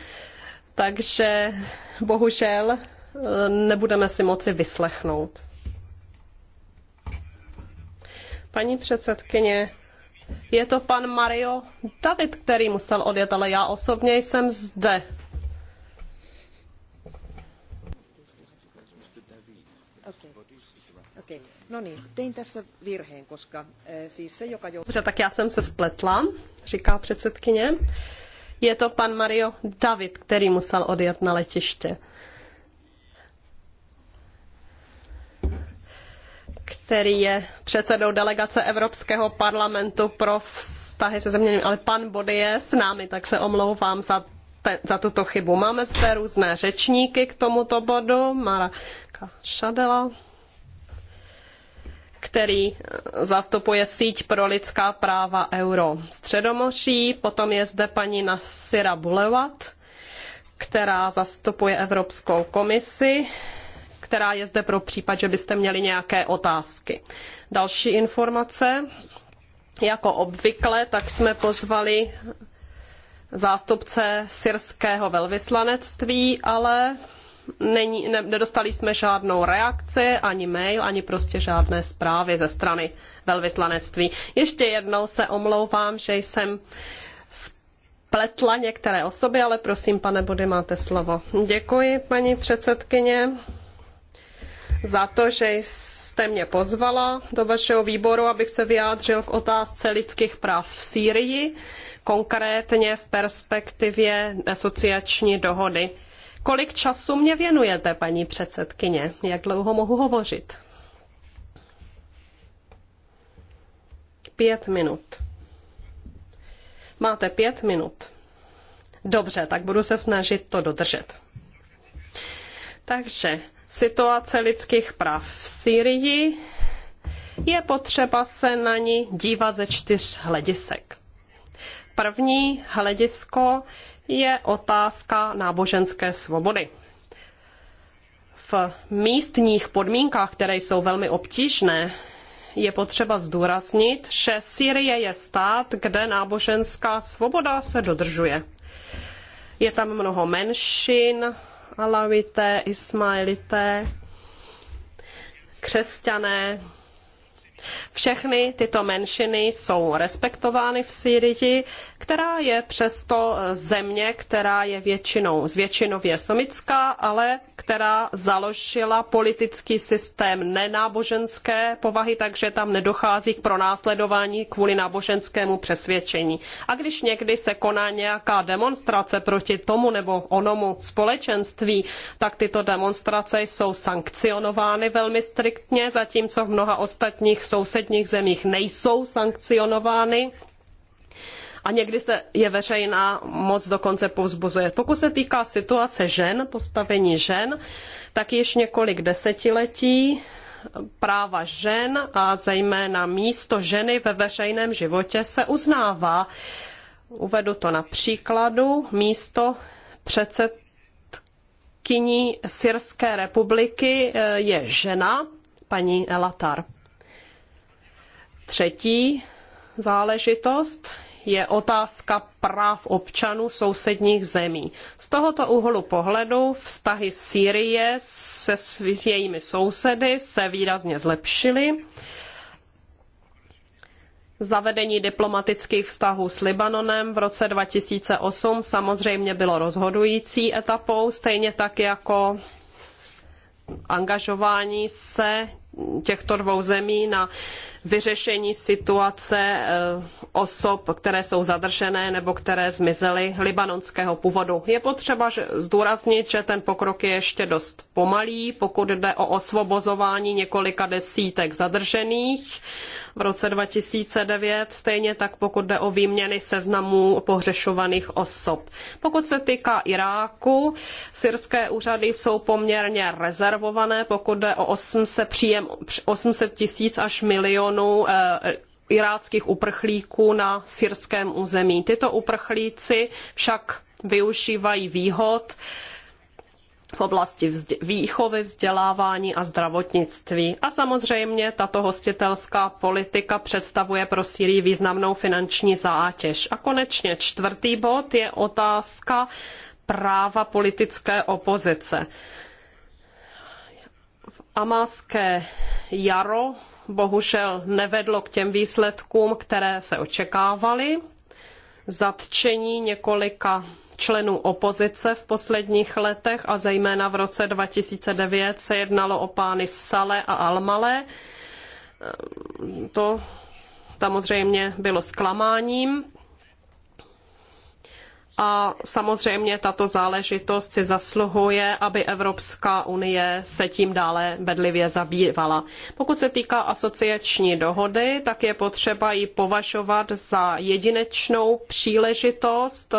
Speaker 2: takže bohužel eh, nebudeme si moci vyslechnout Paní předsedkyně, je to pan Mario David, který musel odjet, ale já osobně jsem zde. No eh, Dobře, tak já jsem se spletla, říká předsedkyně. Je to pan Mario David, který musel odjet na letiště. který je předsedou delegace Evropského parlamentu pro vztahy se zeměmi, ale pan Body je s námi, tak se omlouvám za, te, za tuto chybu. Máme zde různé řečníky k tomuto bodu. Mara Šadela, který zastupuje síť pro lidská práva Euro Středomoří. Potom je zde paní Nasira Bulevat, která zastupuje Evropskou komisi která je zde pro případ, že byste měli nějaké otázky. Další informace. Jako obvykle, tak jsme pozvali zástupce syrského velvyslanectví, ale není, ne, nedostali jsme žádnou reakci, ani mail, ani prostě žádné zprávy ze strany velvyslanectví. Ještě jednou se omlouvám, že jsem spletla některé osoby, ale prosím, pane Body, máte slovo. Děkuji, paní předsedkyně za to, že jste mě pozvala do vašeho výboru, abych se vyjádřil k otázce lidských práv v Sýrii, konkrétně v perspektivě asociační dohody. Kolik času mě věnujete, paní předsedkyně? Jak dlouho mohu hovořit? Pět minut. Máte pět minut. Dobře, tak budu se snažit to dodržet. Takže Situace lidských práv v Syrii je potřeba se na ní dívat ze čtyř hledisek. První hledisko je otázka náboženské svobody. V místních podmínkách, které jsou velmi obtížné, je potřeba zdůraznit, že Sýrie je stát, kde náboženská svoboda se dodržuje. Je tam mnoho menšin, Alawité, Ismailité, křesťané, všechny tyto menšiny jsou respektovány v Syrii, která je přesto země, která je většinou zvětšinově somická, ale která založila politický systém nenáboženské povahy, takže tam nedochází k pronásledování kvůli náboženskému přesvědčení. A když někdy se koná nějaká demonstrace proti tomu nebo onomu společenství, tak tyto demonstrace jsou sankcionovány velmi striktně, zatímco v mnoha ostatních sousedních zemích nejsou sankcionovány a někdy se je veřejná moc dokonce povzbuzuje. Pokud se týká situace žen, postavení žen, tak již několik desetiletí práva žen a zejména místo ženy ve veřejném životě se uznává. Uvedu to na příkladu. Místo předsedkyní Syrské republiky eh, je žena, paní Elatar. Třetí záležitost je otázka práv občanů sousedních zemí. Z tohoto úhlu pohledu vztahy Sýrie se s jejími sousedy se výrazně zlepšily. Zavedení diplomatických vztahů s Libanonem v roce 2008 samozřejmě bylo rozhodující etapou, stejně tak jako angažování se těchto dvou zemí na vyřešení situace eh, osob, které jsou zadržené nebo které zmizely libanonského původu. Je potřeba zdůraznit, že ten pokrok je ještě dost pomalý, pokud jde o osvobozování několika desítek zadržených v roce 2009, stejně tak pokud jde o výměny seznamů pohřešovaných osob. Pokud se týká Iráku, syrské úřady jsou poměrně rezervované, pokud jde o 800, příjem, 800 tisíc až milionů eh, iráckých uprchlíků na syrském území. Tyto uprchlíci však využívají výhod, v oblasti vzd- výchovy, vzdělávání a zdravotnictví. A samozřejmě tato hostitelská politika představuje pro Sýrii významnou finanční zátěž. A konečně čtvrtý bod je otázka práva politické opozice. Amáské jaro bohužel nevedlo k těm výsledkům, které se očekávaly. Zatčení několika členů opozice v posledních letech a zejména v roce 2009 se jednalo o pány Sale a Almale. Ehm, to samozřejmě bylo zklamáním. A samozřejmě tato záležitost si zasluhuje, aby Evropská unie se tím dále bedlivě zabývala. Pokud se týká asociační dohody, tak je potřeba ji považovat za jedinečnou příležitost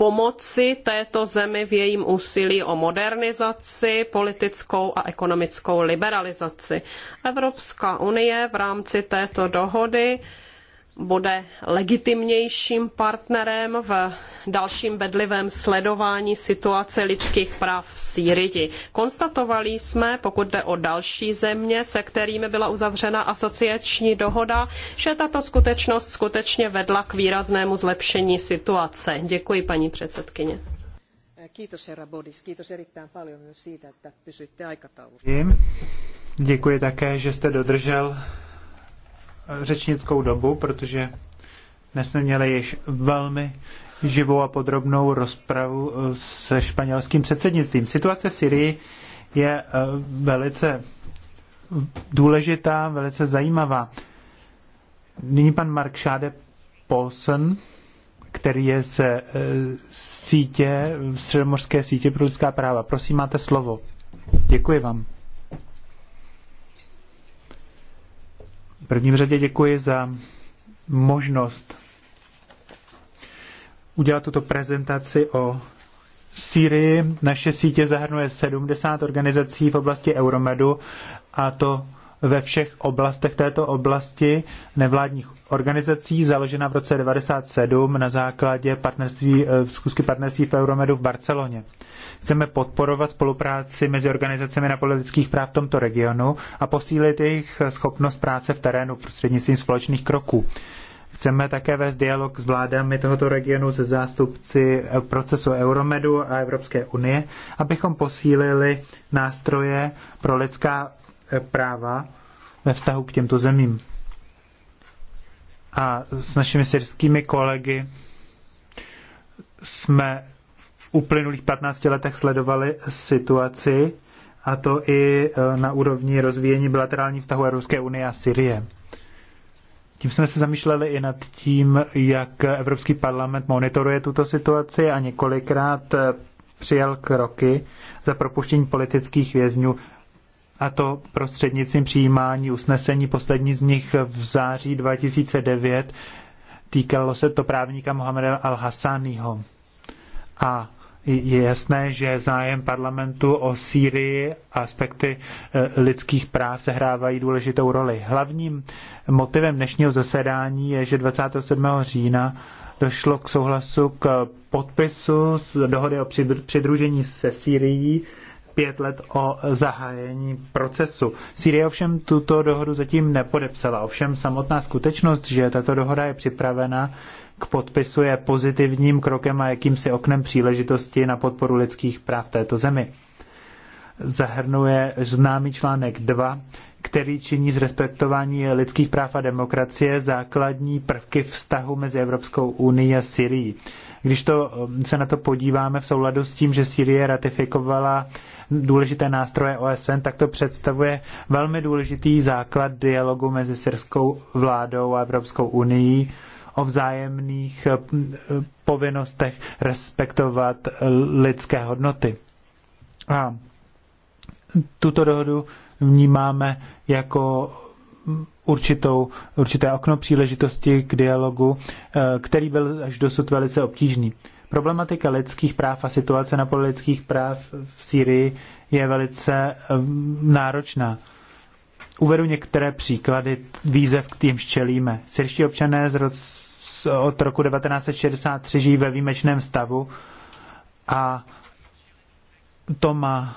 Speaker 2: pomoci této zemi v jejím úsilí o modernizaci, politickou a ekonomickou liberalizaci. Evropská unie v rámci této dohody bude legitimnějším partnerem v dalším bedlivém sledování situace lidských práv v Sýrii. Konstatovali jsme, pokud jde o další země, se kterými byla uzavřena asociační dohoda, že tato skutečnost skutečně vedla k výraznému zlepšení situace. Děkuji, paní
Speaker 3: předsedkyně. Děkuji také, že jste dodržel řečnickou dobu, protože dnes jsme měli již velmi živou a podrobnou rozpravu eh, se španělským předsednictvím. Situace v Syrii je eh, velice důležitá, velice zajímavá. Nyní pan Mark Schade Polsen, který je z eh, sítě, středomořské sítě pro lidská práva. Prosím, máte slovo. Děkuji vám. prvním řadě děkuji za možnost udělat tuto prezentaci o Syrii. Naše sítě zahrnuje 70 organizací v oblasti Euromedu a to ve všech oblastech této oblasti nevládních organizací, založena v roce 1997 na základě partnerství, eh, zkusky partnerství v Euromedu v Barceloně. Chceme podporovat spolupráci mezi organizacemi na politických práv v tomto regionu a posílit jejich schopnost práce v terénu prostřednictvím společných kroků. Chceme také vést dialog s vládami tohoto regionu se zástupci procesu Euromedu a Evropské unie, abychom posílili nástroje pro lidská eh, práva ve vztahu k těmto zemím. A s našimi syrskými kolegy jsme uplynulých 15 letech sledovali situaci, a to i e, na úrovni rozvíjení bilaterálních vztahů Evropské unie a Syrie. Tím jsme se zamýšleli i nad tím, jak Evropský parlament monitoruje tuto situaci a několikrát e, přijal kroky za propuštění politických vězňů, a to prostřednictvím přijímání usnesení. Poslední z nich v září 2009 týkalo se to právníka Mohameda al-Hassaniho. A je jasné, že zájem parlamentu o Sýrii a aspekty e, lidských práv sehrávají důležitou roli. Hlavním motivem dnešního zasedání je, že 27. října došlo k souhlasu k podpisu z dohody o přidružení se Sýrií pět let o zahájení procesu. Sýrie ovšem tuto dohodu zatím nepodepsala. Ovšem samotná skutečnost, že tato dohoda je připravena, k podpisu je pozitivním krokem a jakýmsi oknem příležitosti na podporu lidských práv této zemi. Zahrnuje známý článek 2, který činí z respektování lidských práv a demokracie základní prvky vztahu mezi Evropskou unii a Syrií. Když to, um, se na to podíváme v souladu s tím, že Syrie ratifikovala důležité nástroje OSN, tak to představuje velmi důležitý základ dialogu mezi syrskou vládou a Evropskou unii o vzájemných eh, eh, povinnostech respektovat eh, lidské hodnoty. A tuto dohodu vnímáme jako mm, určitou, určité okno příležitosti k dialogu, který byl až dosud velice obtížný. Problematika lidských práv a situace na poli lidských práv v Sýrii je velice mm, náročná. Uvedu některé příklady výzev, k tým čelíme. Syrští občané z roce od roku 1963 žijí ve výjimečném stavu a to má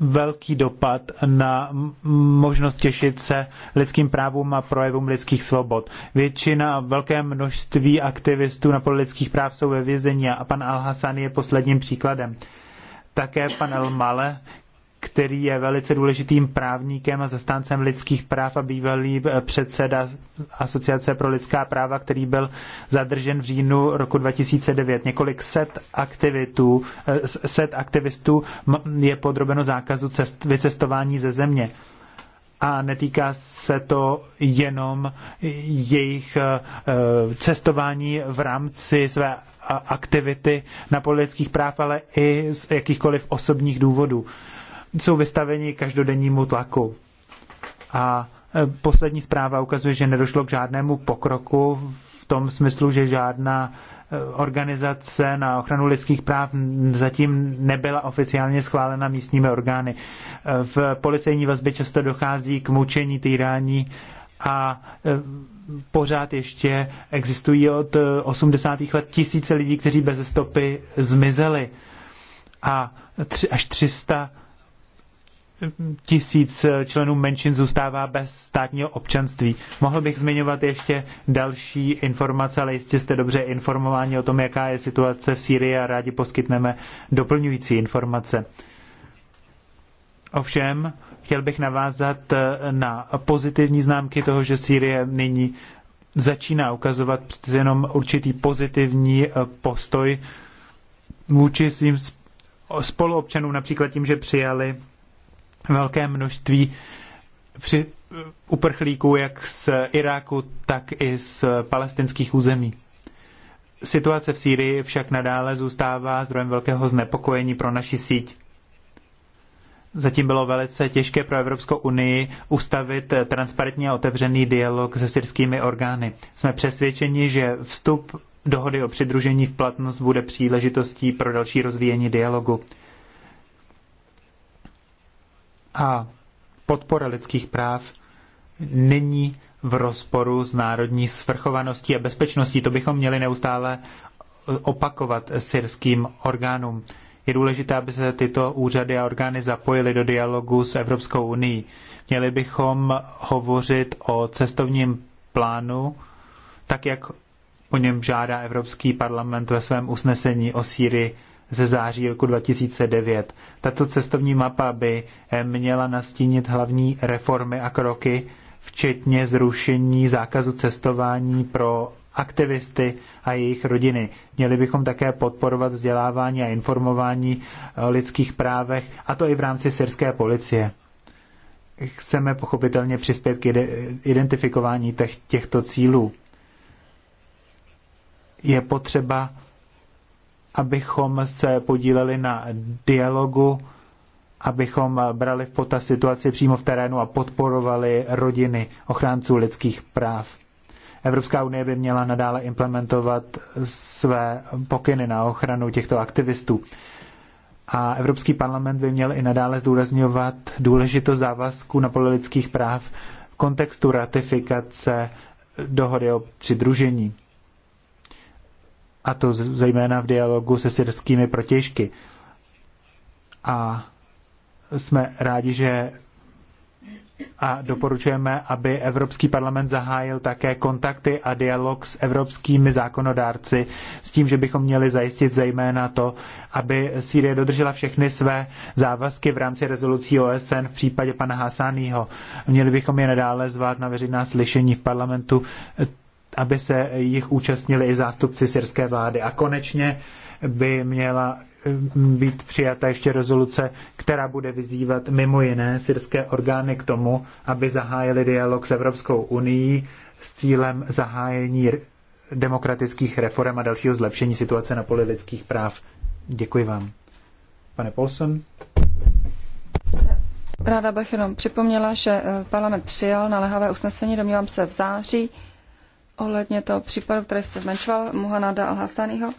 Speaker 3: velký dopad na možnost těšit se lidským právům a projevům lidských svobod. Většina, velké množství aktivistů na poli lidských práv jsou ve vězení a pan Al-Hassan je posledním příkladem. Také pan El Male, který je velice důležitým právníkem a zastáncem lidských práv a bývalý eh, předseda Asociace pro lidská práva, který byl zadržen v říjnu roku 2009. Několik set, aktivitů, eh, set aktivistů je podrobeno zákazu cest, vycestování ze země a netýká se to jenom jejich eh, cestování v rámci své aktivity na politických práv, ale i z jakýchkoliv osobních důvodů jsou vystaveni každodennímu tlaku. A e, poslední zpráva ukazuje, že nedošlo k žádnému pokroku v tom smyslu, že žádná e, organizace na ochranu lidských práv zatím nebyla oficiálně schválena místními orgány. E, v policejní vazbě často dochází k mučení, týrání a pořád ještě existují od 80. let tisíce lidí, kteří bez stopy zmizeli a tři, až 300 tisíc eh, členů menšin zůstává bez státního občanství. Mohl bych zmiňovat ještě další informace, ale jistě jste dobře informováni o tom, jaká je situace v Sýrii a rádi poskytneme doplňující informace. Ovšem, chtěl bych navázat eh, na pozitivní známky toho, že Sýrie nyní začíná ukazovat jenom určitý pozitivní eh, postoj vůči svým spoluobčanům, například tím, že přijali velké množství při eh, uprchlíků jak z Iráku, tak i z palestinských území. Situace v Sýrii však nadále zůstává zdrojem velkého znepokojení pro naši síť. Zatím bylo velice těžké pro Evropskou unii ustavit transparentní a otevřený dialog se syrskými orgány. Jsme přesvědčeni, že vstup dohody o přidružení v platnost bude příležitostí pro další rozvíjení dialogu a podpora lidských práv není v rozporu s národní svrchovaností a bezpečností. To bychom měli neustále opakovat syrským orgánům. Je důležité, aby se tyto úřady a orgány zapojily do dialogu s Evropskou unii. Měli bychom hovořit o cestovním plánu, tak jak o něm žádá Evropský parlament ve svém usnesení o Sýrii ze září roku 2009. Tato cestovní mapa by eh, měla nastínit hlavní reformy a kroky, včetně zrušení zákazu cestování pro aktivisty a jejich rodiny. Měli bychom také podporovat vzdělávání a informování eh, o lidských právech, a to i v rámci syrské policie. Chceme pochopitelně přispět k identifikování těchto cílů. Je potřeba abychom se podíleli na dialogu, abychom brali v potaz situaci přímo v terénu a podporovali rodiny ochránců lidských práv. Evropská unie by měla nadále implementovat své pokyny na ochranu těchto aktivistů. A Evropský parlament by měl i nadále zdůrazňovat důležitost závazku na poli lidských práv v kontextu ratifikace dohody o přidružení a to zejména v dialogu se syrskými protěžky. A jsme rádi, že a doporučujeme, aby Evropský parlament zahájil také kontakty a dialog s evropskými zákonodárci s tím, že bychom měli zajistit zejména to, aby Sýrie dodržela všechny své závazky v rámci rezolucí OSN v případě pana Hasáního. Měli bychom je nadále zvát na veřejná slyšení v parlamentu aby se jich účastnili i zástupci syrské vlády. A konečně by měla mm, být přijata ještě rezoluce, která bude vyzývat mimo jiné syrské orgány k tomu, aby zahájili dialog s Evropskou unii s cílem zahájení demokratických reform a dalšího zlepšení situace na poli lidských práv. Děkuji vám. Pane Polson.
Speaker 1: Ráda bych jenom připomněla, že eh, parlament přijal naléhavé usnesení, domnívám se, v září ohledně toho případu, který jste zmenšoval, Muhanada Al-Hassaniho.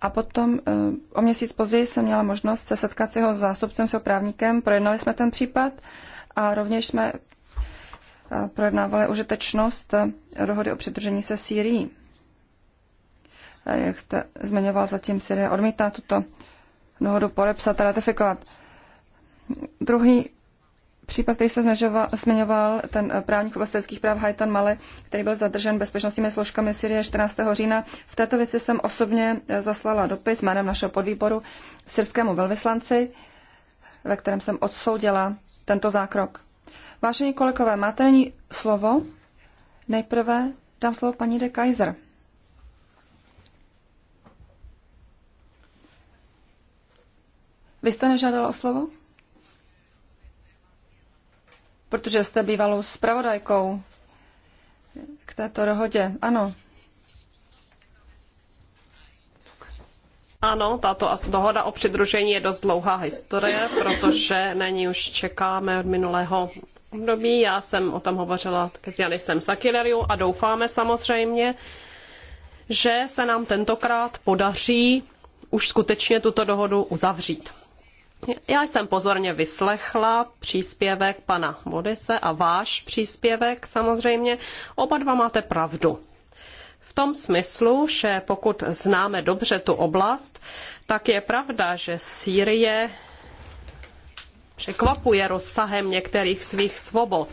Speaker 1: A potom eh, o měsíc později jsem měla možnost se setkat s jeho zástupcem, s jeho právníkem. Projednali jsme ten případ a rovněž jsme eh, projednávali užitečnost eh, dohody o přidružení se Sýrií. Jak jste zmiňoval, zatím Syrie odmítá tuto dohodu podepsat a ratifikovat. Druhý Případ, který se zmiňoval, ten eh, právník oblasti lidských práv Haitan Male, který byl zadržen bezpečnostními složkami Syrie 14. října. V této věci jsem osobně eh, zaslala dopis jménem našeho podvýboru syrskému velvyslanci, ve kterém jsem odsoudila tento zákrok. Vážení kolegové, máte nyní slovo? Nejprve dám slovo paní de Kaiser. Vy jste nežádala o slovo? protože jste bývalou zpravodajkou k této dohodě. Ano.
Speaker 2: Ano, tato dohoda o přidružení je dost dlouhá historie, protože na ní už čekáme od minulého období. Já jsem o tom hovořila také s Janisem Sakileriu a doufáme samozřejmě, že se nám tentokrát podaří už skutečně tuto dohodu uzavřít. Já jsem pozorně vyslechla příspěvek pana Bodise a váš příspěvek samozřejmě. Oba dva máte pravdu. V tom smyslu, že pokud známe dobře tu oblast, tak je pravda, že Sýrie překvapuje rozsahem některých svých svobod.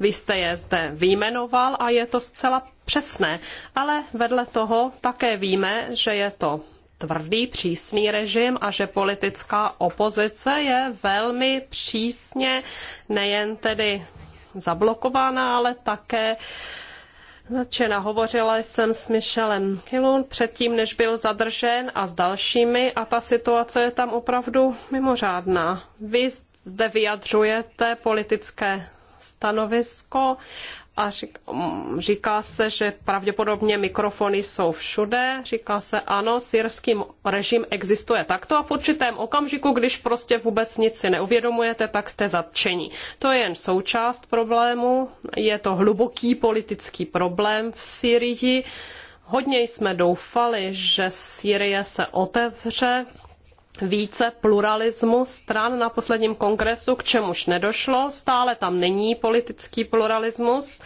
Speaker 2: Vy jste je zde vyjmenoval a je to zcela přesné, ale vedle toho také víme, že je to tvrdý, přísný režim a že politická opozice je velmi přísně nejen tedy zablokována, ale také Začena hovořila jsem s Michelem Kilun předtím, než byl zadržen a s dalšími a ta situace je tam opravdu mimořádná. Vy zde vyjadřujete politické stanovisko a mm, říká se, že pravděpodobně mikrofony jsou všude. Říká se, ano, syrský režim existuje takto a v určitém okamžiku, když prostě vůbec nic si neuvědomujete, tak jste zatčeni. To je jen součást problému, je to hluboký politický problém v Syrii. Hodně jsme doufali, že Sýrie se otevře více pluralismu stran na posledním kongresu, k čemuž nedošlo. Stále tam není politický pluralismus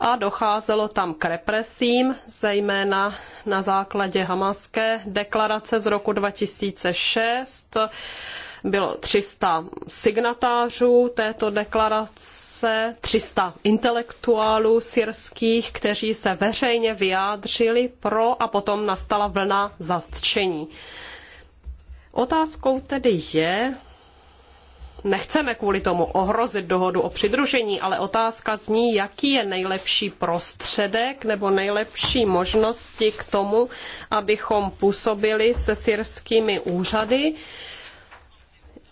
Speaker 2: a docházelo tam k represím, zejména na základě hamaské deklarace z roku 2006. Bylo 300 signatářů této deklarace, 300 intelektuálů syrských, kteří se veřejně vyjádřili pro a potom nastala vlna zatčení. Otázkou tedy je, nechceme kvůli tomu ohrozit dohodu o přidružení, ale otázka zní, jaký je nejlepší prostředek nebo nejlepší možnosti k tomu, abychom působili se syrskými úřady,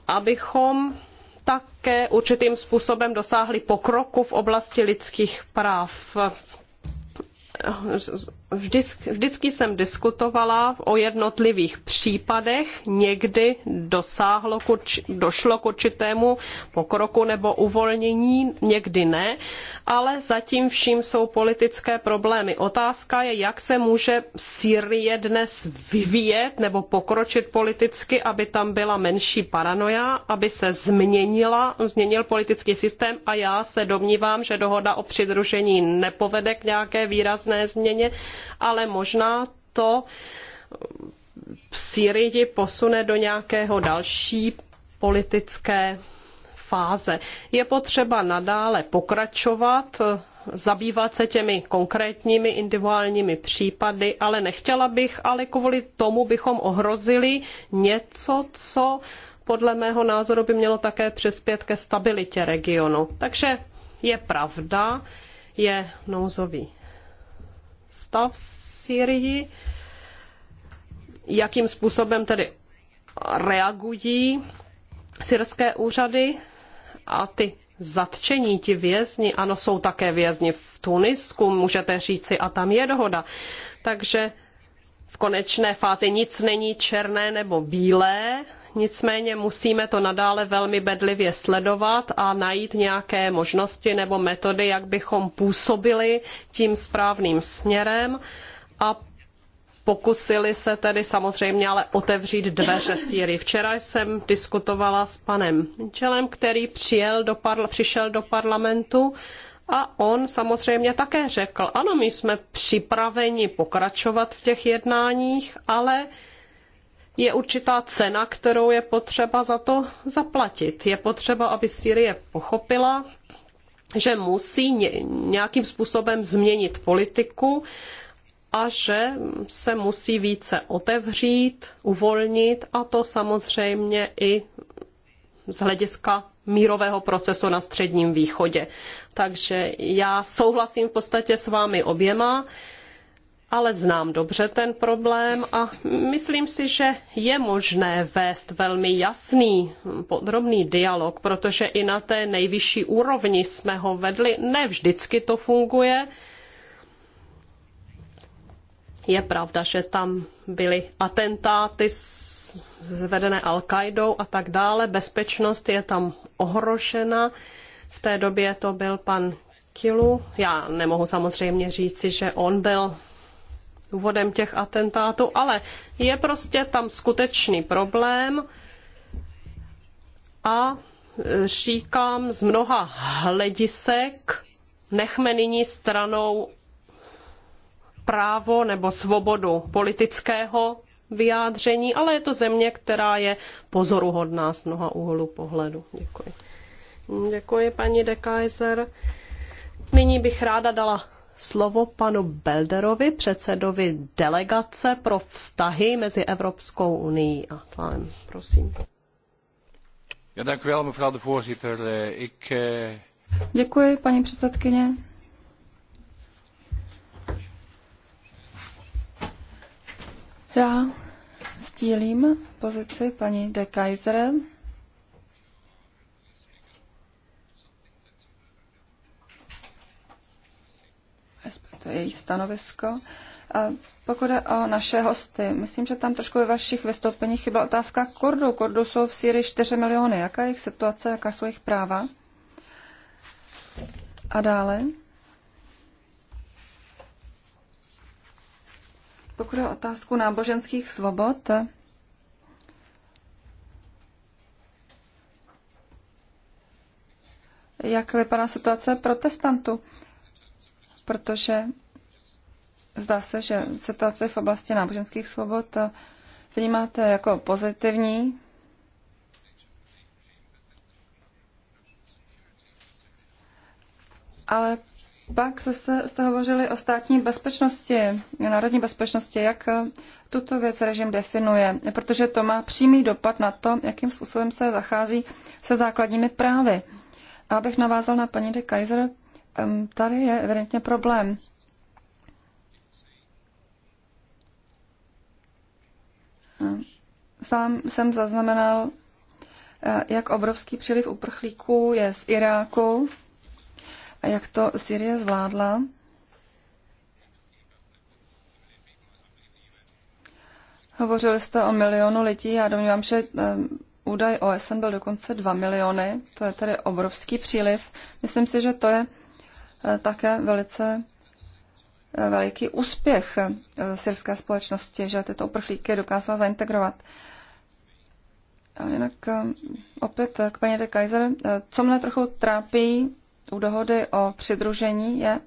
Speaker 2: abychom také určitým způsobem dosáhli pokroku v oblasti lidských práv Vždycky, vždycky jsem diskutovala o jednotlivých případech, někdy dosáhlo, došlo k určitému pokroku nebo uvolnění, někdy ne, ale zatím vším jsou politické problémy. Otázka je, jak se může Sýrie dnes vyvíjet nebo pokročit politicky, aby tam byla menší paranoja, aby se změnila, změnil politický systém a já se domnívám, že dohoda o přidružení nepovede k nějaké výrazné změně ale možná to Syrii posune do nějakého další politické fáze. Je potřeba nadále pokračovat, zabývat se těmi konkrétními individuálními případy, ale nechtěla bych, ale kvůli tomu bychom ohrozili něco, co podle mého názoru by mělo také přispět ke stabilitě regionu. Takže je pravda, je nouzový stav v Syrii, jakým způsobem tedy reagují syrské úřady a ty zatčení, ti vězni, ano, jsou také vězni v Tunisku, můžete říci, a tam je dohoda. Takže v konečné fázi nic není černé nebo bílé, nicméně musíme to nadále velmi bedlivě sledovat a najít nějaké možnosti nebo metody, jak bychom působili tím správným směrem a pokusili se tedy samozřejmě ale otevřít dveře Sýrii. Včera jsem diskutovala s panem Čelem, který přijel do parla, přišel do parlamentu a on samozřejmě také řekl, ano, my jsme připraveni pokračovat v těch jednáních, ale je určitá cena, kterou je potřeba za to zaplatit. Je potřeba, aby Sýrie pochopila, že musí nějakým způsobem změnit politiku a že se musí více otevřít, uvolnit a to samozřejmě i z hlediska mírového procesu na Středním východě. Takže já souhlasím v podstatě s vámi oběma ale znám dobře ten problém a myslím si, že je možné vést velmi jasný, podrobný dialog, protože i na té nejvyšší úrovni jsme ho vedli. Ne vždycky to funguje. Je pravda, že tam byly atentáty zvedené Al-Kaidou a tak dále. Bezpečnost je tam ohrožena. V té době to byl pan Kilu. Já nemohu samozřejmě říci, že on byl důvodem těch atentátů, ale je prostě tam skutečný problém a e, říkám z mnoha hledisek, nechme nyní stranou právo nebo svobodu politického vyjádření, ale je to země, která je pozoruhodná z mnoha úhlů pohledu. Děkuji. Děkuji, paní Dekajzer. Nyní bych ráda dala slovo panu Belderovi, předsedovi delegace pro vztahy mezi Evropskou
Speaker 1: unii a Slávem. Prosím.
Speaker 3: Eh, eh,
Speaker 1: Děkuji, paní předsedkyně. Já sdílím pozici paní de Kaisere to je jejich stanovisko. A pokud je o naše hosty, myslím, že tam trošku ve vašich vystoupeních chyběla otázka Kurdů. Kurdů jsou v Syrii 4 miliony. Jaká je jejich situace, jaká jsou jejich práva? A dále? Pokud je o otázku náboženských svobod, jak vypadá situace protestantů? protože zdá se, že situace v oblasti náboženských svobod vnímáte jako pozitivní. Ale pak se jste hovořili o státní bezpečnosti, národní bezpečnosti, jak tuto věc režim definuje, protože to má přímý dopad na to, jakým způsobem se zachází se základními právy. A abych navázal na paní de Kaiser, tady je evidentně problém. Sám jsem zaznamenal, eh, jak obrovský příliv uprchlíků je z Iráku, a jak to Syrie zvládla. Hovořili jste o milionu lidí, já domnívám, že údaj OSN byl dokonce 2 miliony, to je tedy obrovský příliv. Myslím si, že to je Eh, také velice eh, veliký úspěch eh, syrské společnosti, že tyto uprchlíky dokázala zaintegrovat. A jinak opět k paní de Kaiser. Co mne trochu trápí u dohody o přidružení je,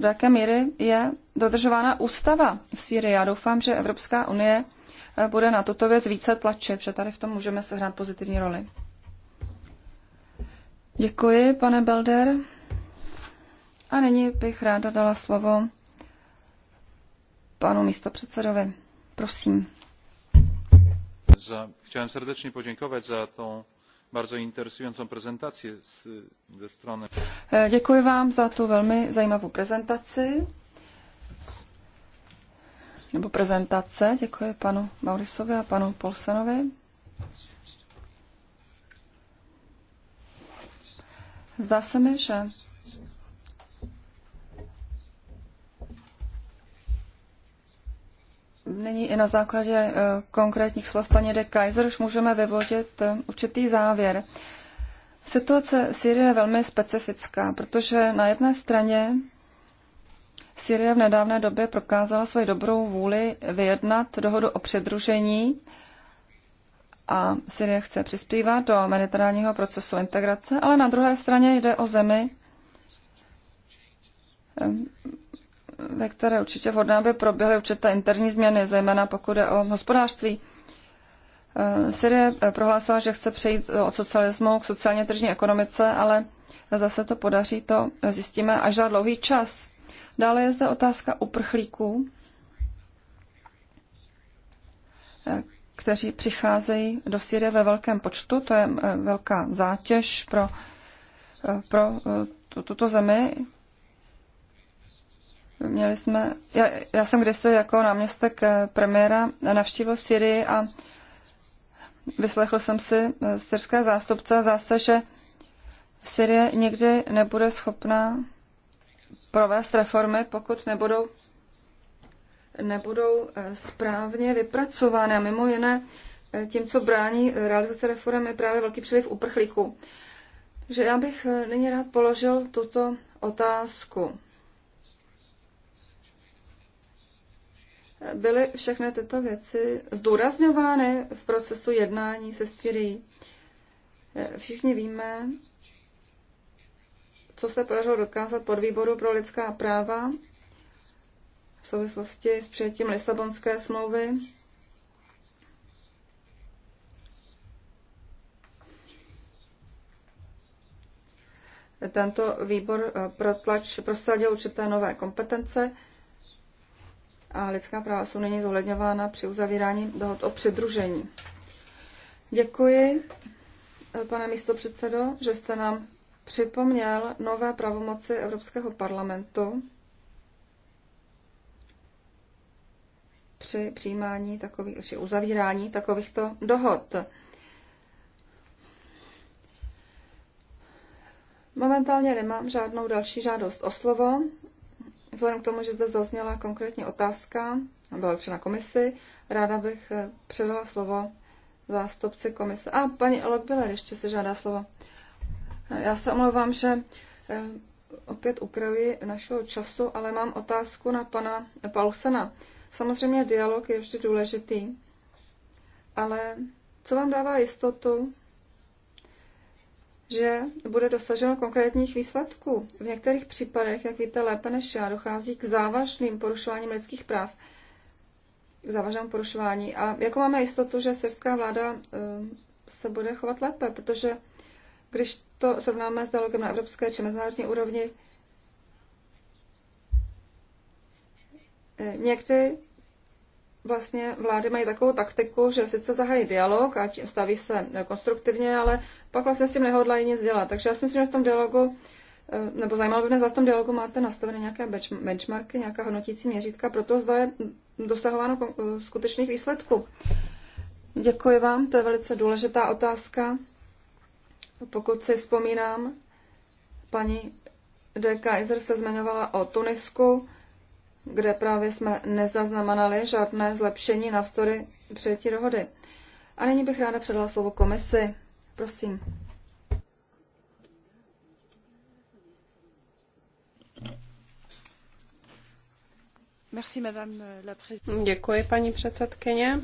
Speaker 1: do jaké míry je dodržována ústava v Sýrii. Já doufám, že Evropská unie bude na tuto věc více tlačit, že tady v tom můžeme sehrát pozitivní roli. Děkuji, pane Belder. A nyní bych ráda dala slovo panu místopředsedovi. Prosím.
Speaker 3: Za, chciałem srdečně poděkovat za tą bardzo interesującą prezentację z, ze strony.
Speaker 1: Eh, děkuji vám za tu velmi zajímavou prezentaci. Nebo prezentace. Děkuji panu Maurisovi a panu Polsenovi. Zdá se mi, že nyní i na základě eh, konkrétních slov paní de Kaiser už můžeme vyvodit eh, určitý závěr. Situace Syrie je velmi specifická, protože na jedné straně Syrie v nedávné době prokázala svoji dobrou vůli vyjednat dohodu o předružení a Syrie chce přispívat do mediterálního procesu integrace, ale na druhé straně jde o zemi, ve které určitě vhodné, aby proběhly určité interní změny, zejména pokud je o hospodářství. Syrie eh, prohlásila, že chce přejít eh, od socialismu k sociálně tržní ekonomice, ale zase to podaří, to zjistíme až za dlouhý čas. Dále je zde otázka uprchlíků, eh, kteří přicházejí do Syrie ve velkém počtu. To je eh, velká zátěž pro, eh, pro eh, tuto zemi. Měli jsme, já, já jsem kdysi jako náměstek premiéra navštívil Syrii a vyslechl jsem si syrské zástupce zase, že Syrie nikdy nebude schopná provést reformy, pokud nebudou nebudou eh, správně vypracovány. A mimo jiné, eh, tím, co brání eh, realizace reform, je právě velký příliv uprchlíků. Takže já bych nyní rád položil tuto otázku. Byly všechny tyto věci zdůrazňovány v procesu jednání se Syrií? Všichni víme, co se podařilo dokázat pod výboru pro lidská práva v souvislosti s přijetím Lisabonské smlouvy. Tento výbor eh, protlač, prosadil určité nové kompetence a lidská práva jsou nyní zohledňována při uzavírání dohod o přidružení. Děkuji, eh, pane místopředsedo, že jste nám připomněl nové pravomoci Evropského parlamentu. při přijímání takových, při uzavírání takovýchto dohod. Momentálně nemám žádnou další žádost o slovo. Vzhledem k tomu, že zde zazněla konkrétní otázka, byla na komisi, ráda bych eh, předala slovo zástupci komise. A paní Lokbiller ještě se žádá slovo. Já se omlouvám, že eh, opět ukraji našeho času, ale mám otázku na pana Paulsena. Samozřejmě dialog je vždy důležitý, ale co vám dává jistotu, že bude dosaženo konkrétních výsledků. V některých případech, jak víte lépe než já, dochází k závažným porušováním lidských práv, k závažnému porušování. A jako máme jistotu, že syrská vláda eh, se bude chovat lépe, protože když to srovnáme s dialogem na evropské či mezinárodní úrovni, E, někdy vlastně vlády mají takovou taktiku, že sice zahají dialog a staví se konstruktivně, ale pak vlastně s tím nehodlají nic dělat. Takže já si myslím, že v tom dialogu, e, nebo zajímalo by mě, za v tom dialogu máte nastavené nějaké benchmarky, nějaká hodnotící měřítka proto zda je dosahováno e, skutečných výsledků. Děkuji vám, to je velice důležitá otázka. Pokud si vzpomínám, paní D. Kaiser se zmiňovala o Tunisku, kde právě jsme nezaznamenali žádné zlepšení navzdory přijetí dohody. A nyní bych ráda předala slovo komisi. Prosím. Děkuji,
Speaker 2: paní předsedkyně.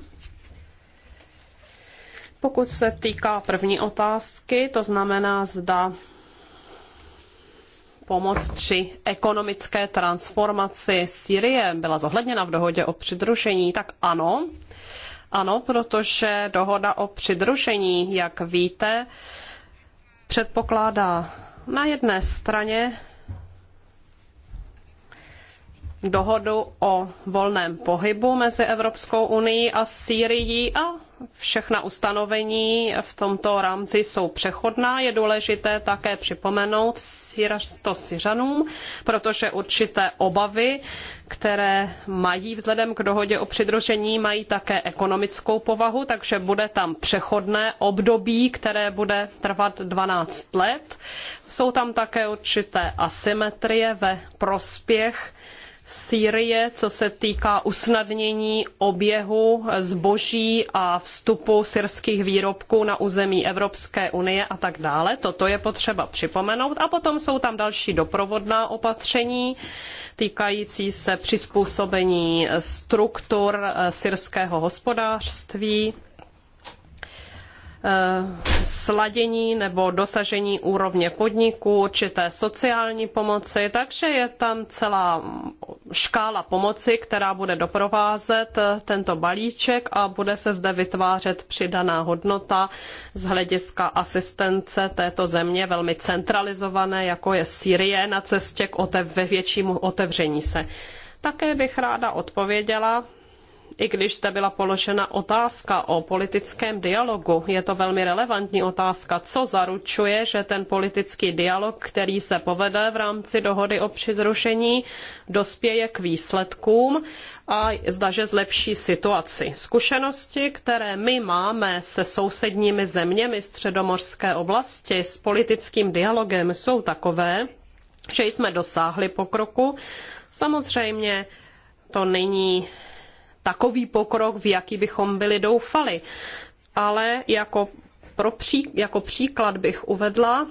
Speaker 2: Pokud se týká první otázky, to znamená, zda pomoc při ekonomické transformaci Sýrie byla zohledněna v dohodě o přidružení, tak ano. Ano, protože dohoda o přidružení, jak víte, předpokládá na jedné straně dohodu o volném pohybu mezi Evropskou unií a Sýrií a všechna ustanovení v tomto rámci jsou přechodná. Je důležité také připomenout to Syřanům, protože určité obavy, které mají vzhledem k dohodě o přidružení, mají také ekonomickou povahu, takže bude tam přechodné období, které bude trvat 12 let. Jsou tam také určité asymetrie ve prospěch Sýrie, co se týká usnadnění oběhu zboží a vstupu syrských výrobků na území Evropské unie a tak dále. Toto je potřeba připomenout. A potom jsou tam další doprovodná opatření týkající se přizpůsobení struktur syrského hospodářství Eh, sladění nebo dosažení úrovně podniku, určité sociální pomoci, takže je tam celá škála pomoci, která bude doprovázet eh, tento balíček a bude se zde vytvářet přidaná hodnota z hlediska asistence této země, velmi centralizované, jako je Sýrie na cestě k otev- většímu otevření se. Také bych ráda odpověděla i když zde byla položena otázka o politickém dialogu, je to velmi relevantní otázka, co zaručuje, že ten politický dialog, který se povede v rámci dohody o přidružení, dospěje k výsledkům a zdaže zlepší situaci. Zkušenosti, které my máme se sousedními zeměmi středomorské oblasti s politickým dialogem, jsou takové, že jsme dosáhli pokroku. Samozřejmě to není takový pokrok, v jaký bychom byli doufali. Ale jako, pro pří, jako příklad bych uvedla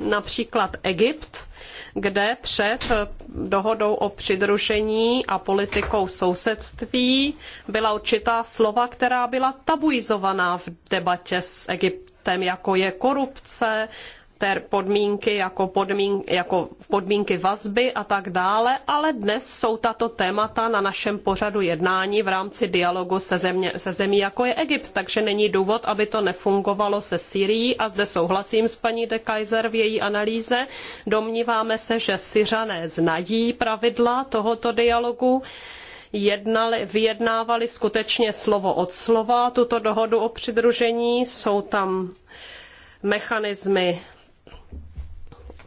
Speaker 2: například Egypt, kde před dohodou o přidružení a politikou sousedství byla určitá slova, která byla tabuizovaná v debatě s Egyptem, jako je korupce, ter podmínky jako, podmín, jako podmínky vazby a tak dále, ale dnes jsou tato témata na našem pořadu jednání v rámci dialogu se, země, se zemí, jako je Egypt, takže není důvod, aby to nefungovalo se Syrií a zde souhlasím s paní de Kaiser v její analýze. Domníváme se, že Syřané znají pravidla tohoto dialogu jednali, vyjednávali skutečně slovo od slova tuto dohodu o přidružení. Jsou tam mechanismy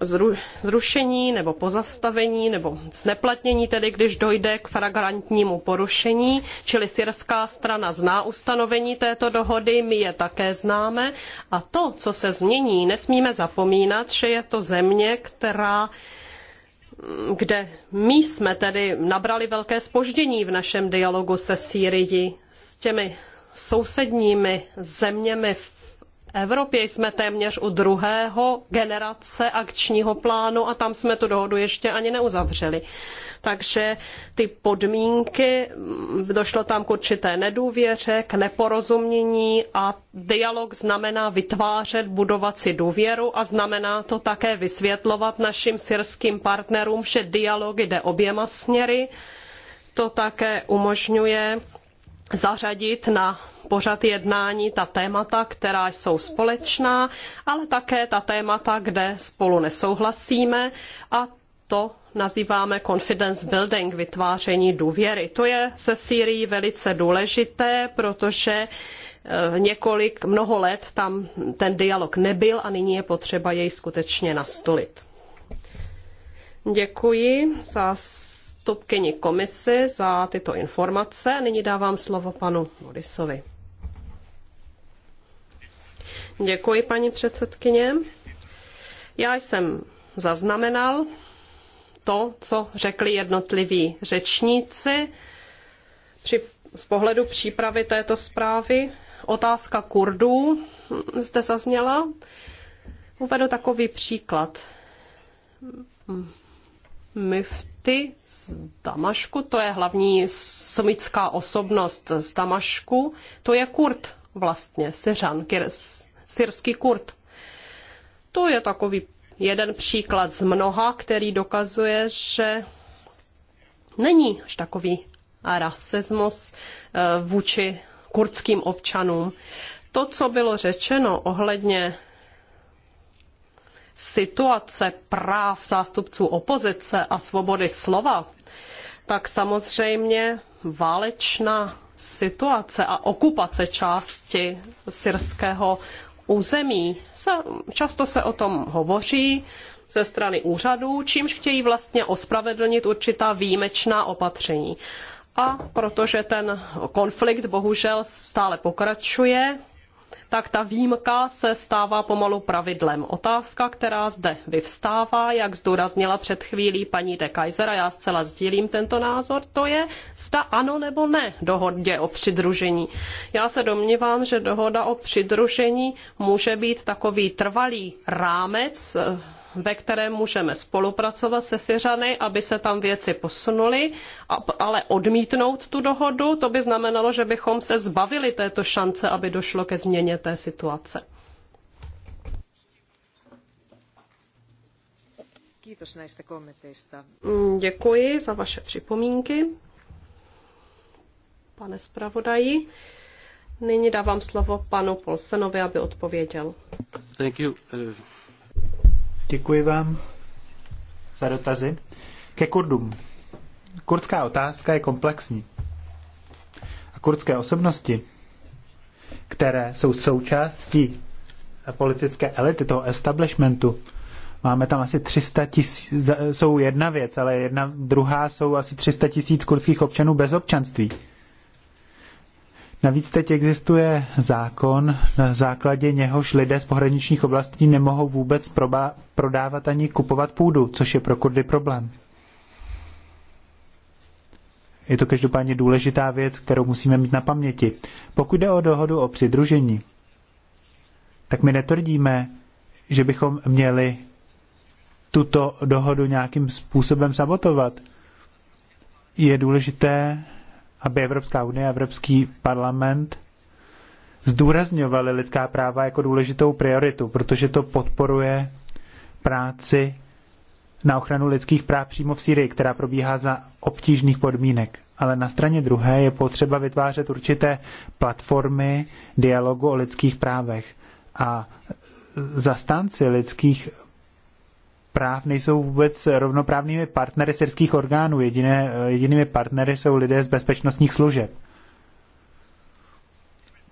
Speaker 2: zru, zrušení nebo pozastavení nebo zneplatnění, tedy když dojde k flagrantnímu porušení, čili syrská strana zná ustanovení této dohody, my je také známe a to, co se změní, nesmíme zapomínat, že je to země, která mm, kde my jsme tedy nabrali velké zpoždění v našem dialogu se Sýrií, s těmi sousedními zeměmi v Evropě jsme téměř u druhého generace akčního plánu a tam jsme tu dohodu ještě ani neuzavřeli. Takže ty podmínky, mm, došlo tam k určité nedůvěře, k neporozumění a dialog znamená vytvářet, budovat si důvěru a znamená to také vysvětlovat našim syrským partnerům, že dialog jde oběma směry. To také umožňuje zařadit na pořad jednání ta témata, která jsou společná, ale také ta témata, kde spolu nesouhlasíme a to nazýváme confidence building, vytváření důvěry. To je se Sýrií velice důležité, protože eh, několik, mnoho let tam ten dialog nebyl a nyní je potřeba jej skutečně nastolit. Děkuji zástupkyni komisy za tyto informace. Nyní dávám slovo panu Morisovi. Děkuji, paní předsedkyně. Já jsem zaznamenal to, co řekli jednotliví řečníci při, z pohledu přípravy této zprávy. Otázka Kurdů zde zazněla. Uvedu takový příklad. Mifty z Damašku, to je hlavní smická osobnost z Damašku, to je Kurd vlastně, Syřan, syrský Kurd. To je takový jeden příklad z mnoha, který dokazuje, že není až takový rasismus eh, vůči kurdským občanům. To, co bylo řečeno ohledně situace práv zástupců opozice a svobody slova, tak samozřejmě válečná situace a okupace části syrského území. Se, často se o tom hovoří ze strany úřadů, čímž chtějí vlastně ospravedlnit určitá výjimečná opatření. A protože ten konflikt bohužel stále pokračuje, tak ta výjimka se stává pomalu pravidlem. Otázka, která zde vyvstává, jak zdůraznila před chvílí paní de Kaiser, a já zcela sdílím tento názor, to je, zda ano nebo ne dohodě o přidružení. Já se domnívám, že dohoda o přidružení může být takový trvalý rámec, eh, ve kterém můžeme spolupracovat se Syřany, aby se tam věci posunuly, ale odmítnout tu dohodu, to by znamenalo, že bychom se zbavili této šance, aby došlo ke změně té situace. Mm, děkuji za vaše připomínky, pane zpravodaji. Nyní dávám slovo panu Polsenovi, aby odpověděl.
Speaker 1: Thank you. Eh,
Speaker 3: Děkuji vám za dotazy. Ke Kurdům. Kurdská otázka je komplexní. A kurdské osobnosti, které jsou součástí politické elity, toho establishmentu, máme tam asi 300 tisíc, jsou jedna věc, ale jedna druhá jsou asi 300 tisíc kurdských občanů bez občanství. Navíc teď existuje zákon, na základě něhož lidé z pohraničních oblastí nemohou vůbec proba- prodávat ani kupovat půdu, což je pro Kurdy problém. Je to každopádně důležitá věc, kterou musíme mít na paměti. Pokud jde o dohodu o přidružení, tak my netvrdíme, že bychom měli tuto dohodu nějakým způsobem sabotovat. Je důležité aby Evropská unie a Evropský parlament zdůrazňovali lidská práva jako důležitou prioritu, protože to podporuje práci na ochranu lidských práv přímo v Syrii, která probíhá za obtížných podmínek. Ale na straně druhé je potřeba vytvářet určité platformy dialogu o lidských právech. A zastánci lidských práv nejsou vůbec rovnoprávnými partnery syrských orgánů. Jediné, jedinými partnery jsou lidé z bezpečnostních služeb.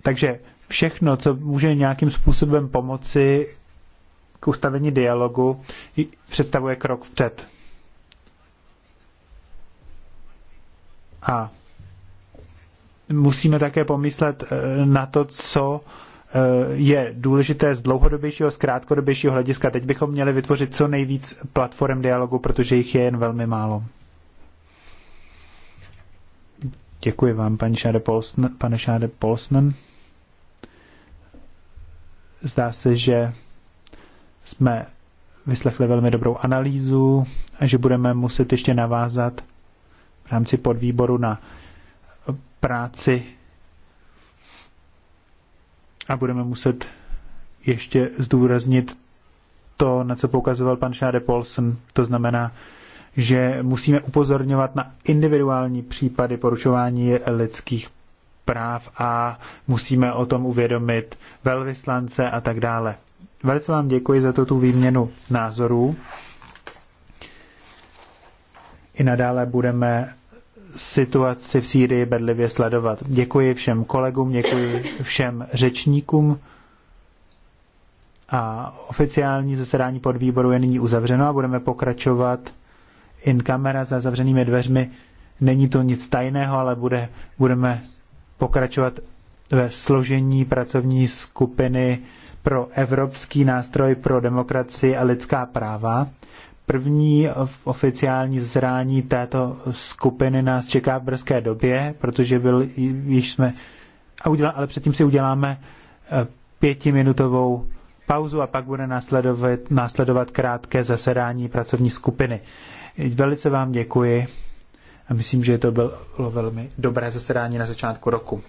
Speaker 3: Takže všechno, co může nějakým způsobem pomoci k ustavení dialogu, představuje krok vpřed. A musíme také pomyslet eh, na to, co Eh, je důležité z dlouhodobějšího, z krátkodobějšího hlediska. Teď bychom měli vytvořit co nejvíc platform dialogu, protože jich je jen velmi málo. Děkuji vám, paní Šáde Polsn, pane Šáde Polsnen. Zdá se, že jsme vyslechli velmi dobrou analýzu a že budeme muset ještě navázat v rámci podvýboru na práci a budeme muset ještě zdůraznit to, na co poukazoval pan Šáde Polson, to znamená, že musíme upozorňovat na individuální případy porušování lidských práv a musíme o tom uvědomit velvyslance a tak dále. Velice vám děkuji za tu výměnu názorů. I nadále budeme situaci v Sýrii bedlivě sledovat. Děkuji všem kolegům, děkuji všem řečníkům a oficiální zasedání podvýboru je nyní uzavřeno a budeme pokračovat in camera za zavřenými dveřmi. Není to nic tajného, ale bude, budeme pokračovat ve složení pracovní skupiny pro Evropský nástroj pro demokracii a lidská práva. První oficiální zrání této skupiny nás čeká v brzké době, protože byl, již jsme, a udělá, ale předtím si uděláme eh, pětiminutovou pauzu a pak bude následovat, následovat krátké zasedání pracovní skupiny. Velice vám děkuji a myslím, že to bylo velmi dobré zasedání na začátku roku.